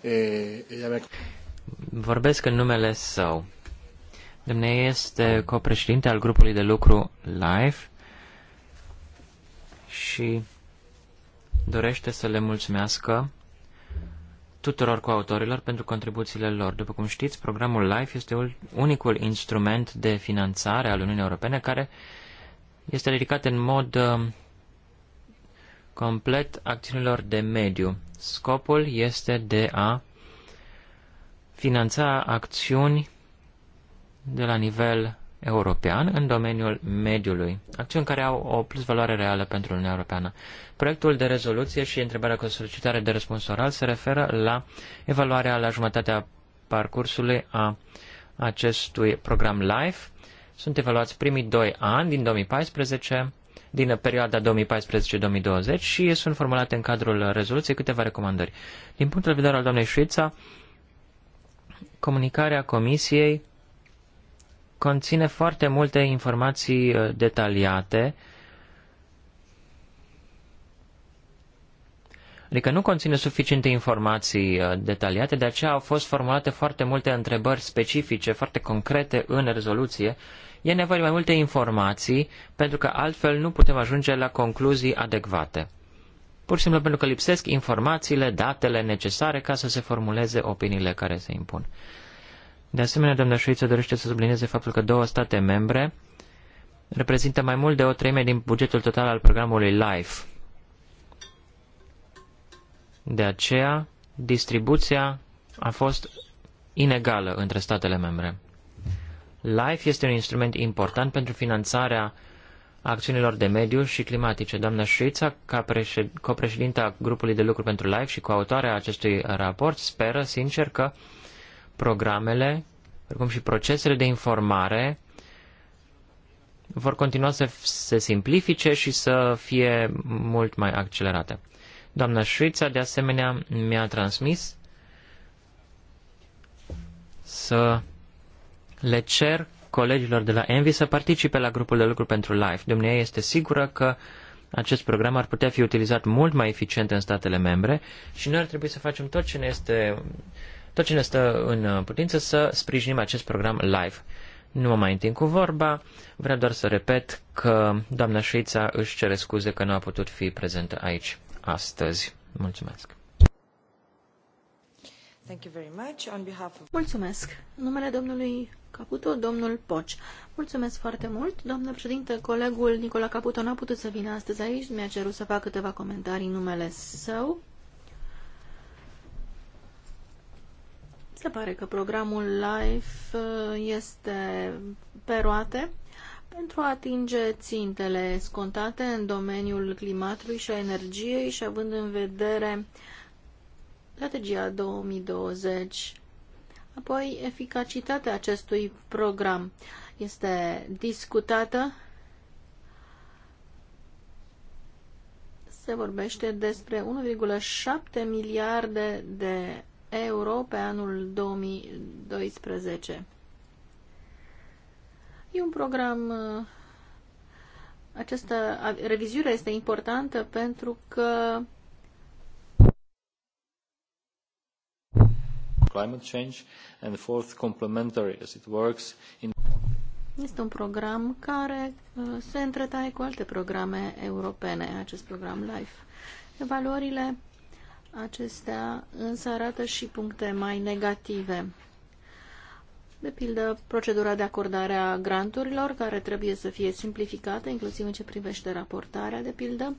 Eh, ella me... Vorbesc în numele său. Dumnezeu este copreședinte al grupului de lucru LIFE și dorește să le mulțumească tuturor coautorilor pentru contribuțiile lor. După cum știți, programul LIFE este unicul instrument de finanțare al Uniunii Europene care este dedicat în mod um, complet acțiunilor de mediu. Scopul este de a finanța acțiuni de la nivel european în domeniul mediului, acțiuni care au o plus valoare reală pentru Uniunea Europeană. Proiectul de rezoluție și întrebarea cu solicitare de răspuns oral se referă la evaluarea la jumătatea parcursului a acestui program LIFE. Sunt evaluați primii doi ani din 2014, din perioada 2014-2020 și sunt formulate în cadrul rezoluției câteva recomandări. Din punctul de vedere al doamnei Șuița, comunicarea Comisiei conține foarte multe informații uh, detaliate, adică nu conține suficiente informații uh, detaliate, de aceea au fost formulate foarte multe întrebări specifice, foarte concrete în rezoluție. E nevoie de mai multe informații, pentru că altfel nu putem ajunge la concluzii adecvate. Pur și simplu pentru că lipsesc informațiile, datele necesare ca să se formuleze opiniile care se impun. De asemenea, doamna Șuiță dorește să sublinieze faptul că două state membre reprezintă mai mult de o treime din bugetul total al programului LIFE. De aceea, distribuția a fost inegală între statele membre. LIFE este un instrument important pentru finanțarea acțiunilor de mediu și climatice. Doamna Șuița, ca copreședinta grupului de lucru pentru LIFE și coautoarea acestui raport, speră sincer că programele, precum și procesele de informare, vor continua să se simplifice și să fie mult mai accelerate. Doamna Șuița, de asemenea, mi-a transmis să le cer colegilor de la Envi să participe la grupul de lucru pentru Life. Dumnezeu este sigură că acest program ar putea fi utilizat mult mai eficient în statele membre și noi ar trebui să facem tot ce ne este tot ce ne stă în uh, putință să sprijinim acest program live. Nu mă mai întind cu vorba, vreau doar să repet că doamna Șuița își cere scuze că nu a putut fi prezentă aici astăzi. Mulțumesc! Mulțumesc. Numele domnului Caputo, domnul Poci. Mulțumesc foarte mult. Doamnă președinte, colegul Nicola Caputo n-a putut să vină astăzi aici. Mi-a cerut să fac câteva comentarii în numele său. Se pare că programul LIFE uh, este pe roate pentru a atinge țintele scontate în domeniul climatului și a energiei și având în vedere strategia 2020. Apoi, eficacitatea acestui program este discutată. Se vorbește despre 1,7 miliarde de euro pe anul 2012. E un program... Uh, această revizuire este importantă pentru că climate change and fourth complementary as it works in este un program care uh, se întretaie cu alte programe europene, acest program LIFE. Valorile Acestea însă arată și puncte mai negative. De pildă, procedura de acordare a granturilor, care trebuie să fie simplificată, inclusiv în ce privește raportarea, de pildă,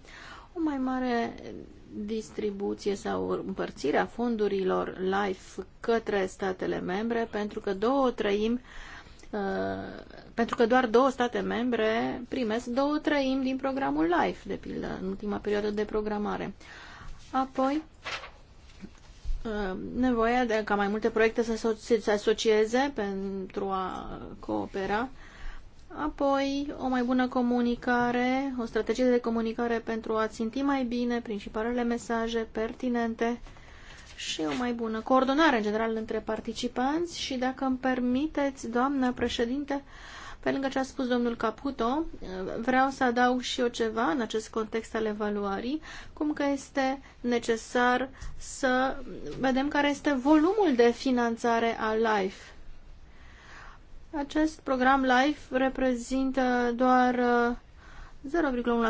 o mai mare distribuție sau împărțirea fondurilor LIFE către statele membre, pentru că două uh, pentru că doar două state membre primesc două trăimi din programul LIFE, de pildă, în ultima perioadă de programare. Apoi, uh, nevoia de ca mai multe proiecte să se asocieze pentru a coopera. Apoi, o mai bună comunicare, o strategie de comunicare pentru a ținti mai bine principalele mesaje pertinente și o mai bună coordonare, în general, între participanți și, dacă îmi permiteți, doamnă președinte, uh, pe lângă ce a spus domnul Caputo, vreau să adaug și eu ceva în acest context al evaluării, cum că este necesar să vedem care este volumul de finanțare al LIFE. Acest program LIFE reprezintă doar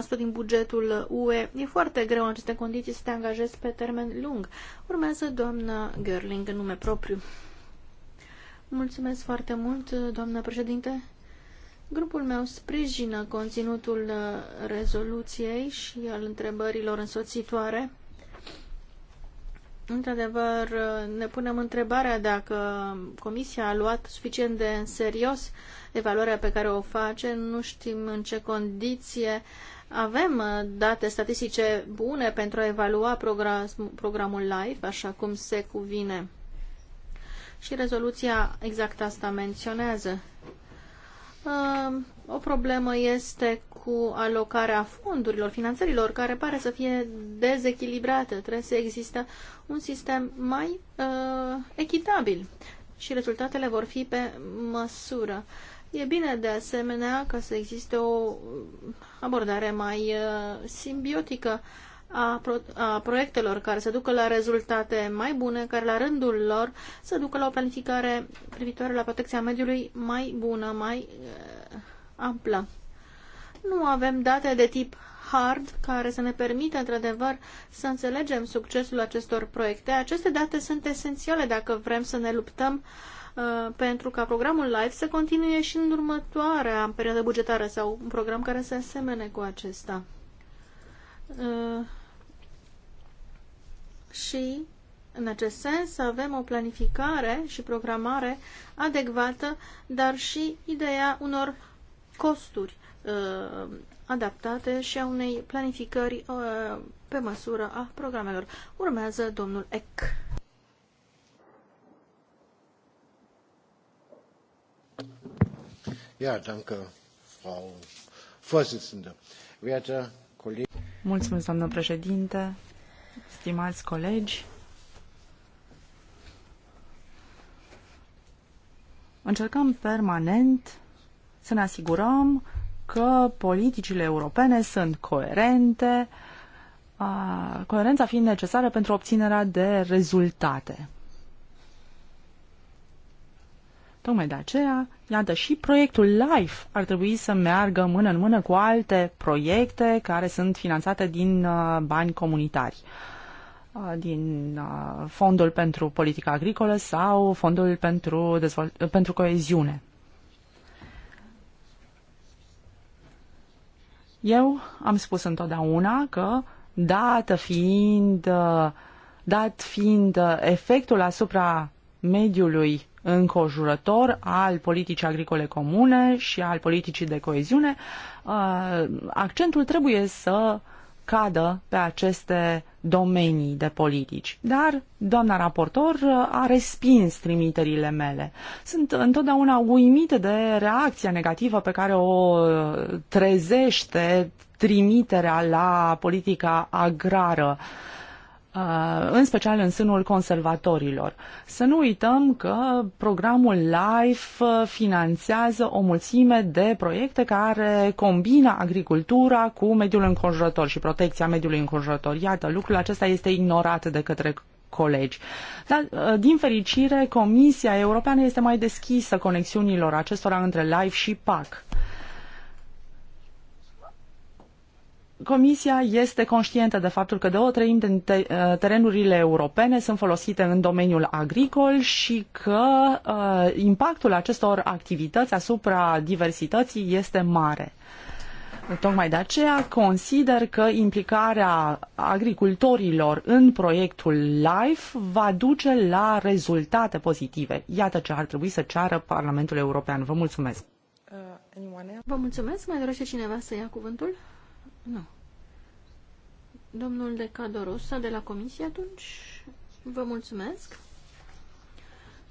0,1% uh, din bugetul UE. E foarte greu în aceste condiții să te angajezi pe termen lung. Urmează doamna Gerling în nume propriu. Mulțumesc foarte mult, doamnă președinte. Grupul meu sprijină conținutul uh, rezoluției și al întrebărilor însoțitoare. Într-adevăr, uh, ne punem întrebarea dacă Comisia a luat suficient de în serios evaluarea pe care o face. Nu știm în ce condiție avem uh, date statistice bune pentru a evalua programul LIFE, așa cum se cuvine. Și rezoluția exact asta menționează. O problemă este cu alocarea fondurilor, finanțărilor, care pare să fie dezechilibrată. Trebuie să există un sistem mai uh, echitabil și rezultatele vor fi pe măsură. E bine, de asemenea, ca să existe o abordare mai uh, simbiotică uh, a, pro a proiectelor care să ducă la rezultate mai bune, care la rândul lor să ducă la o planificare privitoare la protecția mediului mai bună, mai uh, amplă. Nu avem date de tip hard care să ne permită într-adevăr să înțelegem succesul acestor proiecte. Aceste date sunt esențiale dacă vrem să ne luptăm uh, pentru ca programul LIFE să continue și în următoarea perioadă bugetară sau un program care să asemene cu acesta. Uh, și, în acest sens, să avem o planificare și programare adecvată, dar și ideea unor costuri uh, adaptate și a unei planificări uh, pe măsură a programelor. Urmează domnul Eck. Ja, danke, Frau Vorsitzende. Werte Kollegen. Mulțumesc, doamnă președinte, stimați colegi, încercăm permanent să ne asigurăm că politicile europene sunt coerente, coerența fiind necesară pentru obținerea de rezultate. Tocmai de aceea, iată, și proiectul LIFE ar trebui să meargă mână în mână cu alte proiecte care sunt finanțate din uh, bani comunitari. Uh, Uh, din uh, Fondul pentru politică Agricolă sau Fondul pentru, dezvolt- uh, pentru Coeziune. Eu am spus întotdeauna că, dată fiind, dat fiind efectul asupra mediului înconjurător al politicii agricole comune și al politicii de coeziune, accentul trebuie să uh, cadă pe aceste domenii de politici. Dar doamna raportor uh, a respins trimiterile mele. Sunt întotdeauna uimită de reacția negativă pe care o uh, trezește trimiterea la politica agrară. Uh, Uh, în special în sânul conservatorilor. Să nu uităm că programul LIFE uh, finanțează o mulțime de proiecte care combină agricultura cu mediul înconjurător și protecția mediului înconjurător. Iată, lucrul acesta este ignorat de către colegi. Dar, uh, din fericire, Comisia Europeană este mai deschisă conexiunilor acestora între LIFE și PAC. Comisia este conștientă de faptul că două treimi din uh, terenurile europene sunt folosite în domeniul agricol și că uh, impactul acestor activități asupra diversității este mare. Tocmai de aceea consider că implicarea agricultorilor în proiectul LIFE va duce la rezultate pozitive. Iată ce ar trebui să ceară Parlamentul European. Vă mulțumesc! Vă mulțumesc! Mai dorește cineva să ia cuvântul? Nu. Domnul Decado Rosa de la Comisie, atunci vă mulțumesc.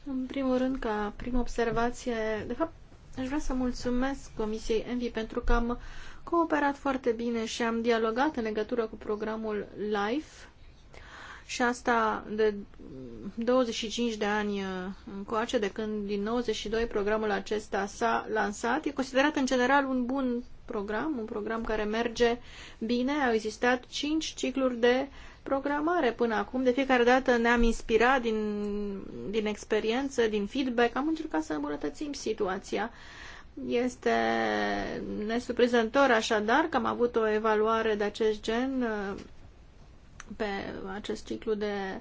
În primul rând, ca prima observație, de fapt, aș vrea să mulțumesc Comisiei Envi pentru că am cooperat foarte bine și am dialogat în legătură cu programul LIFE și asta de 25 de ani uh, încoace, de când din 92 programul acesta s-a lansat. E considerat în general un bun program, un program care merge bine. Au existat cinci cicluri de programare până acum. De fiecare dată ne-am inspirat din, din experiență, din feedback. Am încercat să îmbunătățim situația. Este nesurprinzător așadar că am avut o evaluare de acest gen uh, pe acest ciclu de,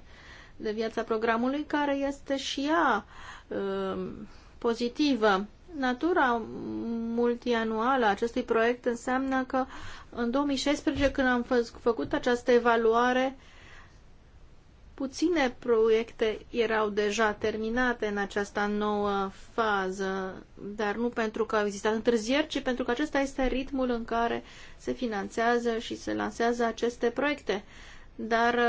de viața programului, care este și ea uh, pozitivă. Natura multianuală a acestui proiect înseamnă că în 2016, când am făcut această evaluare, puține proiecte erau deja terminate în această nouă fază, dar nu pentru că au existat întârzieri, ci pentru că acesta este ritmul în care se finanțează și se lansează aceste proiecte. Dar,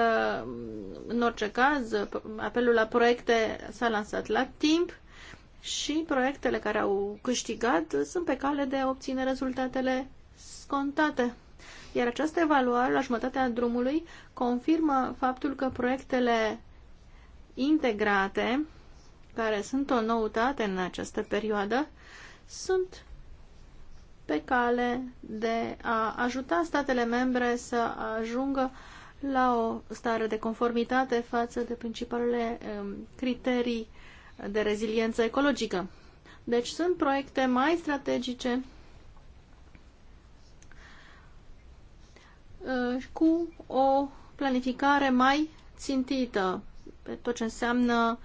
în orice caz, apelul la proiecte s-a lansat la timp și proiectele care au câștigat sunt pe cale de a obține rezultatele scontate. Iar această evaluare la jumătatea drumului confirmă faptul că proiectele integrate, care sunt o noutate în această perioadă, sunt pe cale de a ajuta statele membre să ajungă la o stare de conformitate față de principalele um, criterii de reziliență ecologică. Deci sunt proiecte mai strategice uh, cu o planificare mai țintită pe tot ce înseamnă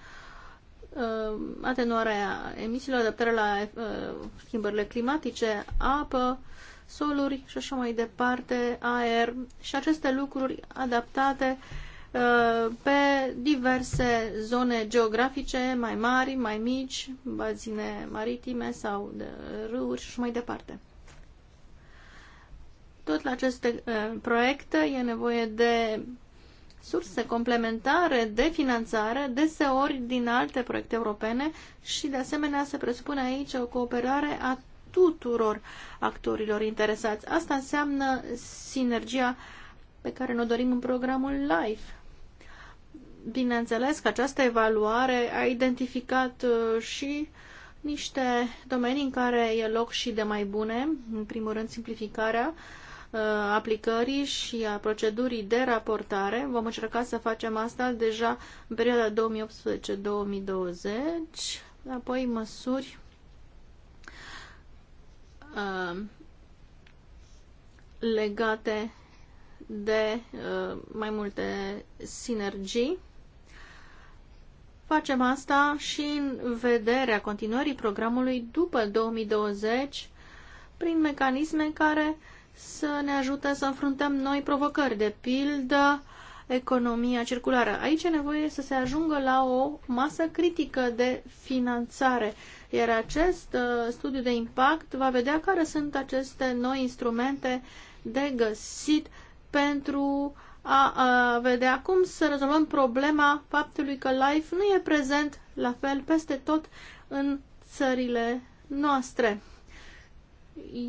uh, atenuarea emisiilor, adaptarea la uh, schimbările climatice, apă, soluri și așa mai departe, aer și aceste lucruri adaptate Uh, pe diverse zone geografice mai mari, mai mici, bazine maritime sau de râuri și mai departe. Tot la aceste uh, proiecte e nevoie de surse complementare de finanțare, deseori din alte proiecte europene și de asemenea se presupune aici o cooperare a tuturor actorilor interesați. Asta înseamnă sinergia pe care ne dorim în programul LIFE. Bineînțeles că această evaluare a identificat uh, și niște domenii în care e loc și de mai bune, în primul rând simplificarea uh, aplicării și a procedurii de raportare. Vom încerca să facem asta deja în perioada 2018-2020, apoi măsuri uh, legate de mai multe sinergii Facem asta și în vederea continuării programului după 2020 prin mecanisme care să ne ajute să înfruntăm noi provocări, de pildă economia circulară. Aici e nevoie să se ajungă la o masă critică de finanțare, iar acest uh, studiu de impact va vedea care sunt aceste noi instrumente de găsit pentru a, a vedea cum să rezolvăm problema faptului că LIFE nu e prezent la fel peste tot în țările noastre.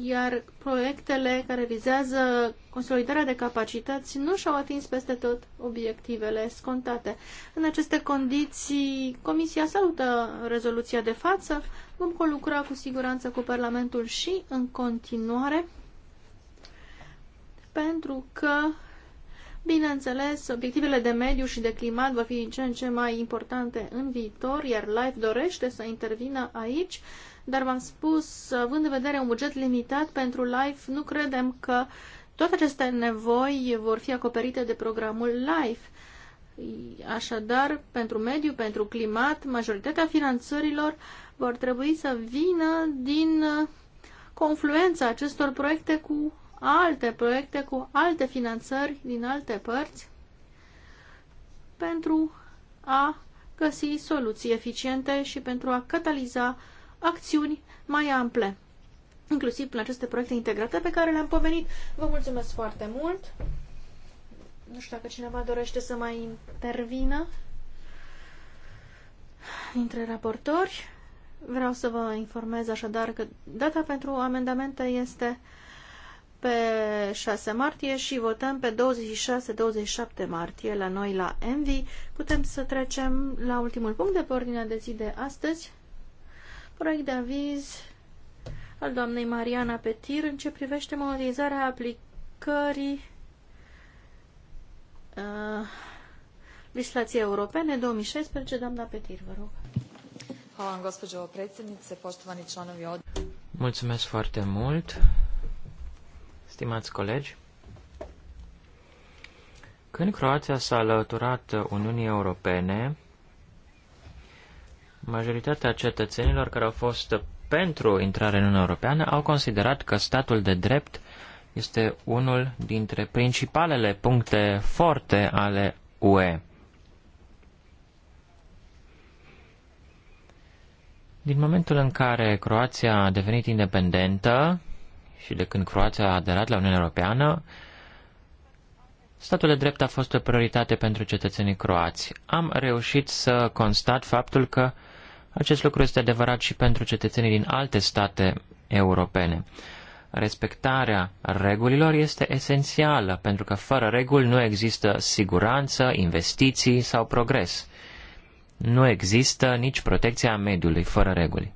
Iar proiectele care vizează consolidarea de capacități nu și-au atins peste tot obiectivele scontate. În aceste condiții, Comisia salută rezoluția de față. Vom colucra cu siguranță cu Parlamentul și în continuare pentru că Bineînțeles, obiectivele de mediu și de climat vor fi din ce în ce mai importante în viitor, iar LIFE dorește să intervină aici, dar v-am spus, având în vedere un buget limitat pentru LIFE, nu credem că toate aceste nevoi vor fi acoperite de programul LIFE. Așadar, pentru mediu, pentru climat, majoritatea finanțărilor vor trebui să vină din confluența acestor proiecte cu alte proiecte cu alte finanțări din alte părți pentru a găsi soluții eficiente și pentru a cataliza acțiuni mai ample, inclusiv prin aceste proiecte integrate pe care le-am povenit. Vă mulțumesc foarte mult! Nu știu dacă cineva dorește să mai intervină dintre raportori. Vreau să vă informez așadar că data pentru amendamente este pe 6 martie și votăm pe 26-27 martie la noi la Envy. Putem să trecem la ultimul punct de pe ordinea de zi de astăzi. Proiect de aviz al doamnei Mariana Petir în ce privește monetizarea aplicării uh, legislației europene 2016. Doamna Petir, vă rog. Mulțumesc foarte mult, stimați colegi, când Croația s-a alăturat Uniunii Europene, majoritatea cetățenilor care au fost pentru intrare în Uniunea Europeană au considerat că statul de drept este unul dintre principalele puncte forte ale UE. Din momentul în care Croația a devenit independentă, și de când Croația a aderat la Uniunea Europeană, statul de drept a fost o prioritate pentru cetățenii croați. Am reușit să constat faptul că acest lucru este adevărat și pentru cetățenii din alte state europene. Respectarea regulilor este esențială, pentru că fără reguli nu există siguranță, investiții sau progres. Nu există nici protecția mediului fără reguli.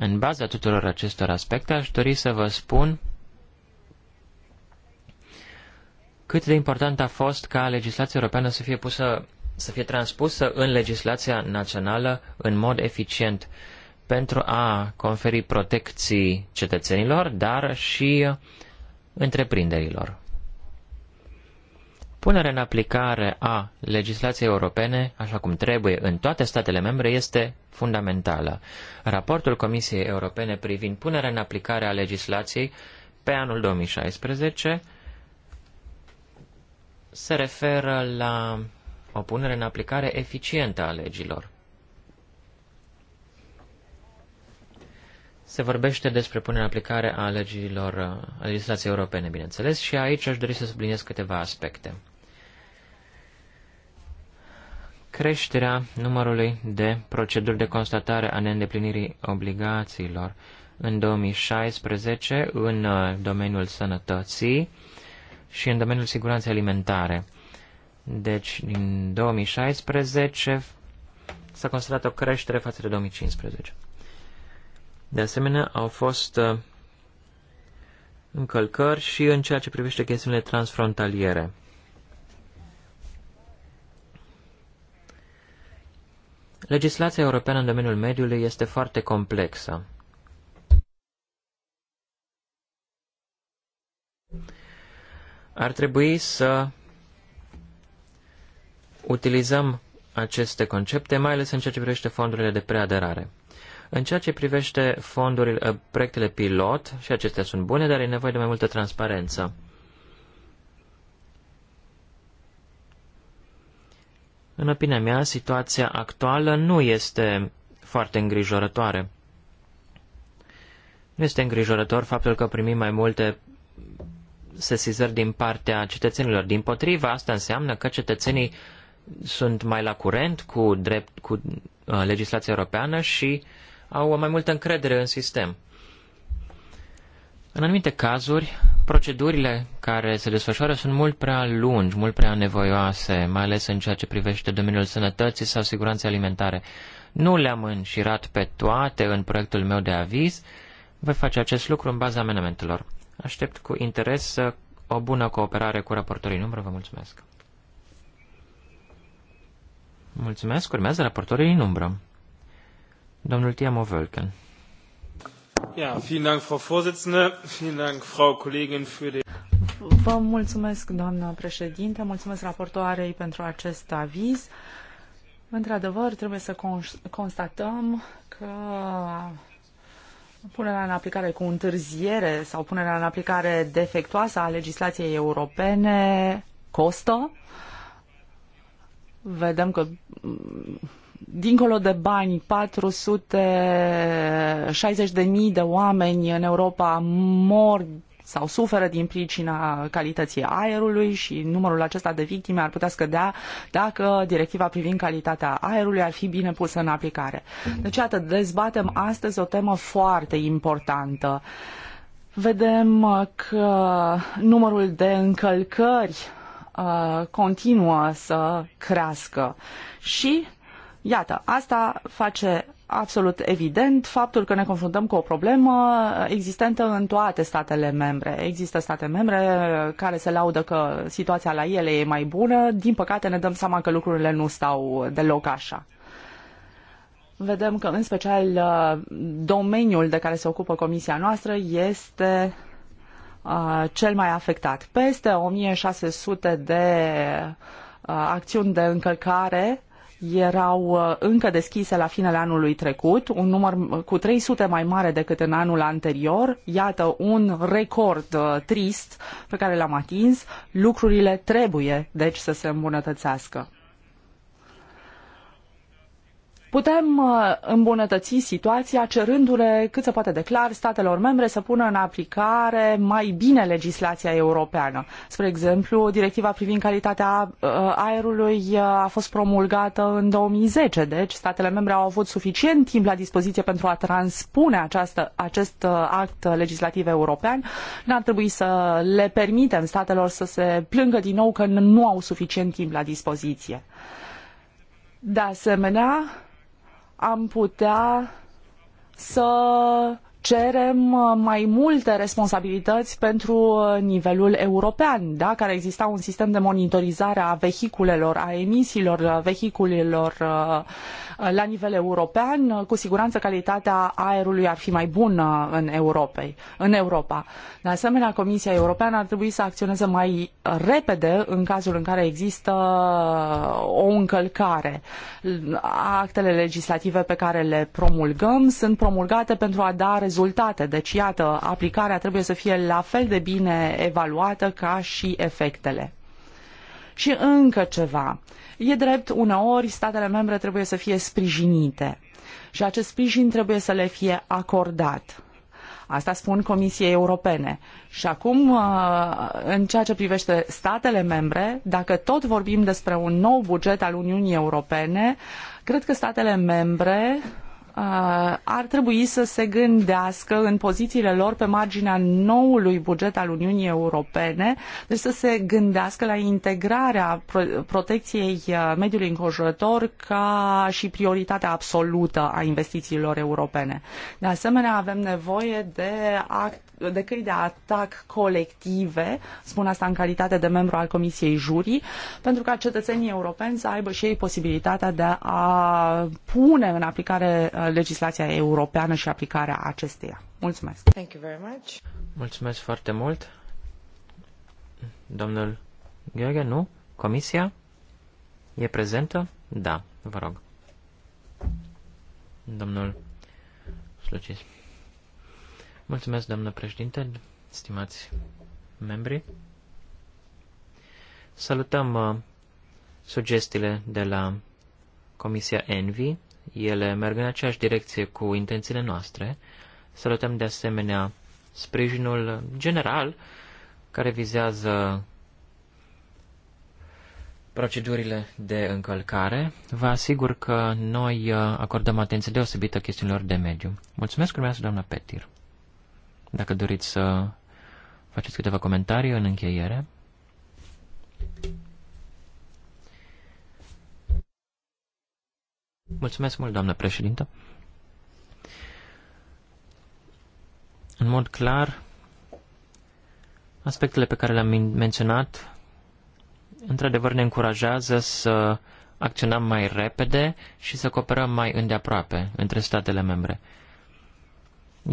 În baza tuturor acestor aspecte, aș dori să vă spun cât de important a fost ca legislația europeană să fie pusă, să fie transpusă în legislația națională în mod eficient pentru a conferi protecții cetățenilor, dar și întreprinderilor. Punerea în aplicare a legislației europene, așa cum trebuie, în toate statele membre este fundamentală. Raportul Comisiei Europene privind punerea în aplicare a legislației pe anul 2016 se referă la o punere în aplicare eficientă a legilor. Se vorbește despre punerea în aplicare a legilor, a legislației europene, bineînțeles, și aici aș dori să subliniez câteva aspecte. creșterea numărului de proceduri de constatare a neîndeplinirii obligațiilor. În 2016, în uh, domeniul sănătății și în domeniul siguranței alimentare. Deci, din 2016 s-a constatat o creștere față de 2015. De asemenea, au fost uh, încălcări și în ceea ce privește chestiunile transfrontaliere. Legislația europeană în domeniul mediului este foarte complexă. Ar trebui să utilizăm aceste concepte, mai ales în ceea ce privește fondurile de preaderare. În ceea ce privește fondurile, proiectele pilot, și acestea sunt bune, dar e nevoie de mai multă transparență. În opinia mea, situația actuală nu este foarte îngrijorătoare. Nu este îngrijorător faptul că primim mai multe sesizări din partea cetățenilor. Din potriva, asta înseamnă că cetățenii sunt mai la curent cu, drept, cu uh, legislația europeană și au mai multă încredere în sistem. În anumite cazuri, procedurile care se desfășoară sunt mult prea lungi, mult prea nevoioase, mai ales în ceea ce privește domeniul sănătății sau siguranței alimentare. Nu le-am înșirat pe toate în proiectul meu de aviz, voi face acest lucru în baza amendamentelor. Aștept cu interes uh, o bună cooperare cu raportorii număr, vă mulțumesc. Mulțumesc, urmează raportorii în umbră. Domnul Tiamo Völken. Ja, vielen Dank, Frau Vorsitzende. Vielen Dank, Frau Kollegin, für den... Vă mulțumesc, doamnă președinte, mulțumesc raportoarei pentru acest aviz. Într-adevăr, trebuie să constatăm că punerea în aplicare cu întârziere sau punerea în aplicare defectuoasă a legislației europene costă. Vedem că dincolo de bani, 460.000 de mii de oameni în Europa mor sau suferă din pricina calității aerului și numărul acesta de victime ar putea scădea dacă directiva privind calitatea aerului ar fi bine pusă în aplicare. Deci, iată, dezbatem astăzi o temă foarte importantă. Vedem că numărul de încălcări uh, continuă să crească și Iată, asta face absolut evident faptul că ne confruntăm cu o problemă existentă în toate statele membre. Există state membre care se laudă că situația la ele e mai bună, din păcate ne dăm seama că lucrurile nu stau deloc așa. Vedem că, în special, uh, domeniul de care se ocupă comisia noastră este uh, cel mai afectat. Peste 1600 de uh, acțiuni de încălcare erau uh, încă deschise la finele anului trecut, un număr uh, cu 300 mai mare decât în anul anterior. Iată un record uh, trist pe care l-am atins. Lucrurile trebuie, deci, să se îmbunătățească. Putem uh, îmbunătăți situația cerându-le cât se poate de clar statelor membre să pună în aplicare mai bine legislația europeană. Spre exemplu, directiva privind calitatea uh, aerului uh, a fost promulgată în 2010, deci statele membre au avut suficient timp la dispoziție pentru a transpune această, acest act legislativ european. N-ar trebui să le permitem statelor să se plângă din nou că nu au suficient timp la dispoziție. De asemenea, am putea să cerem uh, mai multe responsabilități pentru uh, nivelul european. Dacă ar exista un sistem de monitorizare a vehiculelor, a emisiilor uh, vehiculelor la nivel european, cu siguranță calitatea aerului ar fi mai bună în, Europei, în Europa. De asemenea, Comisia Europeană ar trebui să acționeze mai repede în cazul în care există o încălcare. Actele legislative pe care le promulgăm sunt promulgate pentru a da rezultate. Deci, iată, aplicarea trebuie să fie la fel de bine evaluată ca și efectele. Și încă ceva. E drept, uneori statele membre trebuie să fie sprijinite și acest sprijin trebuie să le fie acordat. Asta spun Comisiei Europene. Și acum, uh, în ceea ce privește statele membre, dacă tot vorbim despre un nou buget al Uniunii Europene, cred că statele membre Uh, ar trebui să se gândească în pozițiile lor pe marginea noului buget al Uniunii Europene, deci să se gândească la integrarea protecției uh, mediului înconjurător ca și prioritatea absolută a investițiilor europene. De asemenea, avem nevoie de act de căi de atac colective, spun asta în calitate de membru al Comisiei juri, pentru ca cetățenii europeni să aibă și ei posibilitatea de a pune în aplicare uh, legislația europeană și aplicarea acesteia. Mulțumesc! Thank you very much. Mulțumesc foarte mult! Domnul Gheorghe, nu? Comisia? E prezentă? Da, vă rog. Domnul Slucis. Mulțumesc, doamnă președinte, stimați membri. Salutăm uh, sugestiile de la Comisia Envi. Ele merg în aceeași direcție cu intențiile noastre. Salutăm de asemenea sprijinul general care vizează procedurile de încălcare. Vă asigur că noi uh, acordăm atenție deosebită chestiunilor de mediu. Mulțumesc, urmează doamna Petir. Dacă doriți să faceți câteva comentarii în încheiere. Mulțumesc mult, doamnă președintă. În mod clar, aspectele pe care le-am menționat, într-adevăr, ne încurajează să acționăm mai repede și să cooperăm mai îndeaproape între statele membre.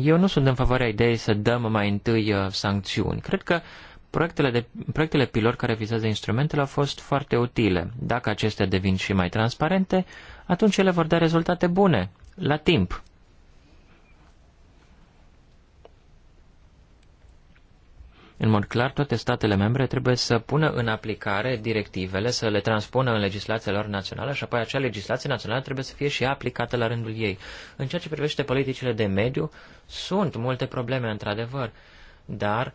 Eu nu sunt în favoarea ideii să dăm mai întâi uh, sancțiuni. Cred că proiectele, de, proiectele pilor care vizează instrumentele au fost foarte utile. Dacă acestea devin și mai transparente, atunci ele vor da rezultate bune, la timp. În mod clar, toate statele membre trebuie să pună în aplicare directivele, să le transpună în legislația lor națională și apoi acea legislație națională trebuie să fie și aplicată la rândul ei. În ceea ce privește politicile de mediu, sunt multe probleme, într-adevăr, dar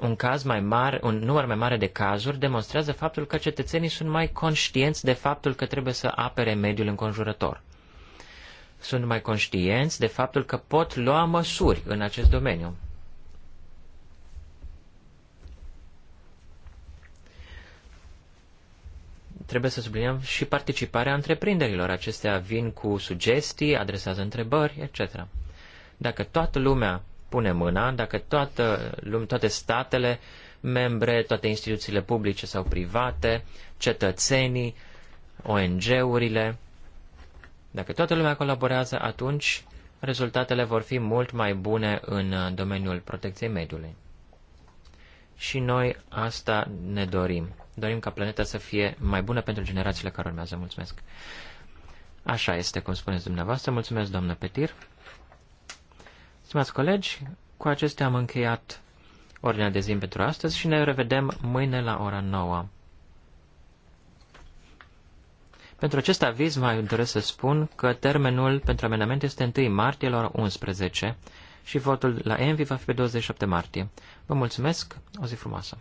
un caz mai mare, un număr mai mare de cazuri demonstrează faptul că cetățenii sunt mai conștienți de faptul că trebuie să apere mediul înconjurător. Sunt mai conștienți de faptul că pot lua măsuri în acest domeniu. trebuie să subliniem și participarea întreprinderilor. Acestea vin cu sugestii, adresează întrebări, etc. Dacă toată lumea pune mâna, dacă toată, lume, toate statele membre, toate instituțiile publice sau private, cetățenii, ONG-urile, dacă toată lumea colaborează, atunci rezultatele vor fi mult mai bune în domeniul protecției mediului și noi asta ne dorim. Dorim ca planeta să fie mai bună pentru generațiile care urmează. Mulțumesc! Așa este, cum spuneți dumneavoastră. Mulțumesc, doamnă Petir. Stimați colegi, cu acestea am încheiat ordinea de zi pentru astăzi și ne revedem mâine la ora 9. Pentru acest aviz mai doresc să spun că termenul pentru amendament este 1 martie la ora 11 și votul la Envi va fi pe 27 martie. Vă mulțumesc, o zi frumoasă!